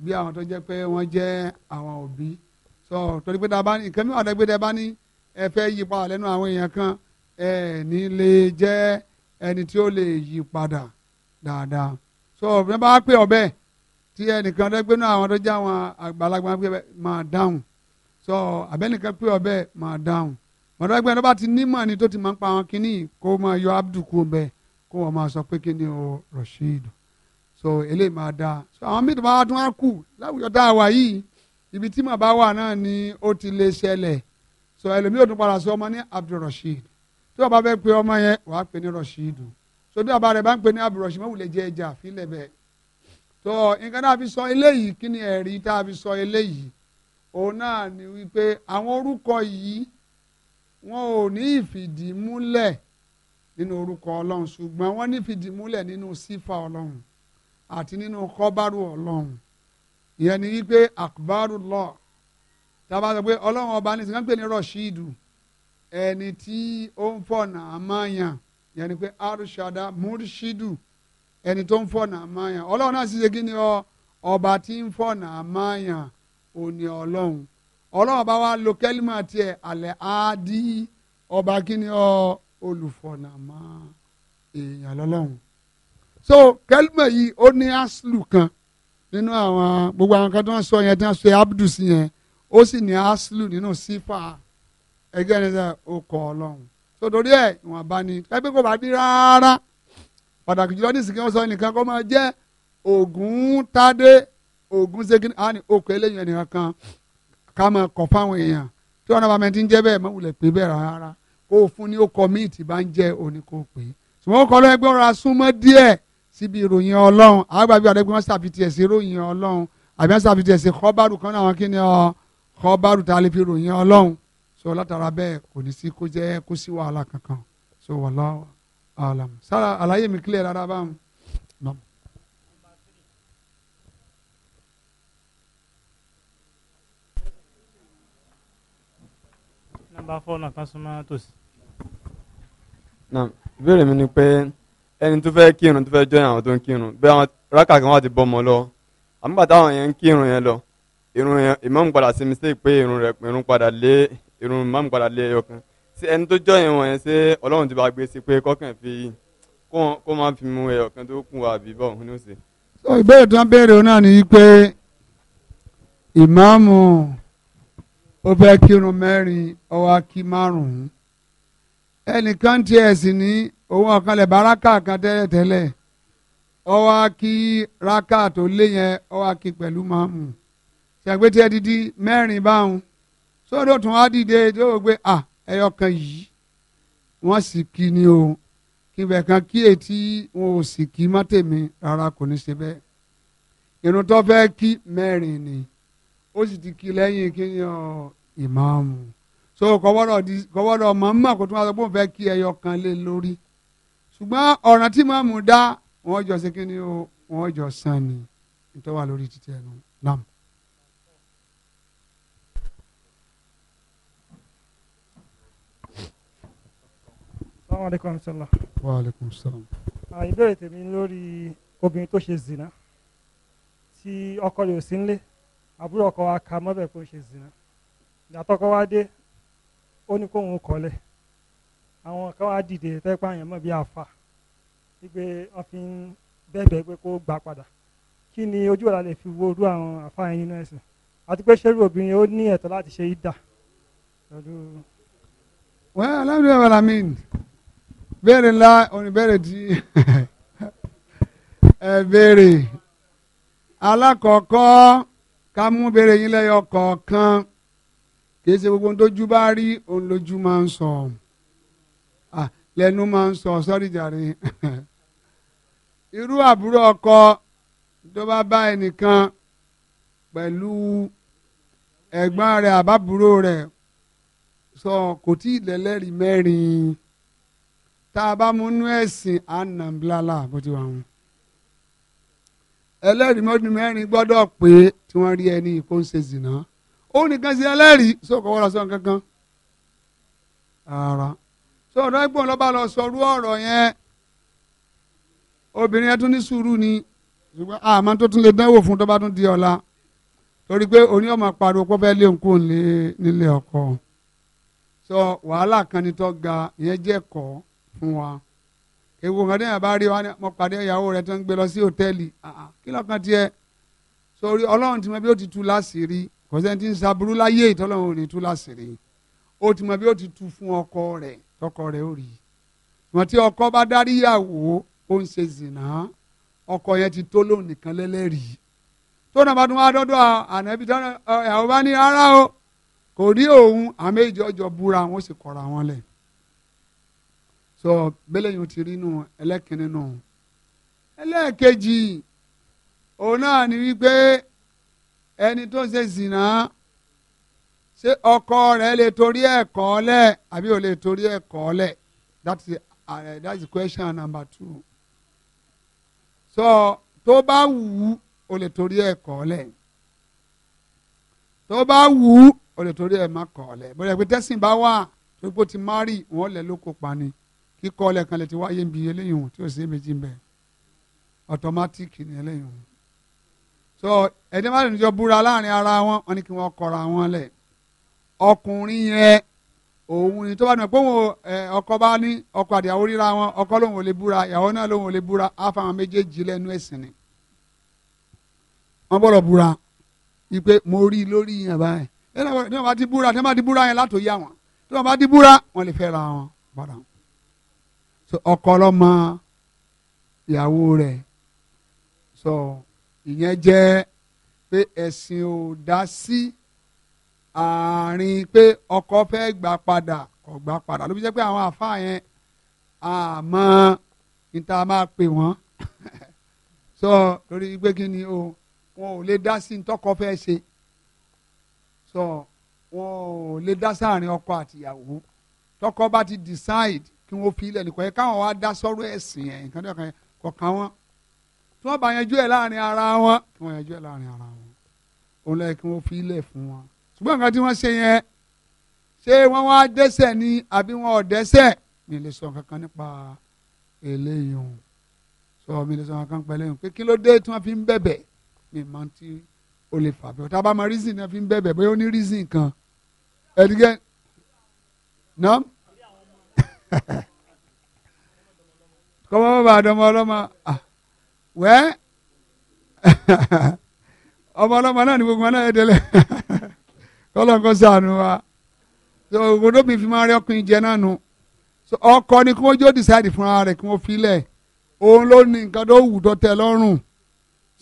bí àwọn tó jẹ́ pé wọ́n jẹ́ àwọn òbí so torí pé tá a bá ní nǹkan mìíràn tó yẹ pé tá a bá ní ẹ fẹ́ yí padà lẹ́nu àwọn èèyàn kan ẹ ní lè jẹ́ ẹni tí ó lè yí padà dáadáa so bí wọ́n bá pè ọ bẹ́ẹ̀ tí ẹnìkan tó gbénu àwọn tó jẹ́ àwọn àgbàlagbà pé máa dáhùn so àbẹ́nìkan pè ọ bẹ́ẹ̀ máa dáhùn mọ̀tọ́gbẹ́ tó bá ti nímọ̀ ni tó ti máa ń pa àwọn kínní kó máa yọ Abdul kú bẹ́ẹ̀ kó wọ́n máa sọ pé kínní o Rasheed so eléyìí máa dáa so àwọn míì tó bá tún á kù láwùjọ tá a wà yìí ibi tí màá wà náà ni ó ti lè ṣẹlẹ̀ so ẹlòmíì ò tún padà sọ ọmọ ní Abdul Rasheed tí wọ́n bá fẹ́ pe ọmọ yẹn wàá pe ní rọ̀ṣídù so bí bàbá rẹ̀ bá ń pe ní àbúrọ̀ṣì mọ́wùlẹ̀ jẹ́ ẹja àfilẹ̀ bẹ́ẹ̀ tó nǹkan tá a fi sọ eléyìí kí ni ẹ̀rí tá a fi sọ eléyìí òun náà ni wípé àwọn orúkọ yìí wọn ò ní ìfìdímúlẹ̀ nínú orúkọ ọlọ́run ṣùgbọ́n wọ́n ní ìfìdímúlẹ̀ nínú sífà ọlọ́run àti nínú kọ́bárù ọlọ́run ìyẹn ni wípé àkùbárù lọ tá a bá sọ pé ọlọ́run ọba ní sìnkánpẹ̀ ní rọ̀ṣídù ẹni tí ó ń fọ̀nà àmàyàn yẹn ni pé arúṣadá múrísídù ẹni tó ń fọ̀nà àmàyàn ọlọ́run náà sì ṣe kí ni ọ ọba tí ń fọ̀nà àmàyàn òní ọlọ́run ọlọ́run bá wa lo kẹ́límà tiẹ̀ àlẹ́ àádí ọba kí ni ọ èèyàn lọ́lọ́run so kẹ́límà yìí ó ní kan nínú àwọn gbogbo àwọn kan tó ń sọ yẹn tí wọ́n ẹgbẹ́ ní sẹ́ o kọ ọlọ́run sotori ẹ̀ ìwọ̀n bá ní ẹgbẹ́ kò bá bí rárá pàtàkì jùlọ ní sìnkì ọ̀sán nìkan kọ́ máa jẹ́ ògùn tádé ògùn segin á ní okò eléyìí ẹnìkan kan ká máa kọ fáwọn èèyàn tí wọn náà bá mẹ ti ń jẹ bẹ́ẹ̀ mọ wulẹ̀ pé bẹ́ẹ̀ rárá kó o fún ní okọ míì tí bá ń jẹ òní kó o pè é ṣùgbọ́n okọ ọlọ́run ẹgbẹ́ ọ̀rọ̀ asúnmọ́ díẹ̀ síbi ìròyìn ọlọ́run àgbàbí ọ̀dọ́ ẹgbẹ́ wọn ṣàfitì ẹ̀sìn ìròyìn ọlọ́run àbí wọn ṣàfitì ẹ̀sìn kọ́bárù kan náà wọn kí ni ọ kọ́bárù tá lè fi ròyìn ọlọ́run so látara bẹ́ẹ̀ kò ní sí kó jẹ́ kó sí wàhálà kankan so wallahu alam Sara àlàyé mi clear rárá báwọn. nọ́mbà fọ́ náà na ìbéèrè mi ni pé ẹni tó fẹ́ kírun tó fẹ́ jọyìn àwọn tó ń kírun bí àwọn rákà kan wà ti bọ́ ọmọ lọ àmúgbà táwọn yẹn ń kírun yẹn lọ irun yẹn ìmọ̀ ń padà sí mistake pé irun rẹ̀ irun padà lé irun máa ń padà lé ẹyọ kan ṣé ẹni tó jọ ìwọ̀n yẹn ṣé ọlọ́run ti bá gbé sí pé kọ́kàn fi kó máa fi mu ẹyọ kan tó kù àbí bọ̀ ní òsè. ìbéèrè tó ń béèrè náà ni pé ìmáàmù ó fẹ́ kírun mẹ́rin ó wá kí márùn-ún ẹnìkan tiẹ̀ sì ní òun ọ̀kan lẹ̀ bá rákà kan tẹ́lẹ̀tẹ́lẹ̀ ó wá kí rákà tó lé yẹn ó kí pẹ̀lú máàmù ṣàgbétẹ́ dídí mẹ́rin báwọn sódò tún wá dìde o gbé à ẹyọ kan yìí wọ́n sì kí ni o kíbẹ̀ kan kí etí wọn ò sì kí má tèmi rárá kò ní ṣe tó fẹ́ kí mẹ́rin ni ó sì ti kí lẹ́yìn kí ọ ìmáàmù so kọ́wọ́dọ̀ mọ̀ọ́mọ́ kò tún wá sọ pé òun kí ẹyọ kan lé lórí tí dá jọ Assalamu alaikum sọlá. wa alaikum salam. Ah, ìbéèrè tèmi lórí obìnrin tó ṣe zina tí ọkọ rẹ̀ ò sí nílé àbúrò ọkọ wa ka mọ́bẹ̀ kó ṣe zina ìyàtọ̀kọ wa dé ó ní kóun kọ́lẹ̀ àwọn kan wá dìde tẹ́pẹ́ àyàn mọ̀ bí àfa wípé wọ́n fi ń bẹ̀bẹ̀ pé kó gbà padà kí ni ojú ọ̀la lè fi wo àwọn àfa yẹn nínú ẹ̀sìn àti pé ṣerú obìnrin ó ní ẹ̀tọ́ láti ṣe ìdà. wẹ́ẹ́ alábìrẹ́ wàlámìn béèrè ńlá oníbèrè tí (laughs) ẹ béèrè alákọ̀ọ́kọ́ ká mú béèrè yín lẹ́yọ kọ̀ọ̀kan kì í ṣe gbogbo ńdójú bá rí òun lójú máa ń sọ lẹ́nu máa ń sọ sọ́rí jàre (laughs) irú àbúrò ọkọ tó bá bá ẹnìkan pẹ̀lú ẹ̀gbọ́n rẹ̀ àbábúrò rẹ̀ sọ kò tí ì lẹ́lẹ́rìí mẹ́rin tá a bá mú nú ẹ̀sìn ànàbílálà bó ti wà wọn. ẹlẹ́rìí mọ́dún mẹ́rin gbọ́dọ̀ pé tí wọ́n rí ẹni kó ń ṣe zìnà ó nìkan sí ẹlẹ́rìí sókòwò lọ sọ kankan. ara sọ ọ̀dọ́ ẹgbọ́n lọ́ba lọ sọrú ọ̀rọ̀ yẹn obìnrin ẹtún ní sùúrù ni ṣùgbọ́n àmọ́ tó tún lè dánwò fún tó bá tún di ọ̀la torí pé oní ọmọ pariwo pọ́ fẹ́ lé nkú nílé ọkọ sọ wàhálà kan ni tó ga ìyẹn jẹ́ kọ́ fún wa ewu kan déyàn bá rí wa ni mo pàdé ìyàwó rẹ tó ń gbé lọ sí hòtẹ́ẹ̀lì kí lọ́kàn tiẹ̀ sórí ọlọ́run ti mọ bí ó ti tú láṣìírí kò sẹ́ni tí ń saburú láyé ìtọ́lọ́run ò ní tú láṣìírí ó ti mọ bí ó ti tú fún ọkọ rẹ̀ tọkọ rẹ̀ ó rí i ìwọ̀n tí ọkọ bá dárí ìyàwó ó ń ṣe zìnà ọkọ yẹn ti tó lóun nìkan lẹ́lẹ́rìí tó náà bá tún wá dọ́dọ̀ ànábi tó ìyàwó bá ní rárá o kò rí òun àmì búra wọn sì kọ̀ra wọn lẹ̀ sọ bẹ́lẹ̀ yìí ti rí nù ẹlẹ́kìnní nù ẹlẹ́ẹ̀kejì òun náà ni wípé ẹni tó ṣe zìnà ṣé ọkọ rẹ̀ lè torí ẹ̀ kọ̀ ọ́ lẹ̀ àbí ò lè torí ẹ̀ kọ̀ ọ́ lẹ̀ that is uh, question number two sọ tó bá wù ú o lè torí ẹ̀ kọ̀ ọ́ lẹ̀ tó bá wù ú o lè torí ẹ̀ má kọ̀ ọ́ lẹ̀ bóyá pé tẹ́sìn bá wà tó kó ti má rí wọn lẹ̀ ló kópa ni kíkọ́ ọlẹ́kan lè ti wáyé ń bi eléyìí hùn tí ó sì méjì ń bẹ̀ automatic ni eléyìí hùn. so ẹni má lè níjọ búra láàrin ara wọn wọn ni kí wọn kọra wọn lẹ̀ ọkùnrin yẹn òun ni tó bá dùn pé òun ọkọ bá ní ọkọ àdìyàwó ríra wọn ọkọ lòun ò lè búra ìyàwó náà lòun ò lè búra áfa méjèèjì lẹ́nu ẹ̀sìn ni wọn gbọ́dọ̀ búra ipe mo rí lórí yẹn báyìí ẹ lọ tí wọn bá ti búra tí wọn bá ti búra yẹn látòyà wọn tí wọn bá ti búra wọn lè fẹ́ ra wọn padà wọn ọkọ ọlọ́mọ ìyàwó rẹ̀ sọ ìyẹn jẹ́ pé ẹ̀sìn ò dá sí àárín pé ọkọ fẹ́ gbà padà kò gbà padà ló fi jẹ́ pé àwọn àfáà yẹn àmọ́ níta máa pè wọ́n sọ (laughs) lórí pé kí ni o wọn ò lè dá sí ntọ́kọ fẹ́ ṣe sọ wọn ò lè dá sáàrin ọkọ àtìyàwó tọkọ bá ti decide kí wọ́n fi ilẹ̀ nìkan yẹn káwọn wá dá sọ́rọ̀ ẹ̀sìn yẹn nǹkan tó yẹ kọ̀ọ̀kan wọn tí wọ́n bá yanjú ẹ̀ láàrin ara wọn kí wọ́n yanjú ẹ̀ láàrin ara wọn òun lẹ́yìn kí wọ́n fi ilẹ̀ fún wọn. ṣùgbọ́n nǹkan tí wọ́n ṣe yẹn ṣé wọ́n wá dẹ́sẹ̀ ni àbí wọn ò dẹ́sẹ̀ mi lè sọ kankan nípa eléyìí o sọ mi lè sọ kankan pẹ̀lú ẹ̀yìn pé kí ló dé tí wọ́n fi ń bẹ̀bẹ̀ mi máa ti o lè fà bẹ́ẹ̀ ọ̀tá bá mọ reason náà fi ń bẹ̀bẹ̀ bóyá ó ní reason kan ẹ̀dígẹ́ náà kọ́mọ bá bá dọ́mọ ọlọ́mọ wẹ́ ọmọ ọlọ́mọ náà ni gbogbo wọn náà yẹ délẹ̀ (laughs) kọ́lọ̀ ń kọ́ sànù wa ògòdó mi fi máa rí ọkùnrin jẹ náà nù ọkọ ni kí wọ́n jó dìsáìdì fúnra rẹ̀ kí wọ́n filẹ̀ òun ló ní nǹkan tó wù tó tẹ́ lọ́rùn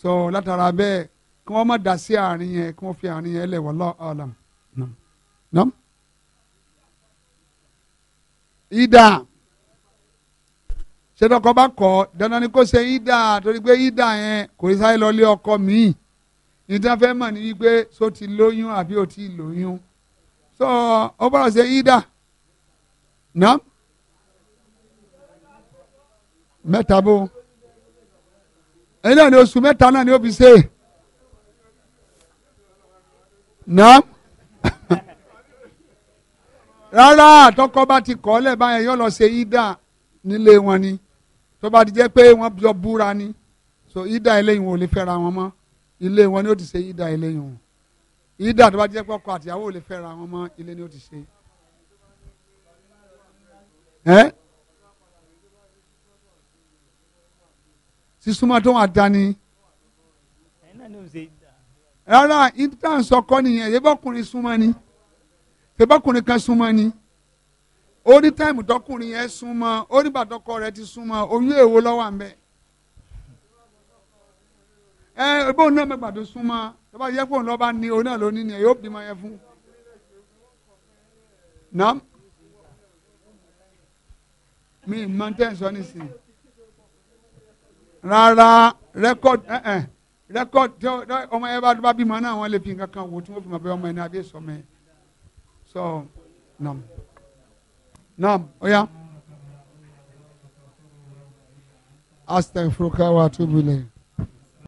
sọ látara bẹ́ẹ̀ kí wọ́n má dá sí àárín yẹn kí wọ́n fi àárín yẹn lẹ̀ wọ́n lọ́ ọ̀làm. ida ṣé tọkọ bá kọ dandan ni kó ṣe ida torí pé ida yẹn kò sáré lọ lé ọkọ míì níta fẹ́ mọ̀ ní wípé so ti lóyún àbí o ti lóyún so ó bọ̀rọ̀ ṣe ida nà mẹ́ta bó ẹ̀yin náà ni oṣù mẹ́ta náà ni ó fi ṣe (laughs) rárá tọkọ bá ti kọ́ lẹ̀ báyẹn yóò lọ ṣe ida nílé wọn ni tó bá ti jẹ́ pé wọ́n jọ búra ni so ida eléyìí wọn ò lè fẹ́ra wọn mọ́ ilé wọn ni ó ti ṣe ida eléyìí wọn ida tó bá ti jẹ́ pé ọkọ àtìyàwó ò lè fẹ́ra wọn mọ́ ilé ni ó ti ṣe. sísúnmọ́ tó wà dání. rárá ìtàn sọkọ nìyẹn ìyẹ́bọ̀kùnrin súnmọ́ ni. Eh? tẹ́bọ́kùnrin kan súnmọ́ ni ó ní táìmù tọkùnrin yẹn súnmọ́ ó ní bàtọ́kọ rẹ̀ ti súnmọ́ oyún èwo lọ́wọ́ à ń bẹ̀. ẹ ebó náà mẹ́gbàdo súnmọ́ tọ́ba yẹ fóun lọ́ba ni oní àlọ́ ní nìyẹn yóò bímọ yẹn fún. nà mí máa ń tẹ̀ sọ nísìnyí rárá rẹ́kọ̀d rẹ́kọ̀d ọmọ yẹn bá bímọ náà wọ́n lè fi nǹkan kan wò tí wọ́n fi mọ̀ bẹ́ẹ̀ ọmọ yẹn ní abẹ́ yẹn so nam nam oya oh astaghfiruka wa atubu believe.